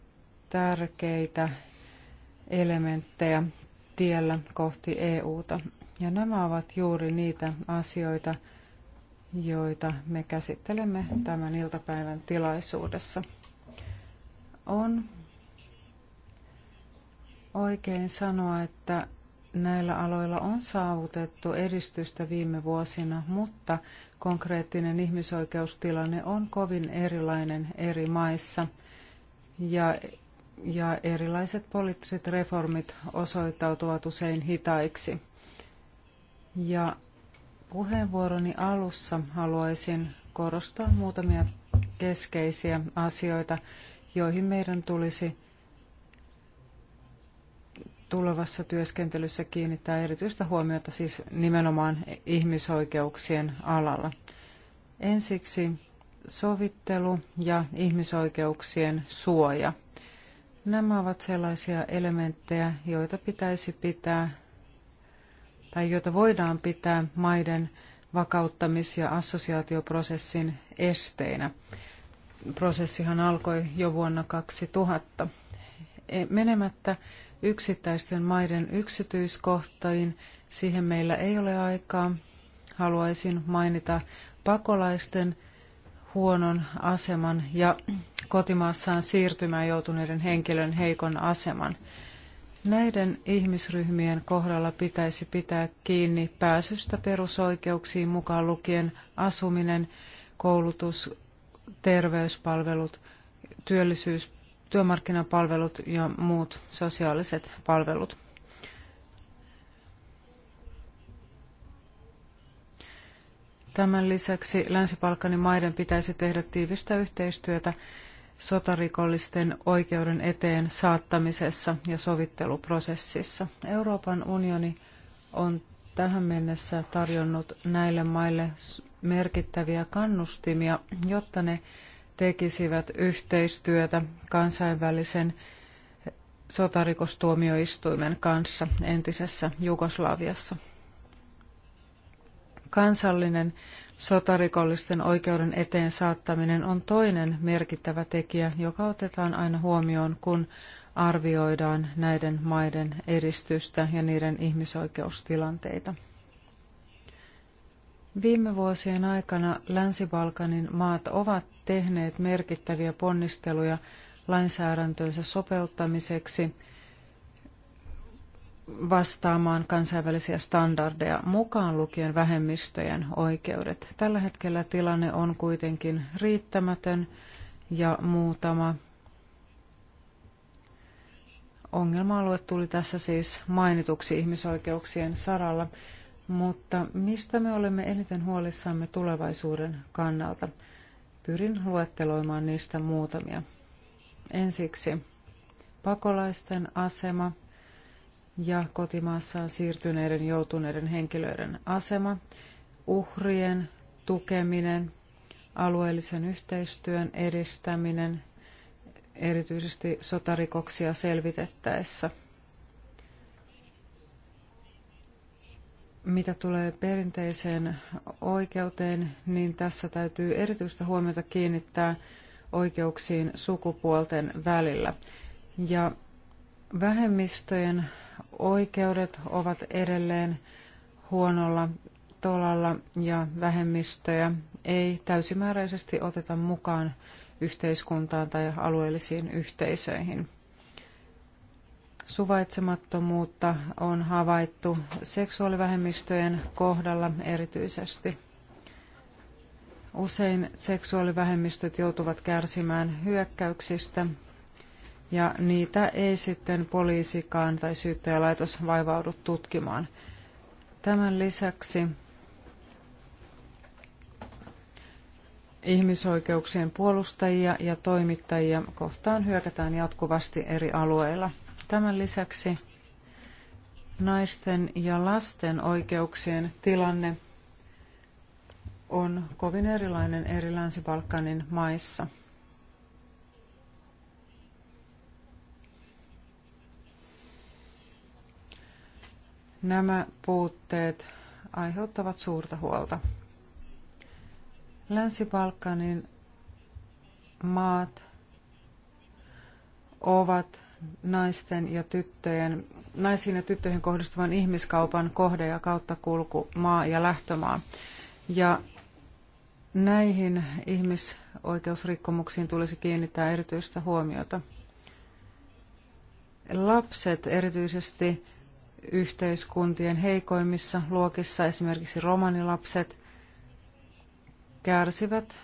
tärkeitä elementtejä tiellä kohti EUta. Ja nämä ovat juuri niitä asioita, joita me käsittelemme tämän iltapäivän tilaisuudessa. On oikein sanoa, että näillä aloilla on saavutettu edistystä viime vuosina, mutta konkreettinen ihmisoikeustilanne on kovin erilainen eri maissa ja, ja erilaiset poliittiset reformit osoittautuvat usein hitaiksi. Ja puheenvuoroni alussa haluaisin korostaa muutamia keskeisiä asioita, joihin meidän tulisi tulevassa työskentelyssä kiinnittää erityistä huomiota siis nimenomaan ihmisoikeuksien alalla. Ensiksi sovittelu ja ihmisoikeuksien suoja. Nämä ovat sellaisia elementtejä, joita pitäisi pitää tai joita voidaan pitää maiden vakauttamis- ja assosiaatioprosessin esteinä. Prosessihan alkoi jo vuonna 2000. Menemättä yksittäisten maiden yksityiskohtain. Siihen meillä ei ole aikaa. Haluaisin mainita pakolaisten huonon aseman ja kotimaassaan siirtymään joutuneiden henkilön heikon aseman. Näiden ihmisryhmien kohdalla pitäisi pitää kiinni pääsystä perusoikeuksiin mukaan lukien asuminen, koulutus, terveyspalvelut, työllisyys, työmarkkinapalvelut ja muut sosiaaliset palvelut. Tämän lisäksi Länsi-Balkanin maiden pitäisi tehdä tiivistä yhteistyötä sotarikollisten oikeuden eteen saattamisessa ja sovitteluprosessissa. Euroopan unioni on tähän mennessä tarjonnut näille maille merkittäviä kannustimia, jotta ne tekisivät yhteistyötä kansainvälisen sotarikostuomioistuimen kanssa entisessä Jugoslaviassa. Kansallinen sotarikollisten oikeuden eteen saattaminen on toinen merkittävä tekijä, joka otetaan aina huomioon, kun arvioidaan näiden maiden edistystä ja niiden ihmisoikeustilanteita. Viime vuosien aikana Länsi-Balkanin maat ovat tehneet merkittäviä ponnisteluja lainsäädäntönsä sopeuttamiseksi vastaamaan kansainvälisiä standardeja, mukaan lukien vähemmistöjen oikeudet. Tällä hetkellä tilanne on kuitenkin riittämätön ja muutama ongelma-alue tuli tässä siis mainituksi ihmisoikeuksien saralla, mutta mistä me olemme eniten huolissamme tulevaisuuden kannalta? Pyrin luetteloimaan niistä muutamia. Ensiksi pakolaisten asema ja kotimaassaan siirtyneiden joutuneiden henkilöiden asema, uhrien tukeminen, alueellisen yhteistyön edistäminen, erityisesti sotarikoksia selvitettäessä – Mitä tulee perinteiseen oikeuteen, niin tässä täytyy erityistä huomiota kiinnittää oikeuksiin sukupuolten välillä. Ja vähemmistöjen oikeudet ovat edelleen huonolla tolalla ja vähemmistöjä ei täysimääräisesti oteta mukaan yhteiskuntaan tai alueellisiin yhteisöihin. Suvaitsemattomuutta on havaittu seksuaalivähemmistöjen kohdalla erityisesti. Usein seksuaalivähemmistöt joutuvat kärsimään hyökkäyksistä ja niitä ei sitten poliisikaan tai syyttäjälaitos vaivaudu tutkimaan. Tämän lisäksi ihmisoikeuksien puolustajia ja toimittajia kohtaan hyökätään jatkuvasti eri alueilla. Tämän lisäksi naisten ja lasten oikeuksien tilanne on kovin erilainen eri Länsi-Balkanin maissa. Nämä puutteet aiheuttavat suurta huolta. Länsi-Balkanin maat ovat naisten ja tyttöjen, naisiin ja tyttöihin kohdistuvan ihmiskaupan kohde ja kauttakulku maa ja lähtömaa. Ja näihin ihmisoikeusrikkomuksiin tulisi kiinnittää erityistä huomiota. Lapset erityisesti yhteiskuntien heikoimmissa luokissa, esimerkiksi romanilapset, kärsivät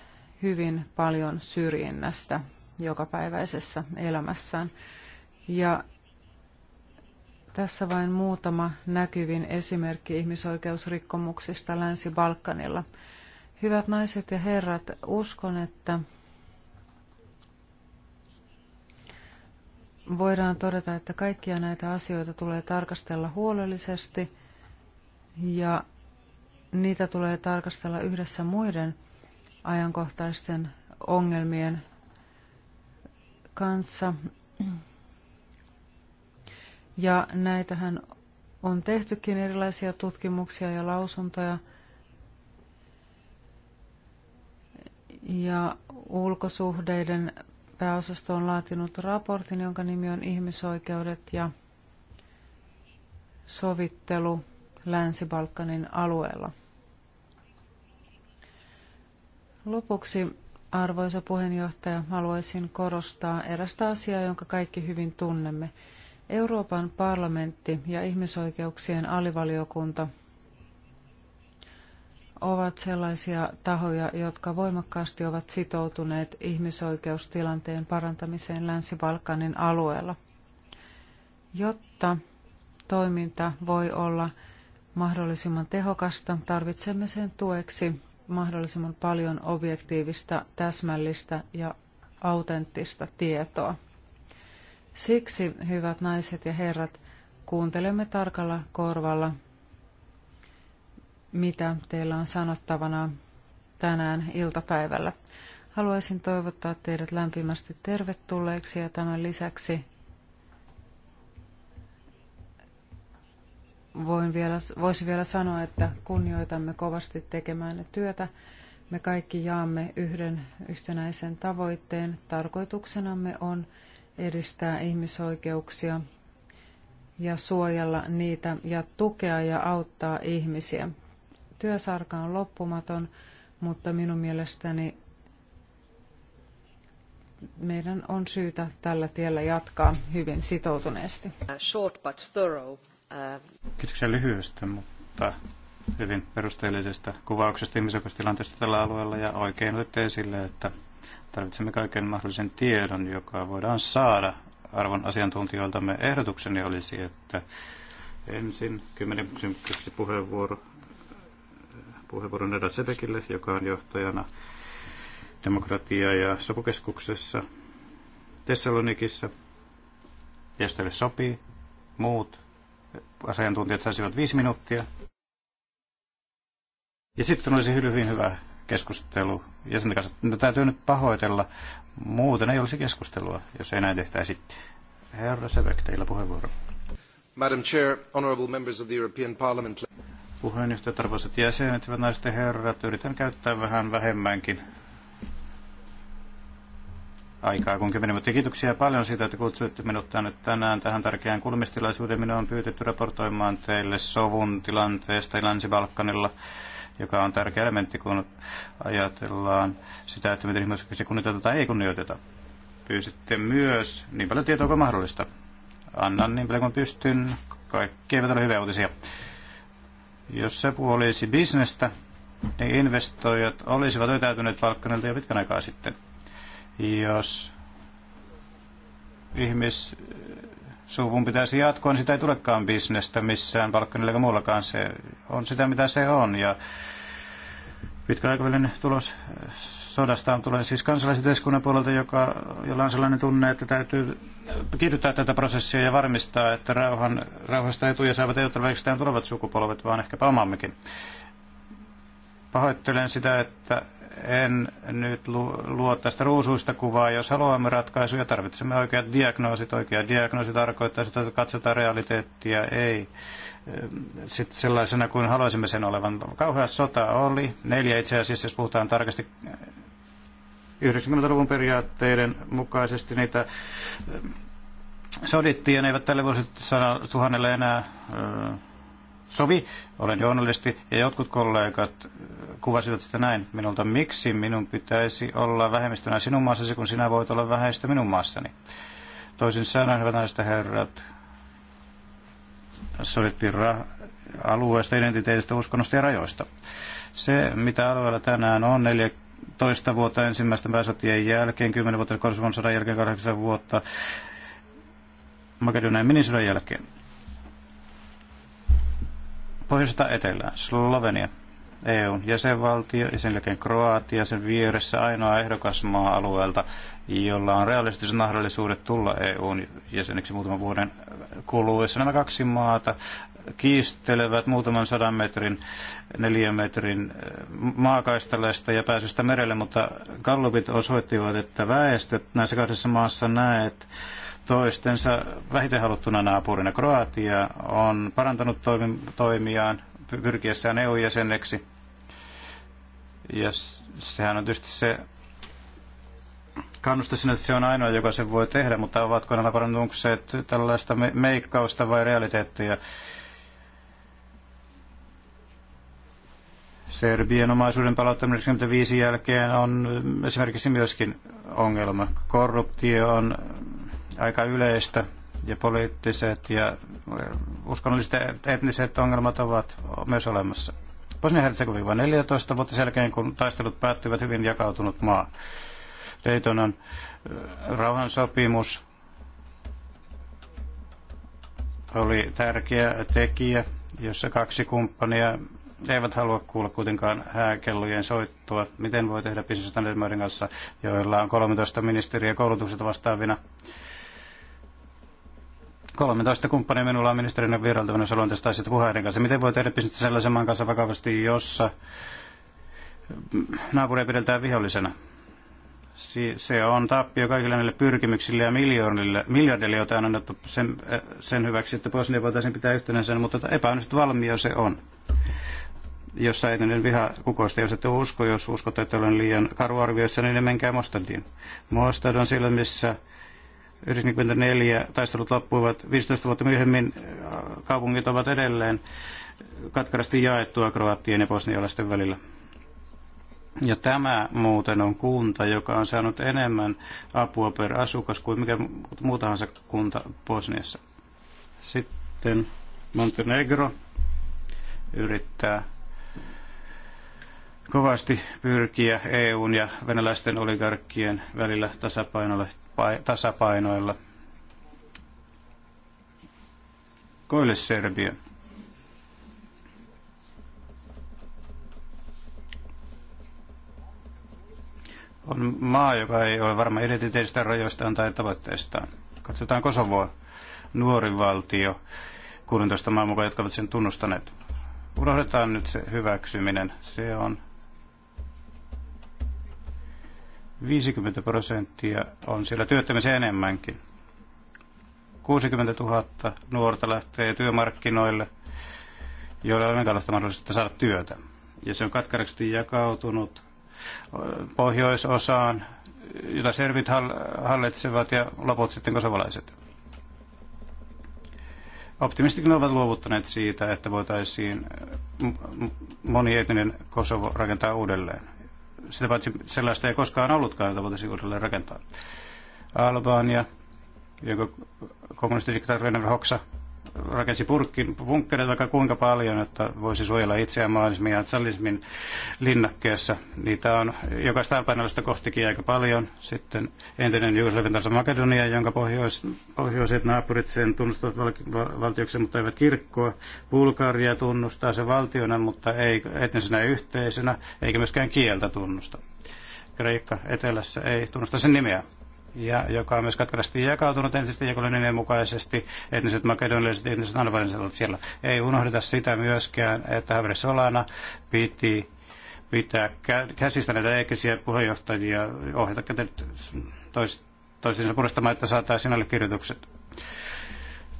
hyvin paljon syrjinnästä jokapäiväisessä elämässään. Ja tässä vain muutama näkyvin esimerkki ihmisoikeusrikkomuksista Länsi-Balkanilla. Hyvät naiset ja herrat, uskon, että voidaan todeta, että kaikkia näitä asioita tulee tarkastella huolellisesti ja niitä tulee tarkastella yhdessä muiden ajankohtaisten ongelmien kanssa. Ja näitähän on tehtykin erilaisia tutkimuksia ja lausuntoja. Ja ulkosuhdeiden pääosasto on laatinut raportin, jonka nimi on Ihmisoikeudet ja sovittelu Länsi-Balkanin alueella. Lopuksi, arvoisa puheenjohtaja, haluaisin korostaa erästä asiaa, jonka kaikki hyvin tunnemme – Euroopan parlamentti ja ihmisoikeuksien alivaliokunta ovat sellaisia tahoja, jotka voimakkaasti ovat sitoutuneet ihmisoikeustilanteen parantamiseen Länsi-Balkanin alueella. Jotta toiminta voi olla mahdollisimman tehokasta, tarvitsemme sen tueksi mahdollisimman paljon objektiivista, täsmällistä ja autenttista tietoa. Siksi, hyvät naiset ja herrat, kuuntelemme tarkalla korvalla, mitä teillä on sanottavana tänään iltapäivällä. Haluaisin toivottaa teidät lämpimästi tervetulleeksi ja tämän lisäksi voin vielä, voisin vielä sanoa, että kunnioitamme kovasti tekemään työtä. Me kaikki jaamme yhden yhtenäisen tavoitteen. Tarkoituksenamme on edistää ihmisoikeuksia ja suojella niitä ja tukea ja auttaa ihmisiä. Työsarka on loppumaton, mutta minun mielestäni meidän on syytä tällä tiellä jatkaa hyvin sitoutuneesti. Short but thorough. Uh, Kiitoksia lyhyestä, mutta hyvin perusteellisesta kuvauksesta ihmisoikeustilanteesta tällä alueella ja oikein otitte esille, että Tarvitsemme kaiken mahdollisen tiedon, joka voidaan saada arvon asiantuntijoiltamme. Ehdotukseni olisi, että ensin 10 puheenvuoro puheenvuoron Neda Sebekille, joka on johtajana demokratia- ja sopukeskuksessa Tessalonikissa. Jos teille sopii, muut asiantuntijat saisivat viisi minuuttia. Ja sitten olisi hyvin hyvä keskustelu jäsenten kanssa. No, täytyy nyt pahoitella. Muuten ei olisi keskustelua, jos ei näin tehtäisi. Herra Sebek, teillä puheenvuoro. Madam Chair, honorable members of the European Parliament. Puheenjohtajat, arvoisat jäsenet, hyvät naiset ja herrat, yritän käyttää vähän vähemmänkin aikaa kuin 10 minuuttia. Kiitoksia paljon siitä, että kutsuitte minut tänne tänään tähän tärkeään kulmistilaisuuteen. Minua on pyytetty raportoimaan teille sovun tilanteesta Länsi-Balkanilla joka on tärkeä elementti, kun ajatellaan sitä, että miten ihmisoikeuksia kunnioitetaan tai ei kunnioiteta. Pyysitte myös niin paljon tietoa kuin mahdollista. Annan niin paljon kuin pystyn. Kaikki eivät ole hyviä uutisia. Jos se puolisi bisnestä, niin investoijat olisivat vetäytyneet palkkanelta jo pitkän aikaa sitten. Jos ihmis, suvun pitäisi jatkoa, niin sitä ei tulekaan bisnestä missään palkkanilla eikä muullakaan. Se on sitä, mitä se on. Ja pitkäaikavälinen tulos äh, sodasta on tulee siis kansalaisyhteiskunnan puolelta, joka, jolla on sellainen tunne, että täytyy kiihdyttää tätä prosessia ja varmistaa, että rauhan, rauhasta etuja saavat ei ole tulevat sukupolvet, vaan ehkäpä omammekin. Pahoittelen sitä, että en nyt luo tästä ruusuista kuvaa. Jos haluamme ratkaisuja, tarvitsemme oikeat diagnoosit. Oikea diagnoosi tarkoittaa sitä, että katsotaan realiteettia, ei sitten sellaisena kuin haluaisimme sen olevan. Kauhea sota oli, neljä itse asiassa, jos puhutaan tarkasti 90-luvun periaatteiden mukaisesti niitä sodittiin ja ne eivät tälle vuosituhannelle enää sovi. Olen journalisti ja jotkut kollegat äh, kuvasivat sitä näin minulta, miksi minun pitäisi olla vähemmistönä sinun maassasi, kun sinä voit olla vähäistä minun maassani. Toisin sanoen, hyvät naiset ja herrat, sovittiin ra- alueesta, identiteetistä, uskonnosta ja rajoista. Se, mitä alueella tänään on, 14 vuotta ensimmäisten pääsotien jälkeen, 10 vuotta Korsovon sodan jälkeen, 8 vuotta Makedonian minisodan jälkeen. Pohjoisesta etelään. Slovenia, EUn jäsenvaltio ja sen jälkeen Kroatia sen vieressä ainoa ehdokas maa alueelta, jolla on realistiset mahdollisuudet tulla EUn jäseneksi muutaman vuoden kuluessa. Nämä kaksi maata kiistelevät muutaman sadan metrin, metrin eh, maakaistaleesta ja pääsystä merelle, mutta Gallupit osoittivat, että väestöt näissä kahdessa maassa näet toistensa vähiten haluttuna naapurina. Kroatia on parantanut toimiaan pyrkiessään EU-jäseneksi. Ja sehän on tietysti se kannusta sinne, että se on ainoa, joka sen voi tehdä, mutta ovatko nämä parannukset tällaista meikkausta vai realiteettia? Serbien omaisuuden palauttaminen 1995 jälkeen on esimerkiksi myöskin ongelma. Korruptio on aika yleistä ja poliittiset ja eh, uskonnolliset ja etniset ongelmat ovat myös olemassa. Bosnia-Herzegovina 14 vuotta selkeän, kun taistelut päättyivät hyvin jakautunut maa. Daytonan eh, rauhansopimus oli tärkeä tekijä, jossa kaksi kumppania eivät halua kuulla kuitenkaan hääkellojen soittua. Miten voi tehdä bisnestä kanssa, joilla on 13 ministeriä koulutukset vastaavina? 13 kumppania minulla on ministerinä vierailtavana jos haluan tästä asiasta puheiden kanssa. Miten voi tehdä pistettä sellaisen maan kanssa vakavasti, jossa naapuria pidetään vihollisena? Se on tappio kaikille näille pyrkimyksille ja miljoonille, miljardille, joita on annettu sen, äh, sen hyväksi, että Bosnia voitaisiin pitää yhtenäisenä, mutta epäonnistunut valmio se on jossa etenen viha kukoista, jos ette usko, jos uskotte, että olen liian karu arvioissa, niin menkää Mostadiin. Mostad on siellä, missä 1994 taistelut loppuivat. 15 vuotta myöhemmin äh, kaupungit ovat edelleen katkarasti jaettua kroattien ja bosnialaisten välillä. Ja tämä muuten on kunta, joka on saanut enemmän apua per asukas kuin mikä muu tahansa kunta Bosniassa. Sitten Montenegro yrittää kovasti pyrkiä EUn ja venäläisten oligarkkien välillä tasapainolle tasapainoilla. Koille serbia On maa, joka ei ole varma identiteetistä rajoistaan tai tavoitteistaan. Katsotaan Kosovoa, nuori valtio, 16 maan mukaan, jotka ovat sen tunnustaneet. Unohdetaan nyt se hyväksyminen. Se on 50 prosenttia on siellä työttömissä enemmänkin. 60 000 nuorta lähtee työmarkkinoille, joilla on minkälaista mahdollisuutta saada työtä. Ja se on katkaraksi jakautunut pohjoisosaan, jota servit hallitsevat ja loput sitten kosovalaiset. Optimistikin ovat luovuttaneet siitä, että voitaisiin monietinen Kosovo rakentaa uudelleen sitä paitsi sellaista ei koskaan ollutkaan, jota voitaisiin uudelleen rakentaa. Albania, jonka kommunistidiktaattori Hoksa rakensi purkkin, bunkkereita vaikka kuinka paljon, että voisi suojella itseään mahdollisimmin ja tsalismin linnakkeessa. Niitä on jokaista alpainalaista kohtikin aika paljon. Sitten entinen Jugoslavian tasa Makedonia, jonka pohjois, pohjoiset naapurit sen tunnustavat val, val, valtioksi, mutta eivät kirkkoa. Bulgaria tunnustaa se valtiona, mutta ei etnisenä yhteisönä, eikä myöskään kieltä tunnusta. Kreikka etelässä ei tunnusta sen nimeä ja joka on myös katkerasti jakautunut entisten jakolinimen mukaisesti. Etniset makedonialaiset etniset albanialaiset ovat siellä. Ei unohdeta sitä myöskään, että Havre Solana piti pitää käsistä näitä eekkisiä puheenjohtajia, ohjata kätet tois, toisiinsa puristamaan, että saataisiin allekirjoitukset.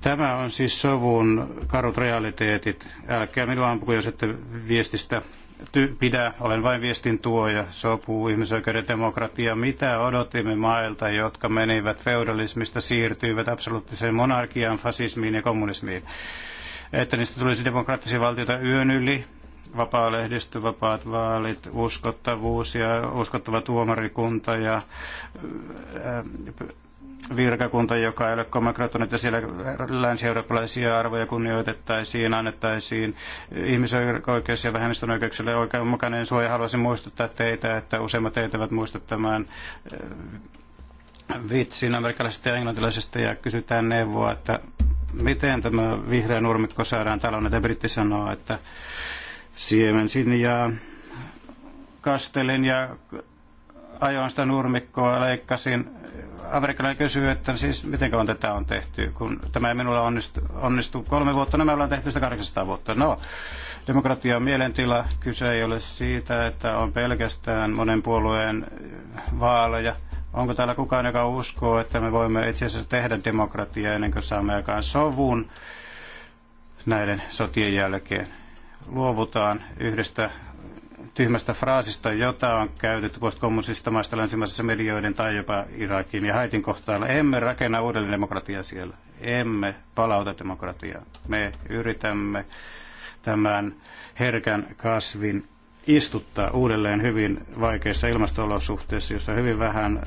Tämä on siis sovun karut realiteetit. Älkää minua ampuko, jos ette viestistä ty- pidä, olen vain viestin ja sopuu ihmisoikeudet demokratia. Mitä odotimme mailta, jotka menivät feudalismista, siirtyivät absoluuttiseen monarkiaan, fasismiin ja kommunismiin? Että niistä tulisi demokraattisia valtioita yön yli, vapaa lehdistö, vapaat vaalit, uskottavuus ja uskottava tuomarikunta ja äh, virkakunta, joka ei ole komakratonut että siellä länsi-eurooppalaisia arvoja kunnioitettaisiin, annettaisiin ihmisoikeus- ja vähemmistön oikeuksille oikeudenmukainen suoja. Haluaisin muistuttaa teitä, että useimmat teitä ovat muista tämän eh, vitsin amerikkalaisesta ja englantilaisesta ja kysytään neuvoa, että miten tämä vihreä nurmikko saadaan taloon, että britti sanoo, että siemensin ja kastelin ja ajoin sitä nurmikkoa, leikkasin. Amerikkalainen kysyy, että siis miten kauan tätä on tehty, kun tämä ei minulla onnistu, onnistu kolme vuotta, nämä no, ollaan tehty sitä 800 vuotta. No, demokratia on mielentila, kyse ei ole siitä, että on pelkästään monen puolueen vaaleja. Onko täällä kukaan, joka uskoo, että me voimme itse asiassa tehdä demokratiaa ennen kuin saamme aikaan sovun näiden sotien jälkeen? Luovutaan yhdestä tyhmästä fraasista, jota on käytetty postkommunisista maista länsimaisissa medioiden tai jopa Irakin ja Haitin kohtailla. Emme rakenna uudelleen demokratiaa siellä. Emme palauta demokratiaa. Me yritämme tämän herkän kasvin istuttaa uudelleen hyvin vaikeissa ilmasto-olosuhteissa, jossa hyvin vähän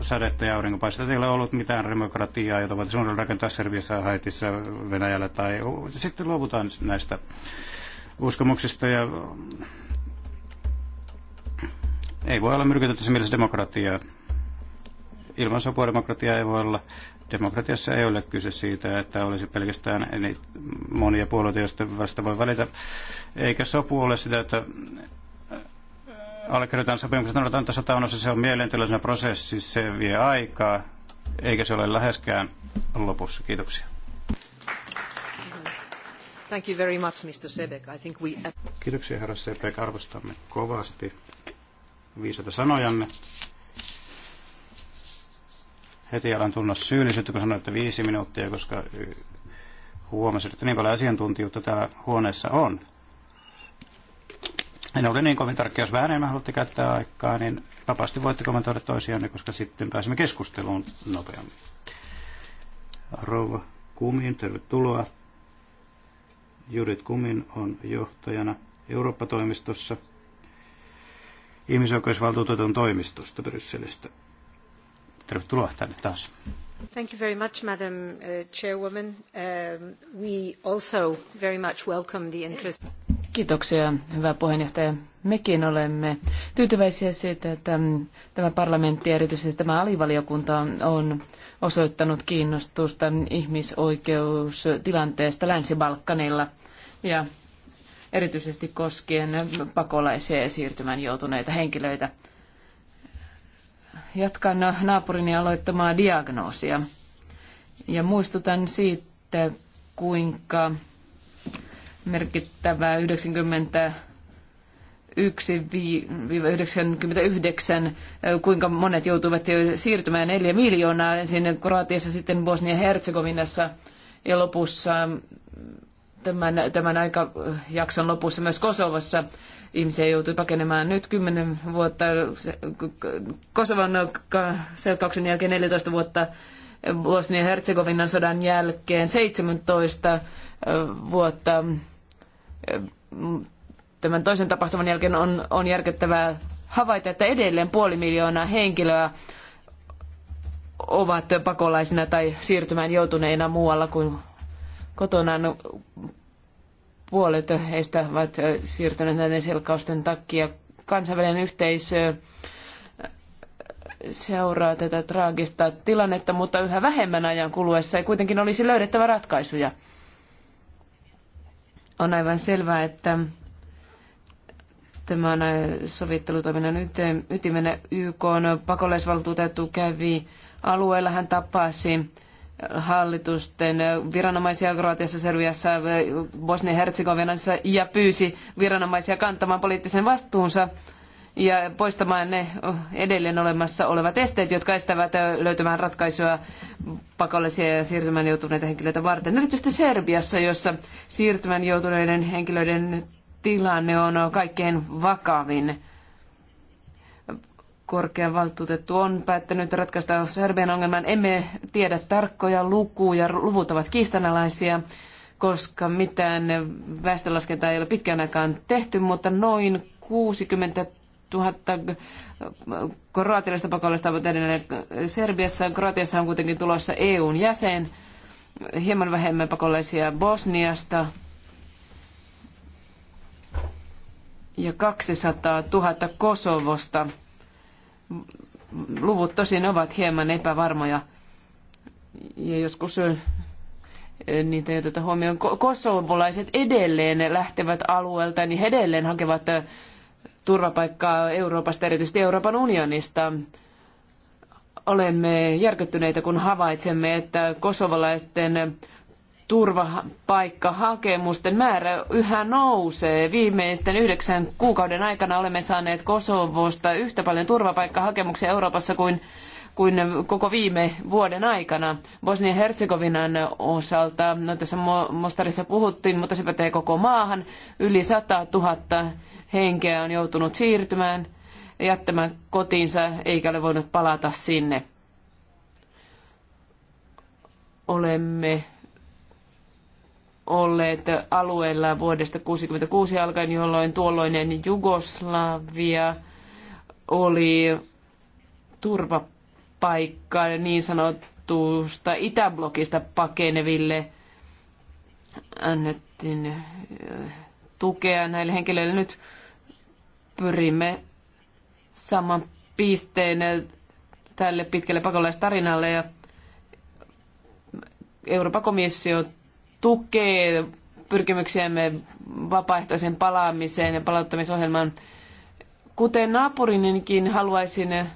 sadetta ja aurinkopaistetta. Ei ole ollut mitään demokratiaa, jota voitaisiin uudelleen rakentaa Serbiassa, Haitissa, Venäjällä tai sitten luovutaan näistä uskomuksista ja ei voi olla myrkytetyssä mielessä demokratiaa. Ilman sopua demokratiaa ei voi olla. Demokratiassa ei ole kyse siitä, että olisi pelkästään monia puolueita, joista vasta voi valita. Eikä sopu ole sitä, että äh, allekirjoitetaan sopimukset noudataan tasataunnossa. Se on mielentilaisena prosessi, se vie aikaa, eikä se ole läheskään lopussa. Kiitoksia. Thank you very much, Mr. Sebek. I think we... Kiitoksia, herra Sebek. Arvostamme kovasti viisaita sanojanne. Heti alan tunna syyllisyyttä, kun sanoitte viisi minuuttia, koska huomasin, että niin paljon asiantuntijuutta täällä huoneessa on. En ole niin kovin tarkka, jos vähän enemmän haluatte käyttää aikaa, niin vapaasti voitte kommentoida toisianne, koska sitten pääsemme keskusteluun nopeammin. Rova Kumin, tervetuloa. Judith Kumin on johtajana Eurooppa-toimistossa – ihmisoikeusvaltuutetun toimistosta Brysselistä. Tervetuloa tänne taas. Thank you very much, Madam uh, Chairwoman. Uh, we also very much welcome the interest. Kiitoksia, hyvä puheenjohtaja. Mekin olemme tyytyväisiä siitä, että mm, tämä parlamentti ja erityisesti tämä alivaliokunta on osoittanut kiinnostusta ihmisoikeustilanteesta Länsi-Balkanilla. Ja erityisesti koskien pakolaisia ja siirtymään joutuneita henkilöitä. Jatkan naapurini aloittamaa diagnoosia ja muistutan siitä, kuinka merkittävää 90 1-99, kuinka monet joutuivat jo siirtymään 4 miljoonaa sinne Kroatiassa, sitten Bosnia-Herzegovinassa ja lopussa tämän, tämän aikajakson äh, lopussa myös Kosovassa ihmisiä joutui pakenemaan nyt 10 vuotta, Kosovan selkauksen jälkeen 14 vuotta, bosnia Herzegovinan sodan jälkeen 17 äh, vuotta. Äh, tämän toisen tapahtuman jälkeen on, on järkyttävää havaita, että edelleen puoli miljoonaa henkilöä ovat pakolaisina tai siirtymään joutuneina muualla kuin kotonaan puolet heistä ovat siirtyneet näiden selkausten takia. Kansainvälinen yhteisö seuraa tätä traagista tilannetta, mutta yhä vähemmän ajan kuluessa ei kuitenkin olisi löydettävä ratkaisuja. On aivan selvää, että tämän sovittelutoiminnan ytimenä YK on pakolaisvaltuutettu kävi alueella. Hän tapasi hallitusten viranomaisia Kroatiassa, Serviassa, Bosnia-Herzegovinassa ja pyysi viranomaisia kantamaan poliittisen vastuunsa ja poistamaan ne edelleen olemassa olevat esteet, jotka estävät löytämään ratkaisua pakollisia ja siirtymään joutuneita henkilöitä varten. Erityisesti Serbiassa, jossa siirtymään joutuneiden henkilöiden tilanne on kaikkein vakavin korkea valtuutettu on päättänyt ratkaista Serbian ongelman. Emme tiedä tarkkoja lukuja, luvut ovat kiistanalaisia, koska mitään väestönlaskentaa ei ole pitkään aikaan tehty, mutta noin 60 000 kroatialaista pakolaista ovat edelleen Serbiassa. Kroatiassa on kuitenkin tulossa EUn jäsen, hieman vähemmän pakolaisia Bosniasta. ja 200 000 Kosovosta. Luvut tosin ovat hieman epävarmoja ja joskus niitä ei oteta huomioon. Kosovolaiset edelleen lähtevät alueelta, niin he edelleen hakevat turvapaikkaa Euroopasta, erityisesti Euroopan unionista. Olemme järkyttyneitä, kun havaitsemme, että kosovolaisten turvapaikkahakemusten määrä yhä nousee. Viimeisten yhdeksän kuukauden aikana olemme saaneet Kosovosta yhtä paljon turvapaikkahakemuksia Euroopassa kuin, kuin koko viime vuoden aikana. Bosnia-Herzegovinan osalta, no tässä Mostarissa puhuttiin, mutta se pätee koko maahan, yli 100 000 henkeä on joutunut siirtymään, jättämään kotiinsa eikä ole voinut palata sinne. Olemme olleet alueella vuodesta 1966 alkaen, jolloin tuolloinen Jugoslavia oli turvapaikka niin sanotusta itäblokista pakeneville. Annettiin äh, tukea näille henkilöille. Nyt pyrimme saman pisteen tälle pitkälle pakolaistarinalle ja Euroopan komissio tukee pyrkimyksiämme vapaaehtoisen palaamiseen ja palauttamisohjelmaan. Kuten naapurinenkin haluaisin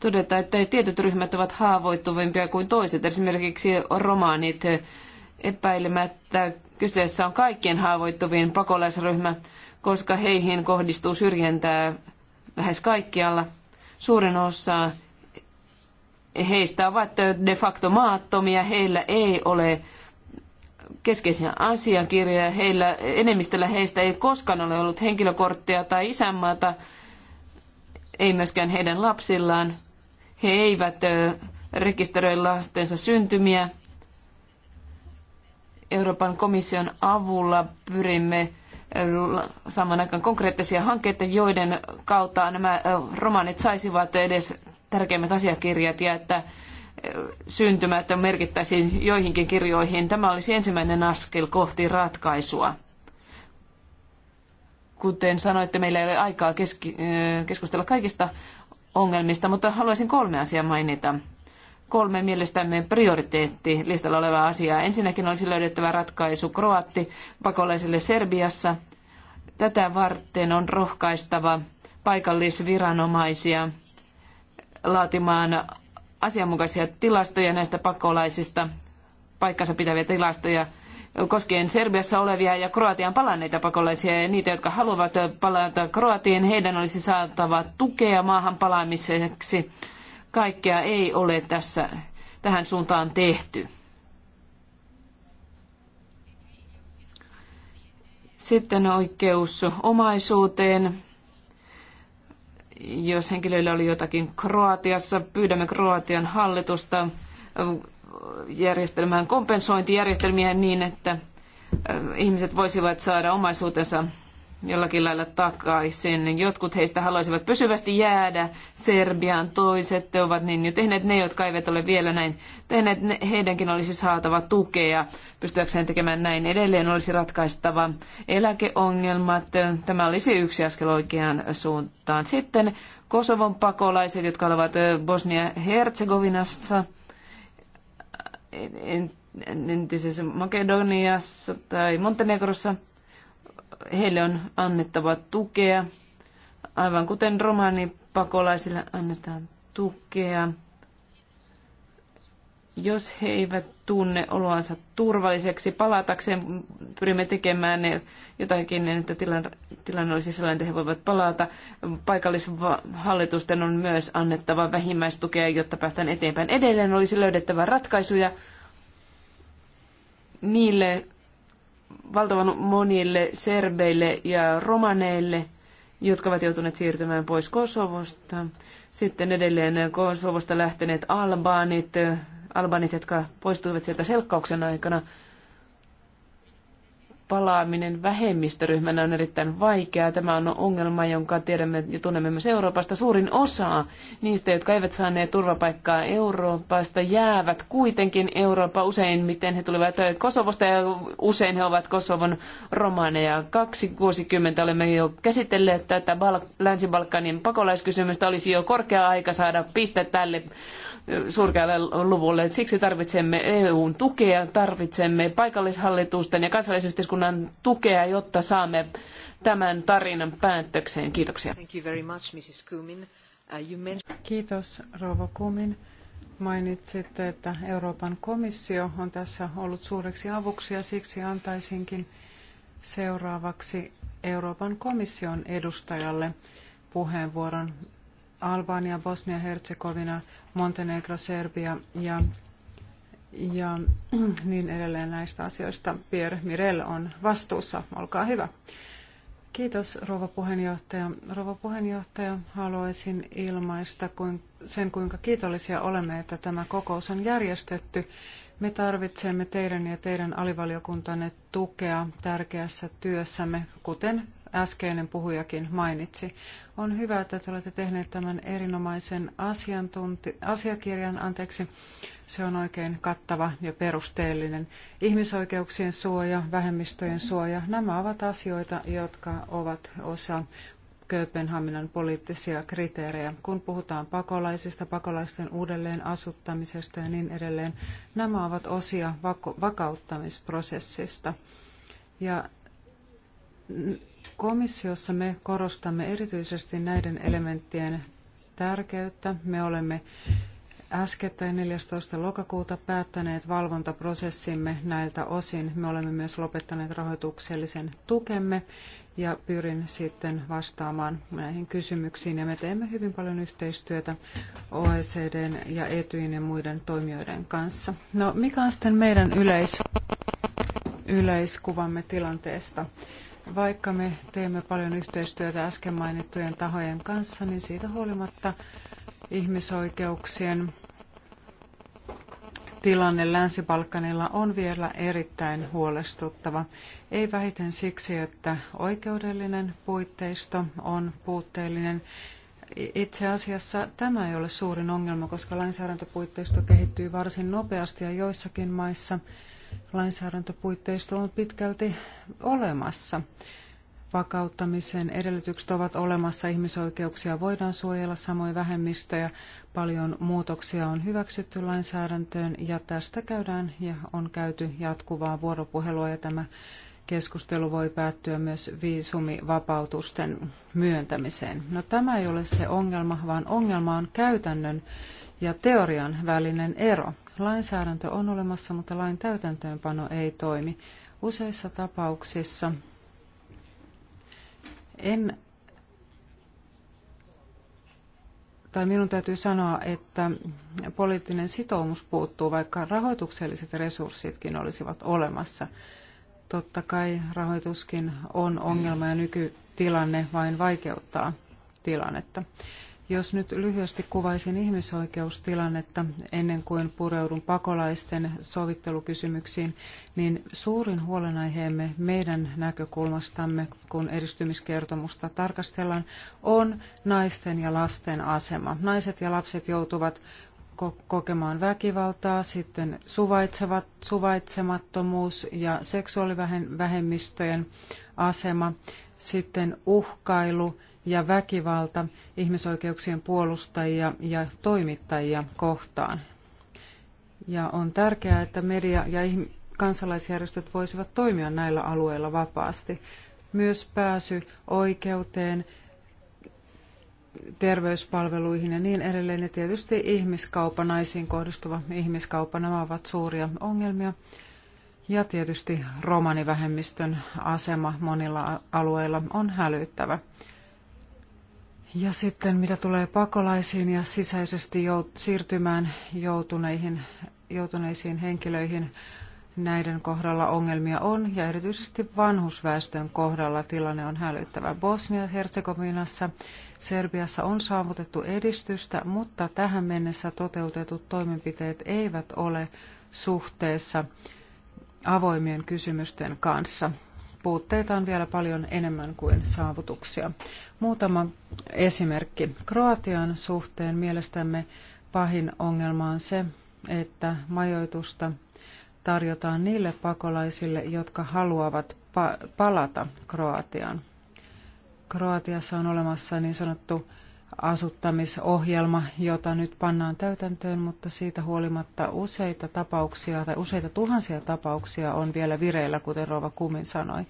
todeta, että tietyt ryhmät ovat haavoittuvimpia kuin toiset. Esimerkiksi romaanit epäilemättä kyseessä on kaikkien haavoittuvin pakolaisryhmä, koska heihin kohdistuu syrjintää lähes kaikkialla. Suurin osa heistä ovat de facto maattomia, heillä ei ole keskeisiä asiakirjoja, heillä, enemmistöllä heistä ei koskaan ole ollut henkilökorttia tai isänmaata, ei myöskään heidän lapsillaan. He eivät rekisteröi lastensa syntymiä. Euroopan komission avulla pyrimme saamaan aikaan konkreettisia hankkeita, joiden kautta nämä romanit saisivat edes tärkeimmät asiakirjat ja että on merkittäisiin joihinkin kirjoihin. Tämä olisi ensimmäinen askel kohti ratkaisua. Kuten sanoitte, meillä ei ole aikaa keskustella kaikista ongelmista, mutta haluaisin kolme asiaa mainita. Kolme mielestämme prioriteetti listalla olevaa asiaa. Ensinnäkin olisi löydettävä ratkaisu kroatti pakolaisille Serbiassa. Tätä varten on rohkaistava paikallisviranomaisia viranomaisia laatimaan asianmukaisia tilastoja näistä pakolaisista, paikkansa pitäviä tilastoja koskien Serbiassa olevia ja Kroatian palanneita pakolaisia ja niitä, jotka haluavat palata Kroatiaan, heidän olisi saatava tukea maahan palaamiseksi. Kaikkea ei ole tässä tähän suuntaan tehty. Sitten oikeus omaisuuteen jos henkilöillä oli jotakin Kroatiassa, pyydämme Kroatian hallitusta järjestelmään kompensointijärjestelmiä niin, että ihmiset voisivat saada omaisuutensa jollakin lailla takaisin. Jotkut heistä haluaisivat pysyvästi jäädä Serbiaan, toiset ovat niin jo tehneet ne, jotka eivät ole vielä näin tehneet. Ne, heidänkin olisi saatava tukea pystyäkseen tekemään näin. Edelleen olisi ratkaistava eläkeongelmat. Tämä olisi yksi askel oikeaan suuntaan. Sitten Kosovon pakolaiset, jotka ovat Bosnia-Herzegovinassa, entisessä Makedoniassa tai Montenegrossa – heille on annettava tukea, aivan kuten romaanipakolaisille annetaan tukea. Jos he eivät tunne oloansa turvalliseksi palatakseen, pyrimme tekemään jotakin, niin, että tilanne olisi sellainen, että he voivat palata. Paikallishallitusten on myös annettava vähimmäistukea, jotta päästään eteenpäin. Edelleen olisi löydettävä ratkaisuja niille valtavan monille serbeille ja romaneille, jotka ovat joutuneet siirtymään pois Kosovosta. Sitten edelleen Kosovosta lähteneet albaanit, albaanit, jotka poistuivat sieltä selkkauksen aikana – palaaminen vähemmistöryhmänä on erittäin vaikeaa. Tämä on ongelma, jonka tiedämme ja tunnemme myös Euroopasta. Suurin osa niistä, jotka eivät saaneet turvapaikkaa Euroopasta, jäävät kuitenkin Eurooppa Usein miten he tulevat Kosovosta ja usein he ovat Kosovon romaneja. Kaksi vuosikymmentä olemme jo käsitelleet tätä Bal- Länsi-Balkanin pakolaiskysymystä. Olisi jo korkea aika saada piste tälle surkealle luvulle. Siksi tarvitsemme EUn tukea, tarvitsemme paikallishallitusten ja kansalaisyhteiskunnan tukea, jotta saamme tämän tarinan päätökseen. Kiitoksia. Uh, Kiitos, Rouva Kumin. Mainitsitte, että Euroopan komissio on tässä ollut suureksi avuksi ja siksi antaisinkin seuraavaksi Euroopan komission edustajalle puheenvuoron. Albania, Bosnia-Herzegovina, Montenegro, Serbia ja, ja niin edelleen näistä asioista. Pierre Mirel on vastuussa. Olkaa hyvä. Kiitos, rouva puheenjohtaja. Rouva puheenjohtaja, haluaisin ilmaista sen, kuinka kiitollisia olemme, että tämä kokous on järjestetty. Me tarvitsemme teidän ja teidän alivaliokuntanne tukea tärkeässä työssämme, kuten äskeinen puhujakin mainitsi. On hyvä, että te olette tehneet tämän erinomaisen asiantunti- asiakirjan. Anteeksi, se on oikein kattava ja perusteellinen. Ihmisoikeuksien suoja, vähemmistöjen suoja, nämä ovat asioita, jotka ovat osa Kööpenhaminan poliittisia kriteerejä. Kun puhutaan pakolaisista, pakolaisten uudelleen asuttamisesta ja niin edelleen, nämä ovat osia vakauttamisprosessista. Ja Komissiossa me korostamme erityisesti näiden elementtien tärkeyttä. Me olemme äskettäin 14. lokakuuta päättäneet valvontaprosessimme näiltä osin. Me olemme myös lopettaneet rahoituksellisen tukemme ja pyrin sitten vastaamaan näihin kysymyksiin. Ja me teemme hyvin paljon yhteistyötä OECD ja Etyin ja muiden toimijoiden kanssa. No mikä on sitten meidän yleis, yleiskuvamme tilanteesta? Vaikka me teemme paljon yhteistyötä äsken mainittujen tahojen kanssa, niin siitä huolimatta ihmisoikeuksien tilanne Länsi-Balkanilla on vielä erittäin huolestuttava. Ei vähiten siksi, että oikeudellinen puitteisto on puutteellinen. Itse asiassa tämä ei ole suurin ongelma, koska lainsäädäntöpuitteisto kehittyy varsin nopeasti ja joissakin maissa lainsäädäntöpuitteisto on pitkälti olemassa. Vakauttamisen edellytykset ovat olemassa, ihmisoikeuksia voidaan suojella, samoin vähemmistöjä. Paljon muutoksia on hyväksytty lainsäädäntöön ja tästä käydään ja on käyty jatkuvaa vuoropuhelua ja tämä keskustelu voi päättyä myös viisumivapautusten myöntämiseen. No tämä ei ole se ongelma, vaan ongelma on käytännön ja teorian välinen ero. Lainsäädäntö on olemassa, mutta lain täytäntöönpano ei toimi. Useissa tapauksissa en tai minun täytyy sanoa, että poliittinen sitoumus puuttuu, vaikka rahoitukselliset resurssitkin olisivat olemassa. Totta kai rahoituskin on ongelma ja nykytilanne vain vaikeuttaa tilannetta. Jos nyt lyhyesti kuvaisin ihmisoikeustilannetta ennen kuin pureudun pakolaisten sovittelukysymyksiin, niin suurin huolenaiheemme meidän näkökulmastamme, kun edistymiskertomusta tarkastellaan, on naisten ja lasten asema. Naiset ja lapset joutuvat kokemaan väkivaltaa, sitten suvaitsevat, suvaitsemattomuus ja seksuaalivähemmistöjen asema, sitten uhkailu, ja väkivalta ihmisoikeuksien puolustajia ja toimittajia kohtaan. Ja on tärkeää, että media ja kansalaisjärjestöt voisivat toimia näillä alueilla vapaasti. Myös pääsy oikeuteen, terveyspalveluihin ja niin edelleen. Ja tietysti ihmiskauppa, naisiin kohdistuva ihmiskauppa, nämä ovat suuria ongelmia. Ja tietysti romanivähemmistön asema monilla alueilla on hälyttävä. Ja sitten mitä tulee pakolaisiin ja sisäisesti jout- siirtymään joutuneihin, joutuneisiin henkilöihin, näiden kohdalla ongelmia on ja erityisesti vanhusväestön kohdalla tilanne on hälyttävä. Bosnia-Herzegovinassa Serbiassa on saavutettu edistystä, mutta tähän mennessä toteutetut toimenpiteet eivät ole suhteessa avoimien kysymysten kanssa puutteita on vielä paljon enemmän kuin saavutuksia. Muutama esimerkki. Kroatian suhteen mielestämme pahin ongelma on se, että majoitusta tarjotaan niille pakolaisille, jotka haluavat palata Kroatiaan. Kroatiassa on olemassa niin sanottu asuttamisohjelma, jota nyt pannaan täytäntöön, mutta siitä huolimatta useita tapauksia tai useita tuhansia tapauksia on vielä vireillä, kuten Rova Kumin sanoi.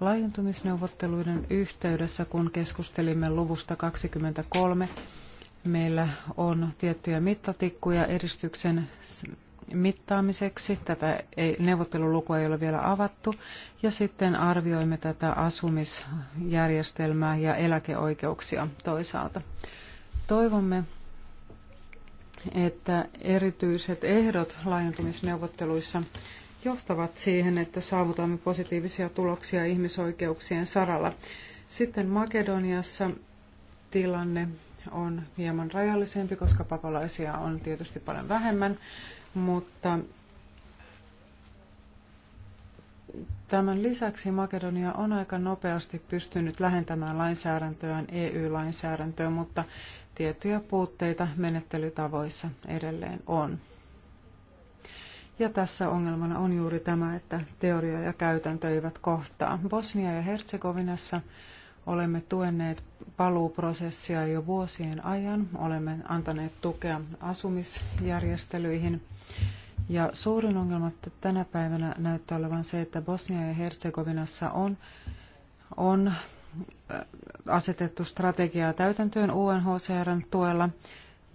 Laajentumisneuvotteluiden yhteydessä, kun keskustelimme luvusta 23, meillä on tiettyjä mittatikkuja edistyksen mittaamiseksi. Tätä ei, neuvottelulukua ei ole vielä avattu. Ja sitten arvioimme tätä asumisjärjestelmää ja eläkeoikeuksia toisaalta. Toivomme, että erityiset ehdot laajentumisneuvotteluissa johtavat siihen, että saavutamme positiivisia tuloksia ihmisoikeuksien saralla. Sitten Makedoniassa tilanne on hieman rajallisempi, koska pakolaisia on tietysti paljon vähemmän mutta Tämän lisäksi Makedonia on aika nopeasti pystynyt lähentämään lainsäädäntöään EU-lainsäädäntöön, mutta tiettyjä puutteita menettelytavoissa edelleen on. Ja tässä ongelmana on juuri tämä, että teoria ja käytäntö eivät kohtaa. Bosnia ja Herzegovinassa Olemme tuenneet paluuprosessia jo vuosien ajan. Olemme antaneet tukea asumisjärjestelyihin. Ja suurin ongelma tänä päivänä näyttää olevan se, että Bosnia ja Herzegovinassa on, on äh, asetettu strategiaa täytäntöön UNHCRn tuella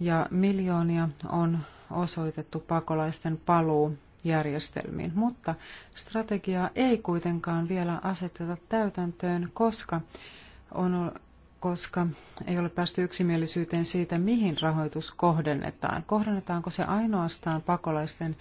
ja miljoonia on osoitettu pakolaisten paluujärjestelmiin, mutta strategiaa ei kuitenkaan vielä aseteta täytäntöön, koska on, koska ei ole päästy yksimielisyyteen siitä, mihin rahoitus kohdennetaan. Kohdennetaanko se ainoastaan pakolaisten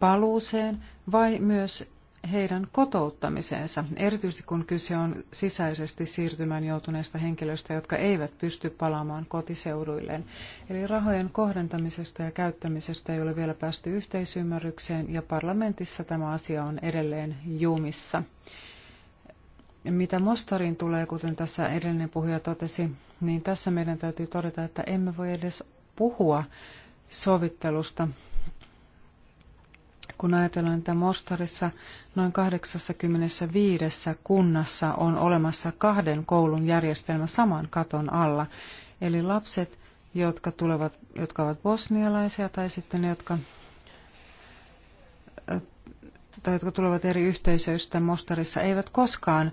paluuseen vai myös heidän kotouttamiseensa, erityisesti kun kyse on sisäisesti siirtymään joutuneista henkilöistä, jotka eivät pysty palaamaan kotiseuduilleen. Eli rahojen kohdentamisesta ja käyttämisestä ei ole vielä päästy yhteisymmärrykseen ja parlamentissa tämä asia on edelleen jumissa. Mitä Mostariin tulee, kuten tässä edellinen puhuja totesi, niin tässä meidän täytyy todeta, että emme voi edes puhua sovittelusta. Kun ajatellaan, että Mostarissa noin 85 kunnassa on olemassa kahden koulun järjestelmä saman katon alla. Eli lapset, jotka, tulevat, jotka ovat bosnialaisia tai sitten ne, jotka tai jotka tulevat eri yhteisöistä Mostarissa, eivät koskaan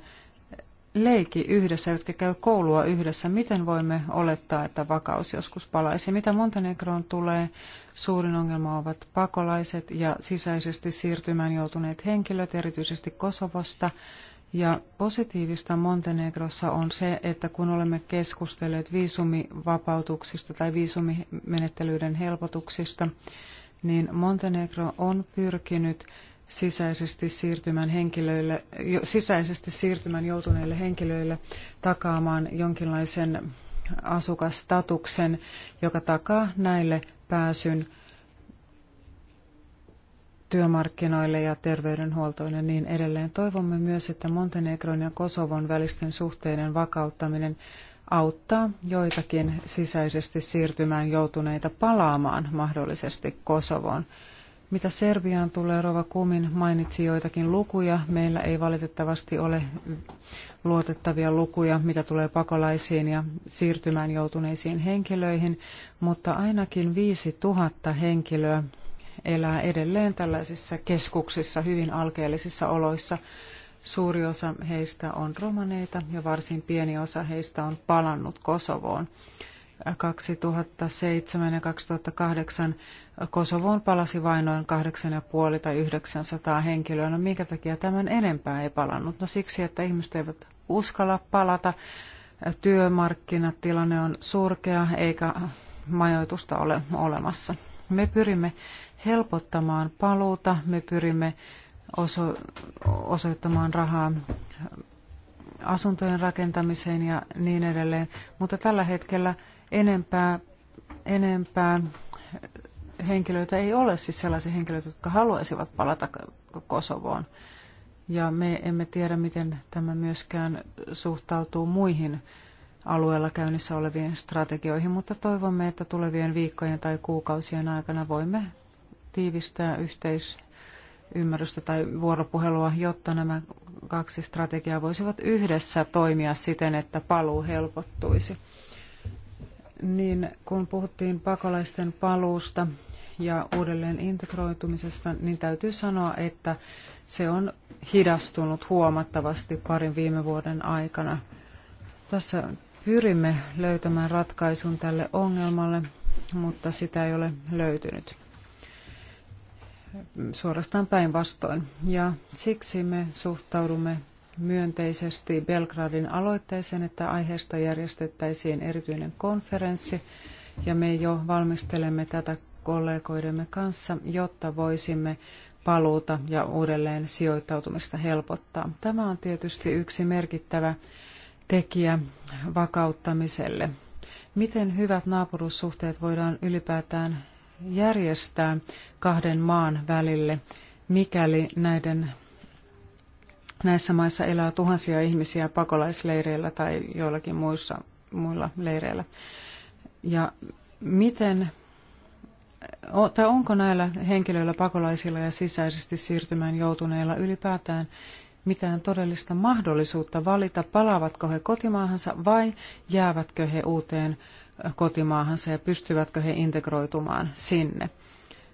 leiki yhdessä, jotka käy koulua yhdessä, miten voimme olettaa, että vakaus joskus palaisi? Mitä Montenegroon tulee, suurin ongelma ovat pakolaiset ja sisäisesti siirtymään joutuneet henkilöt, erityisesti Kosovosta. Ja positiivista Montenegrossa on se, että kun olemme keskustelleet viisumivapautuksista tai viisumimenettelyiden helpotuksista, niin Montenegro on pyrkinyt sisäisesti siirtymän, henkilöille, sisäisesti siirtymän joutuneille henkilöille takaamaan jonkinlaisen asukasstatuksen, joka takaa näille pääsyn työmarkkinoille ja terveydenhuoltoon ja niin edelleen. Toivomme myös, että Montenegron ja Kosovon välisten suhteiden vakauttaminen auttaa joitakin sisäisesti siirtymään joutuneita palaamaan mahdollisesti Kosovoon. Mitä Serbiaan tulee, Rova Kumin mainitsi joitakin lukuja. Meillä ei valitettavasti ole luotettavia lukuja, mitä tulee pakolaisiin ja siirtymään joutuneisiin henkilöihin, mutta ainakin 5000 henkilöä elää edelleen tällaisissa keskuksissa, hyvin alkeellisissa oloissa. Suuri osa heistä on romaneita ja varsin pieni osa heistä on palannut Kosovoon. 2007 ja 2008 Kosovoon palasi vain noin 8,5 tai 900 henkilöä. No minkä takia tämän enempää ei palannut? No siksi, että ihmiset eivät uskalla palata. Työmarkkinatilanne on surkea eikä majoitusta ole olemassa. Me pyrimme helpottamaan paluuta, me pyrimme osoittamaan rahaa asuntojen rakentamiseen ja niin edelleen, mutta tällä hetkellä enempää, enempää henkilöitä ei ole, siis sellaisia henkilöitä, jotka haluaisivat palata Kosovoon. Ja me emme tiedä, miten tämä myöskään suhtautuu muihin alueella käynnissä oleviin strategioihin, mutta toivomme, että tulevien viikkojen tai kuukausien aikana voimme tiivistää yhteisymmärrystä tai vuoropuhelua, jotta nämä kaksi strategiaa voisivat yhdessä toimia siten, että paluu helpottuisi niin kun puhuttiin pakolaisten paluusta ja uudelleen integroitumisesta, niin täytyy sanoa, että se on hidastunut huomattavasti parin viime vuoden aikana. Tässä pyrimme löytämään ratkaisun tälle ongelmalle, mutta sitä ei ole löytynyt. Suorastaan päinvastoin. Ja siksi me suhtaudumme myönteisesti Belgradin aloitteeseen, että aiheesta järjestettäisiin erityinen konferenssi, ja me jo valmistelemme tätä kollegoidemme kanssa, jotta voisimme paluuta ja uudelleen sijoittautumista helpottaa. Tämä on tietysti yksi merkittävä tekijä vakauttamiselle. Miten hyvät naapurussuhteet voidaan ylipäätään järjestää kahden maan välille, mikäli näiden Näissä maissa elää tuhansia ihmisiä pakolaisleireillä tai joillakin muissa, muilla leireillä. Ja miten, tai onko näillä henkilöillä, pakolaisilla ja sisäisesti siirtymään joutuneilla ylipäätään mitään todellista mahdollisuutta valita, palaavatko he kotimaahansa vai jäävätkö he uuteen kotimaahansa ja pystyvätkö he integroitumaan sinne.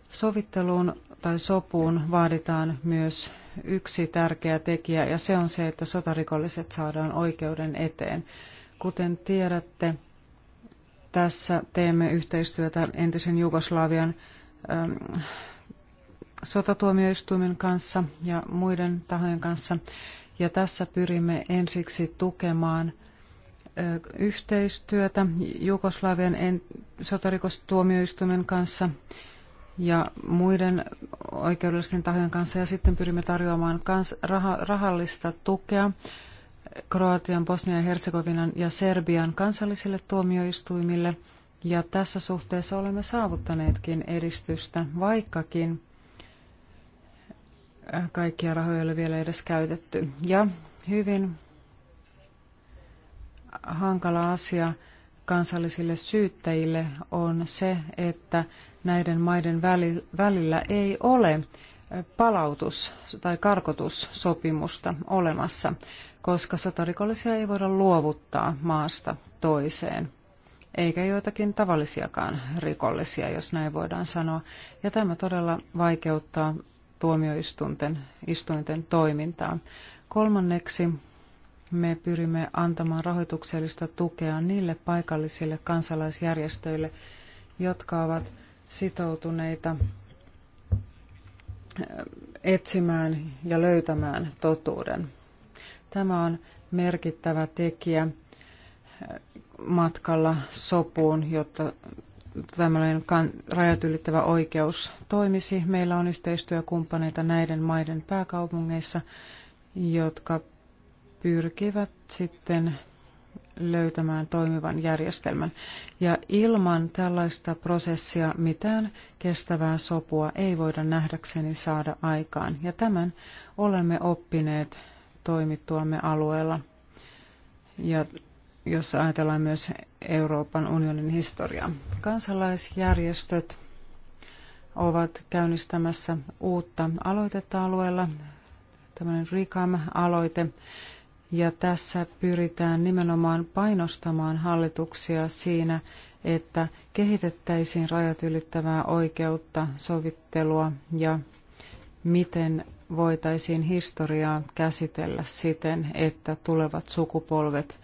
Sovitteluun tai sopuun vaaditaan myös yksi tärkeä tekijä, ja se on se, että sotarikolliset saadaan oikeuden eteen. Kuten tiedätte, tässä teemme yhteistyötä entisen Jugoslavian ähm, sotatuomioistuimen kanssa ja muiden tahojen kanssa. Ja tässä pyrimme ensiksi tukemaan yhteistyötä Jugoslavian sotarikostuomioistuimen kanssa ja muiden oikeudellisten tahojen kanssa ja sitten pyrimme tarjoamaan kans, raha, rahallista tukea Kroatian, Bosnian, Herzegovinan ja Serbian kansallisille tuomioistuimille. Ja tässä suhteessa olemme saavuttaneetkin edistystä, vaikkakin äh, kaikkia rahoja ei ole vielä edes käytetty. Ja hyvin hankala asia kansallisille syyttäjille on se, että näiden maiden välillä ei ole palautus- tai karkotussopimusta olemassa, koska sotarikollisia ei voida luovuttaa maasta toiseen, eikä joitakin tavallisiakaan rikollisia, jos näin voidaan sanoa. Ja tämä todella vaikeuttaa tuomioistuinten istuinten toimintaa. Kolmanneksi me pyrimme antamaan rahoituksellista tukea niille paikallisille kansalaisjärjestöille, jotka ovat sitoutuneita etsimään ja löytämään totuuden. Tämä on merkittävä tekijä matkalla sopuun, jotta tämmöinen rajat ylittävä oikeus toimisi. Meillä on yhteistyökumppaneita näiden maiden pääkaupungeissa, jotka pyrkivät sitten löytämään toimivan järjestelmän. Ja ilman tällaista prosessia mitään kestävää sopua ei voida nähdäkseni saada aikaan. Ja tämän olemme oppineet toimittuamme alueella. Ja jos ajatellaan myös Euroopan unionin historiaa. Kansalaisjärjestöt ovat käynnistämässä uutta aloitetta alueella, tämmöinen RICAM-aloite, ja tässä pyritään nimenomaan painostamaan hallituksia siinä, että kehitettäisiin rajat ylittävää oikeutta, sovittelua ja miten voitaisiin historiaa käsitellä siten, että tulevat sukupolvet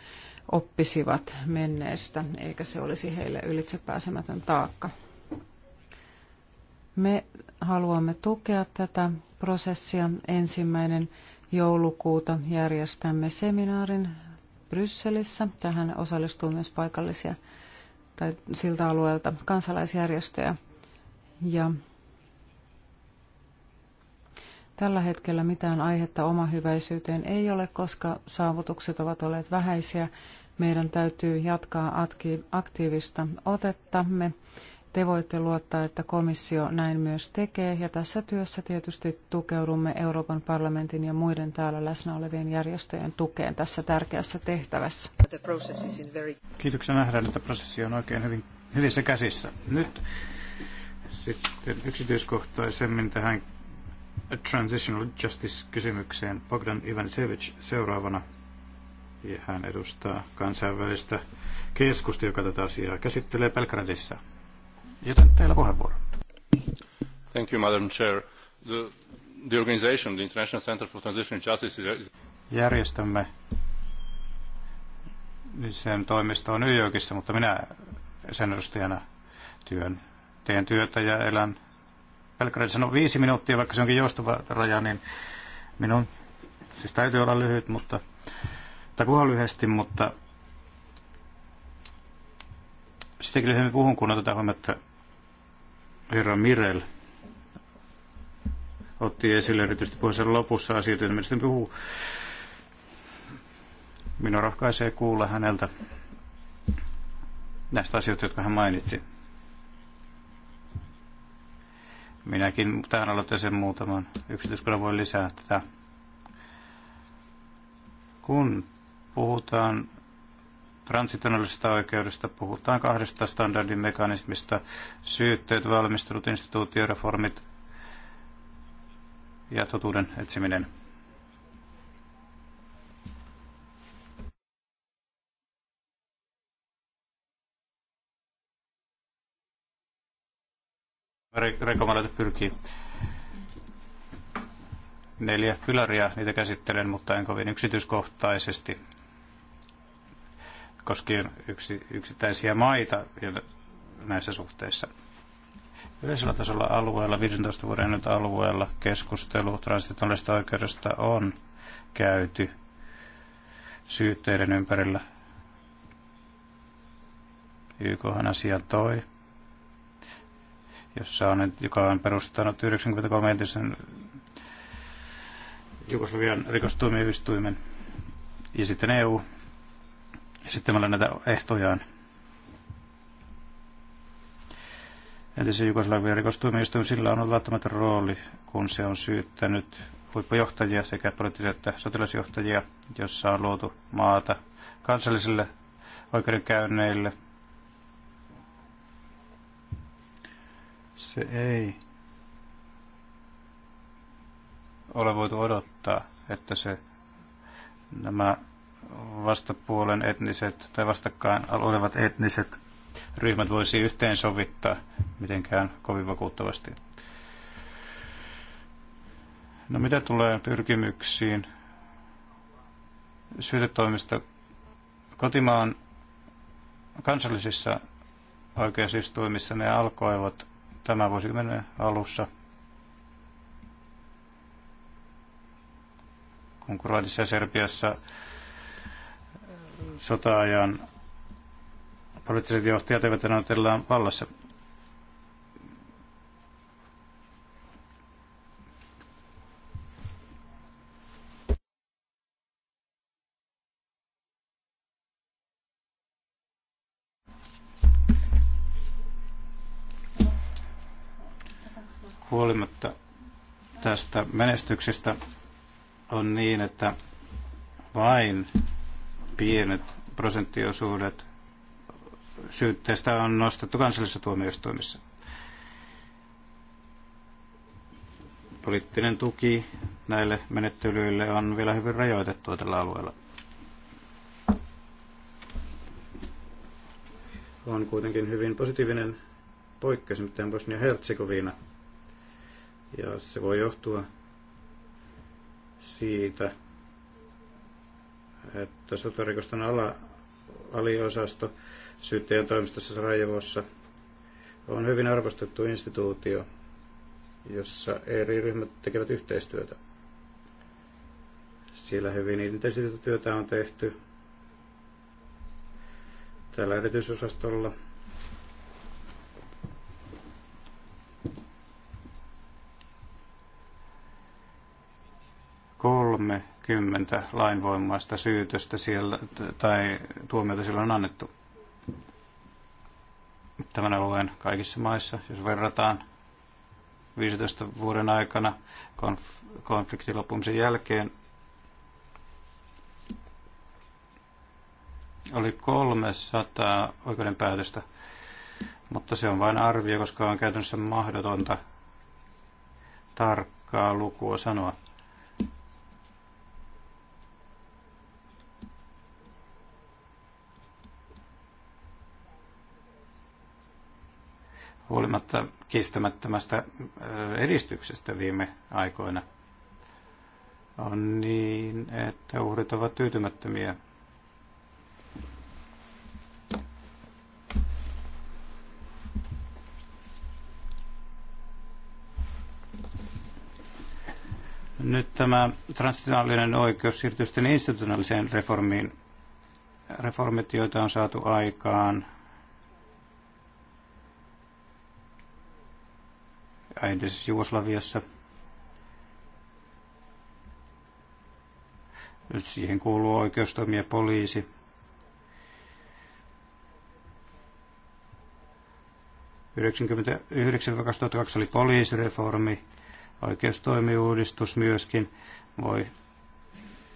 oppisivat menneestä, eikä se olisi heille ylitsepääsemätön taakka. Me haluamme tukea tätä prosessia. Ensimmäinen joulukuuta järjestämme seminaarin Brysselissä. Tähän osallistuu myös paikallisia tai siltä alueelta kansalaisjärjestöjä. Ja tällä hetkellä mitään aihetta hyväisyyteen ei ole, koska saavutukset ovat olleet vähäisiä. Meidän täytyy jatkaa aktiivista otettamme te voitte luottaa, että komissio näin myös tekee, ja tässä työssä tietysti tukeudumme Euroopan parlamentin ja muiden täällä läsnä olevien järjestöjen tukeen tässä tärkeässä tehtävässä. Kiitoksia nähdään, että prosessi on oikein hyvin, hyvissä käsissä. Nyt sitten yksityiskohtaisemmin tähän Transitional Justice-kysymykseen Bogdan Ivanisevich seuraavana. Ja hän edustaa kansainvälistä keskusta, joka tätä asiaa käsittelee Belgradissa. Jätän teillä puheenvuoron. Thank you, Madam Chair. The, the organization, the International Center for Transition Justice is... Järjestämme sen toimisto on New Yorkissa, mutta minä sen edustajana työn, teen työtä ja elän Belgradissa. No viisi minuuttia, vaikka se onkin joustava raja, niin minun, siis täytyy olla lyhyt, mutta, tai puhua lyhyesti, mutta sitäkin lyhyemmin puhun, kun otetaan huomioon, että herra Mirel otti esille erityisesti puheen lopussa asioita, joita mielestäni puhuu. Minua rohkaisee kuulla häneltä näistä asioista, jotka hän mainitsi. Minäkin tähän aloitteeseen muutaman yksityiskohdan voi lisää tätä. Kun puhutaan transitionaalisesta oikeudesta, puhutaan kahdesta standardin mekanismista, syytteet, valmistelut, instituutioreformit ja totuuden etsiminen. Rekomalaita pyrkii neljä pilaria, niitä käsittelen, mutta en kovin yksityiskohtaisesti koskien yksi, yksittäisiä maita näissä suhteissa. Yleisellä tasolla alueella, 15 vuoden nyt alueella, keskustelu transitollisesta oikeudesta on käyty syytteiden ympärillä. on asia toi, jossa on, joka on perustanut 93 entisen Jugoslavian rikostuomioistuimen. Ja sitten EU esittämällä näitä ehtojaan. Entisen Jugoslavian rikostuomioistuin sillä on ollut välttämätön rooli, kun se on syyttänyt huippujohtajia sekä poliittisia että sotilasjohtajia, jossa on luotu maata kansallisille oikeudenkäynneille. Se ei ole voitu odottaa, että se nämä vastapuolen etniset tai vastakkain olevat etniset ryhmät voisi yhteensovittaa mitenkään kovin vakuuttavasti. No mitä tulee pyrkimyksiin syytetoimista kotimaan kansallisissa oikeusistuimissa ne alkoivat tämän vuosikymmenen alussa, kun Kroatissa ja Serbiassa sota-ajan poliittiset johtajat eivät enää ole vallassa. huolimatta tästä menestyksestä on niin, että vain pienet prosenttiosuudet syytteestä on nostettu kansallisessa tuomioistuimissa. Poliittinen tuki näille menettelyille on vielä hyvin rajoitettua tällä alueella. On kuitenkin hyvin positiivinen poikkeus, mitä Bosnia-Herzegovina. Ja se voi johtua siitä, että sotarikosten ala, aliosasto syyttäjän toimistossa Sarajevossa on hyvin arvostettu instituutio, jossa eri ryhmät tekevät yhteistyötä. Siellä hyvin intensiivistä työtä on tehty tällä erityisosastolla. Kolme Kymmentä lainvoimaista syytöstä siellä, tai tuomiota siellä on annettu tämän alueen kaikissa maissa, jos verrataan 15 vuoden aikana konf- konfliktin lopumisen jälkeen oli 300 oikeudenpäätöstä, mutta se on vain arvio, koska on käytännössä mahdotonta tarkkaa lukua sanoa. huolimatta kiistämättömästä edistyksestä viime aikoina, on niin, että uhrit ovat tyytymättömiä. Nyt tämä transitionaalinen oikeus siirtyy sitten institutionaaliseen reformiin. Reformit, joita on saatu aikaan – entisessä Jugoslaviassa. Nyt siihen kuuluu oikeustoimia poliisi. kaksi oli poliisireformi, oikeustoimiuudistus myöskin. Voi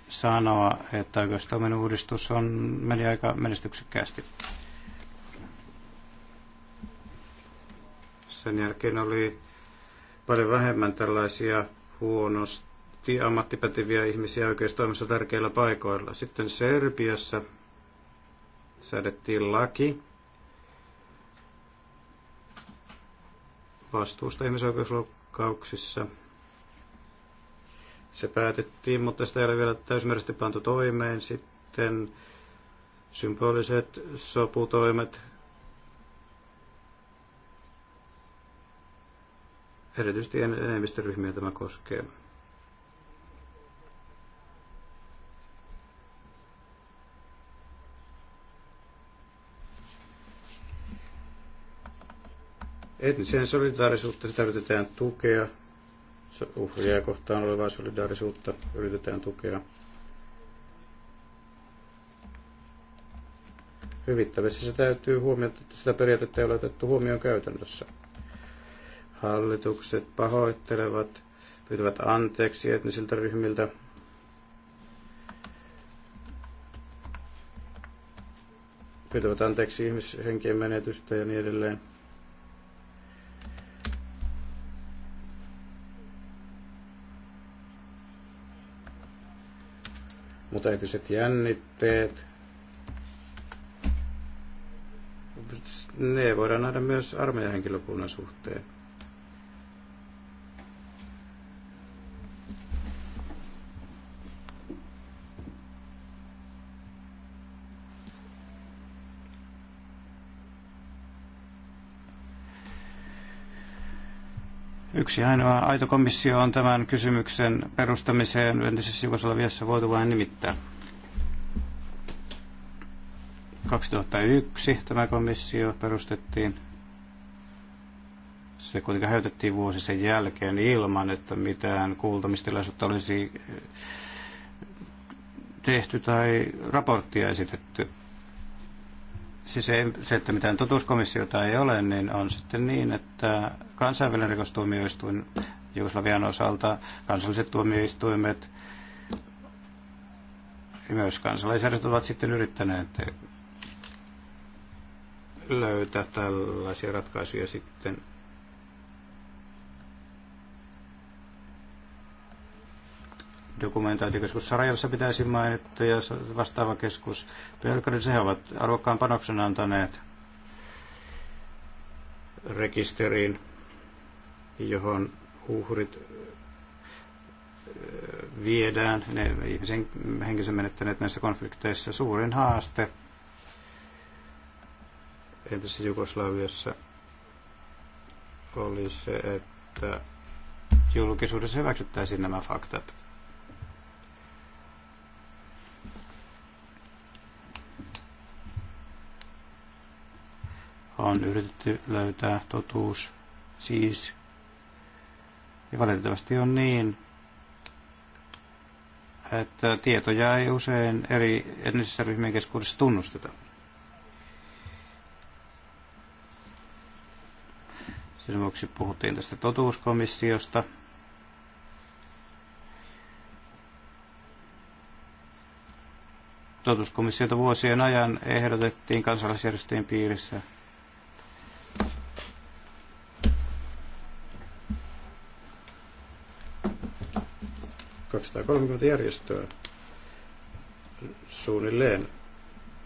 sanoa, että oikeustoimen uudistus on, meni aika menestyksekkäästi. Sen jälkeen oli paljon vähemmän tällaisia huonosti ammattipäteviä ihmisiä oikeustoimessa tärkeillä paikoilla. Sitten Serbiassa säädettiin laki vastuusta ihmisoikeusloukkauksissa. Se päätettiin, mutta sitä ei ole vielä täysimääräisesti pantu toimeen. Sitten symboliset soputoimet Erityisesti enemmistöryhmiä tämä koskee. Etniseen solidaarisuutta sitä yritetään tukea. Uhria kohtaan olevaa solidaarisuutta yritetään tukea. Hyvittävissä se täytyy huomioida, että sitä periaatetta ei ole otettu huomioon käytännössä. Hallitukset pahoittelevat, pyytävät anteeksi etnisiltä ryhmiltä. Pyytävät anteeksi ihmishenkien menetystä ja niin edelleen. Mutta etiset jännitteet, ne voidaan nähdä myös armeijahenkilökunnan suhteen. Yksi ainoa aito komissio on tämän kysymyksen perustamiseen entisessä Jugoslaviassa voitu vain nimittää. 2001 tämä komissio perustettiin. Se kuitenkin häytettiin vuosi sen jälkeen ilman, että mitään kuultamistilaisuutta olisi eh, tehty tai raporttia esitetty. Siis se, että mitään totuuskomissiota ei ole, niin on sitten niin, että kansainvälinen rikostuomioistuin Jugoslavian osalta kansalliset tuomioistuimet ja myös kansalaisjärjestöt ovat sitten yrittäneet löytää tällaisia ratkaisuja sitten dokumentointikeskus Sarajassa pitäisi mainita ja vastaava keskus Belgradissa. He ovat arvokkaan panoksen antaneet rekisteriin, johon uhrit viedään, ne ihmisen henkisen menettäneet näissä konflikteissa. Suurin haaste entisessä Jugoslaviassa oli se, että julkisuudessa hyväksyttäisiin nämä faktat. on yritetty löytää totuus siis. Ja valitettavasti on niin, että tietoja ei usein eri etnisissä ryhmien keskuudessa tunnusteta. Sen vuoksi puhuttiin tästä totuuskomissiosta. Totuuskomissiota vuosien ajan ehdotettiin kansalaisjärjestöjen piirissä 230 järjestöä suunnilleen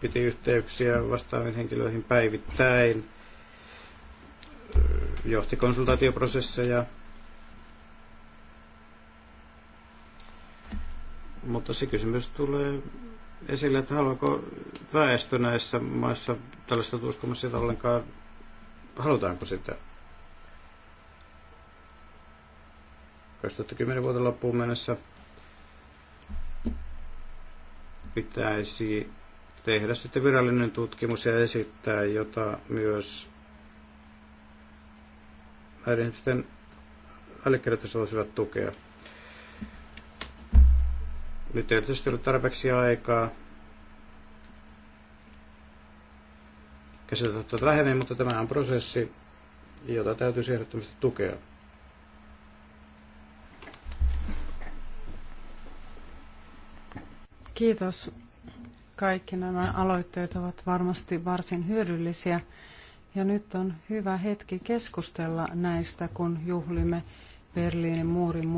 piti yhteyksiä vastaaviin henkilöihin päivittäin, johti konsultaatioprosesseja, mutta se kysymys tulee esille, että haluaako väestö näissä maissa tällaista uskomassa ollenkaan, halutaanko sitä? 2010 vuoden loppuun mennessä pitäisi tehdä sitten virallinen tutkimus ja esittää, jota myös näiden ihmisten allekirjoitus voisivat tukea. Nyt ei tietysti ollut tarpeeksi aikaa käsitellä tätä tuota lähemmin, mutta tämä on prosessi, jota täytyy ehdottomasti tukea. Kiitos. Kaikki nämä aloitteet ovat varmasti varsin hyödyllisiä. Ja nyt on hyvä hetki keskustella näistä, kun juhlimme Berliinin muurin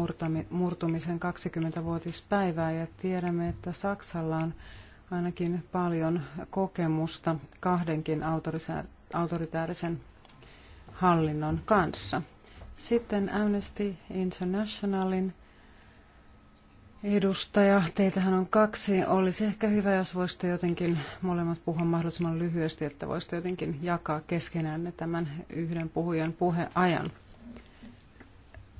murtumisen 20-vuotispäivää. Ja tiedämme, että Saksalla on ainakin paljon kokemusta kahdenkin autoritäärisen hallinnon kanssa. Sitten Amnesty Internationalin Edustaja, teitähän on kaksi. Olisi ehkä hyvä, jos voisitte jotenkin molemmat puhua mahdollisimman lyhyesti, että voisitte jotenkin jakaa keskenään tämän yhden puhujan puheajan.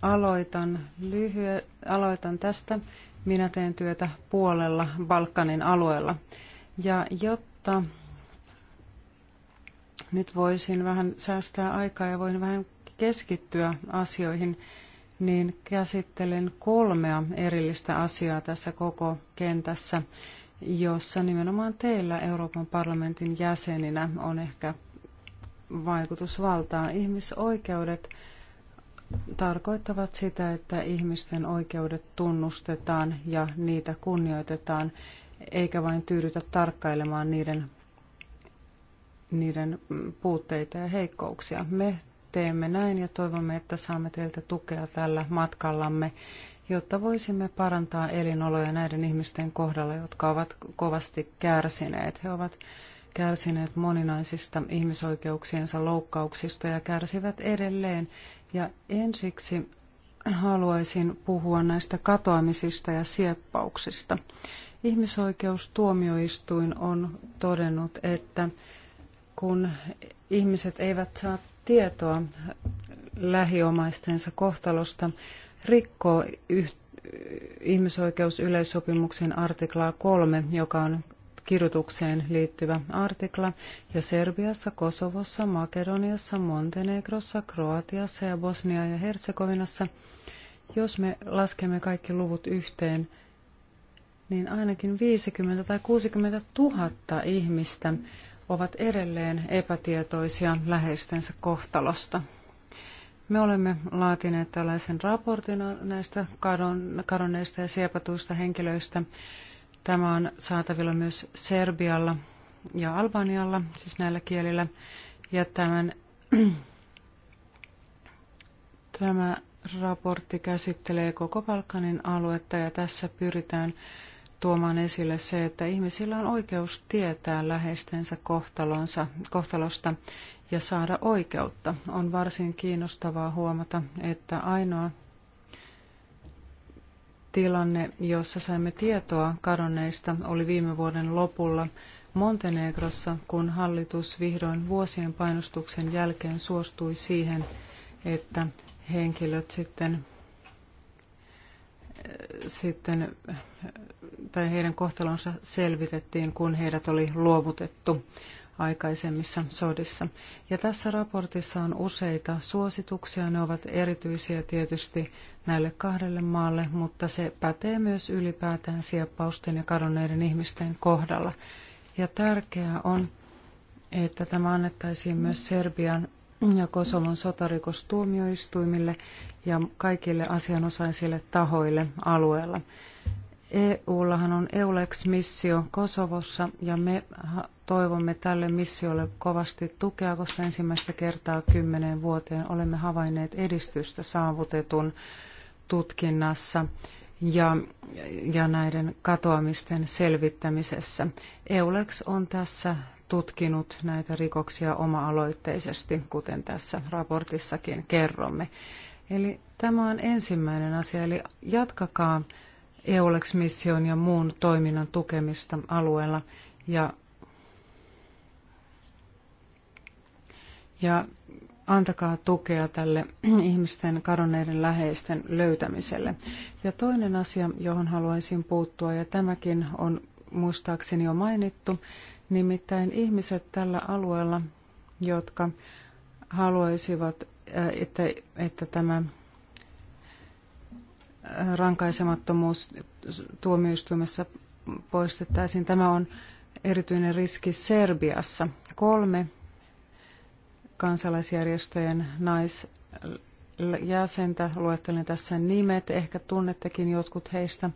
Aloitan, lyhye, aloitan tästä. Minä teen työtä puolella Balkanin alueella. Ja jotta nyt voisin vähän säästää aikaa ja voin vähän keskittyä asioihin, niin käsittelen kolmea erillistä asiaa tässä koko kentässä, jossa nimenomaan teillä Euroopan parlamentin jäseninä on ehkä vaikutusvaltaa. Ihmisoikeudet tarkoittavat sitä, että ihmisten oikeudet tunnustetaan ja niitä kunnioitetaan, eikä vain tyydytä tarkkailemaan niiden, niiden puutteita ja heikkouksia. Me teemme näin ja toivomme, että saamme teiltä tukea tällä matkallamme, jotta voisimme parantaa elinoloja näiden ihmisten kohdalla, jotka ovat kovasti kärsineet. He ovat kärsineet moninaisista ihmisoikeuksiensa loukkauksista ja kärsivät edelleen. Ja ensiksi haluaisin puhua näistä katoamisista ja sieppauksista. Ihmisoikeustuomioistuin on todennut, että kun ihmiset eivät saa tietoa lähiomaistensa kohtalosta, rikkoo yh- ihmisoikeusyleissopimuksen artiklaa 3, joka on kirjoitukseen liittyvä artikla, ja Serbiassa, Kosovossa, Makedoniassa, Montenegrossa, Kroatiassa ja Bosnia ja Herzegovinassa, jos me laskemme kaikki luvut yhteen, niin ainakin 50 tai 60 000 ihmistä ovat edelleen epätietoisia läheistensä kohtalosta. Me olemme laatineet tällaisen raportin näistä kadonneista ja siepatuista henkilöistä. Tämä on saatavilla myös Serbialla ja Albanialla, siis näillä kielillä. Ja tämän, tämä raportti käsittelee koko Balkanin aluetta ja tässä pyritään tuomaan esille se, että ihmisillä on oikeus tietää läheistensä kohtalonsa, kohtalosta ja saada oikeutta. On varsin kiinnostavaa huomata, että ainoa tilanne, jossa saimme tietoa kadonneista, oli viime vuoden lopulla Montenegrossa, kun hallitus vihdoin vuosien painostuksen jälkeen suostui siihen, että henkilöt sitten sitten, tai heidän kohtalonsa selvitettiin, kun heidät oli luovutettu aikaisemmissa sodissa. Ja tässä raportissa on useita suosituksia. Ne ovat erityisiä tietysti näille kahdelle maalle, mutta se pätee myös ylipäätään sieppausten ja kadonneiden ihmisten kohdalla. Ja tärkeää on, että tämä annettaisiin myös Serbian ja Kosovon sotarikostuomioistuimille ja kaikille asianosaisille tahoille alueella. EUllahan on EULEX-missio Kosovossa ja me toivomme tälle missiolle kovasti tukea, koska ensimmäistä kertaa kymmeneen vuoteen olemme havainneet edistystä saavutetun tutkinnassa ja, ja näiden katoamisten selvittämisessä. EULEX on tässä tutkinut näitä rikoksia oma-aloitteisesti, kuten tässä raportissakin kerromme. Eli tämä on ensimmäinen asia, eli jatkakaa EULEX-mission ja muun toiminnan tukemista alueella ja, ja antakaa tukea tälle ihmisten kadonneiden läheisten löytämiselle. Ja toinen asia, johon haluaisin puuttua, ja tämäkin on muistaakseni jo mainittu, Nimittäin ihmiset tällä alueella, jotka haluaisivat, äh, että, että tämä äh, rankaisemattomuus tuomioistuimessa poistettaisiin. Tämä on erityinen riski Serbiassa. Kolme kansalaisjärjestöjen naisjäsentä, luettelen tässä nimet, ehkä tunnettekin jotkut heistä,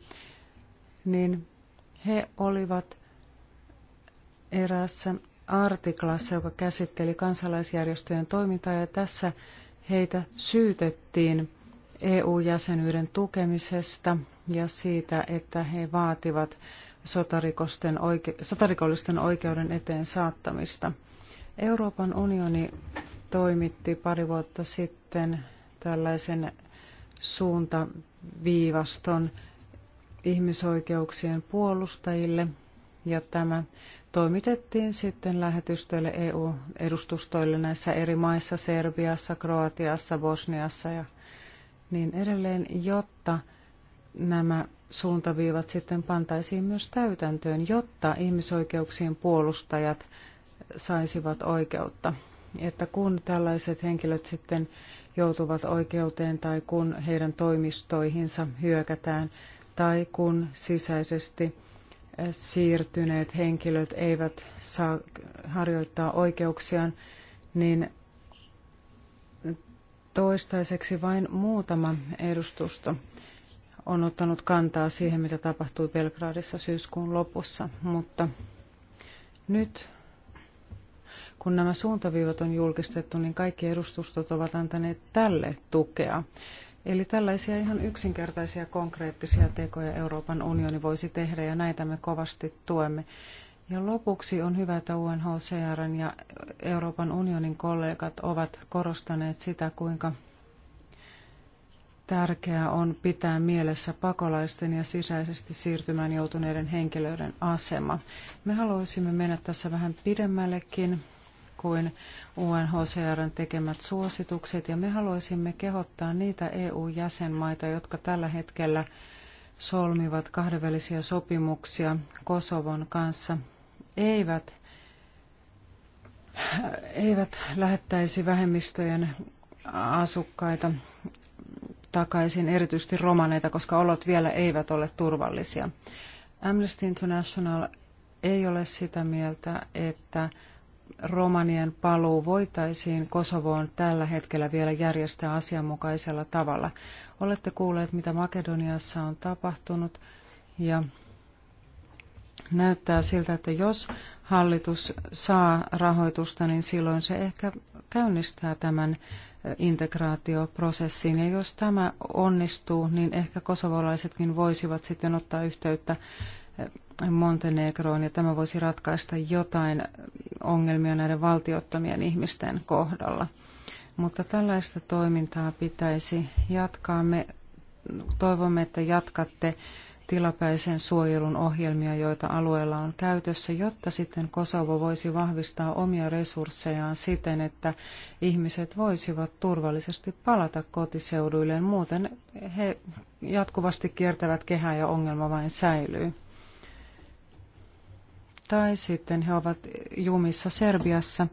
niin he olivat eräässä artiklassa, joka käsitteli kansalaisjärjestöjen toimintaa, ja tässä heitä syytettiin EU-jäsenyyden tukemisesta ja siitä, että he vaativat sotarikosten oike- sotarikollisten oikeuden eteen saattamista. Euroopan unioni toimitti pari vuotta sitten tällaisen suuntaviivaston ihmisoikeuksien puolustajille, ja tämä toimitettiin sitten lähetystöille EU-edustustoille näissä eri maissa, Serbiassa, Kroatiassa, Bosniassa ja niin edelleen, jotta nämä suuntaviivat sitten pantaisiin myös täytäntöön, jotta ihmisoikeuksien puolustajat saisivat oikeutta. Että kun tällaiset henkilöt sitten joutuvat oikeuteen tai kun heidän toimistoihinsa hyökätään tai kun sisäisesti siirtyneet henkilöt eivät saa harjoittaa oikeuksiaan, niin toistaiseksi vain muutama edustusto on ottanut kantaa siihen, mitä tapahtui Belgradissa syyskuun lopussa, mutta nyt kun nämä suuntaviivat on julkistettu, niin kaikki edustustot ovat antaneet tälle tukea. Eli tällaisia ihan yksinkertaisia konkreettisia tekoja Euroopan unioni voisi tehdä ja näitä me kovasti tuemme. Ja lopuksi on hyvä, että UNHCR ja Euroopan unionin kollegat ovat korostaneet sitä, kuinka tärkeää on pitää mielessä pakolaisten ja sisäisesti siirtymään joutuneiden henkilöiden asema. Me haluaisimme mennä tässä vähän pidemmällekin kuin UNHCRn tekemät suositukset ja me haluaisimme kehottaa niitä EU-jäsenmaita, jotka tällä hetkellä solmivat kahdenvälisiä sopimuksia Kosovon kanssa, eivät, eivät lähettäisi vähemmistöjen asukkaita takaisin, erityisesti romaneita, koska olot vielä eivät ole turvallisia. Amnesty International ei ole sitä mieltä, että romanien paluu voitaisiin Kosovoon tällä hetkellä vielä järjestää asianmukaisella tavalla. Olette kuulleet, mitä Makedoniassa on tapahtunut ja näyttää siltä, että jos hallitus saa rahoitusta, niin silloin se ehkä käynnistää tämän integraatioprosessiin. Ja jos tämä onnistuu, niin ehkä kosovolaisetkin voisivat sitten ottaa yhteyttä Montenegroon ja tämä voisi ratkaista jotain ongelmia näiden valtiottomien ihmisten kohdalla. Mutta tällaista toimintaa pitäisi jatkaa. Me toivomme, että jatkatte tilapäisen suojelun ohjelmia, joita alueella on käytössä, jotta sitten Kosovo voisi vahvistaa omia resurssejaan siten, että ihmiset voisivat turvallisesti palata kotiseuduilleen. Muuten he jatkuvasti kiertävät kehää ja ongelma vain säilyy tai sitten he ovat jumissa Serbiassa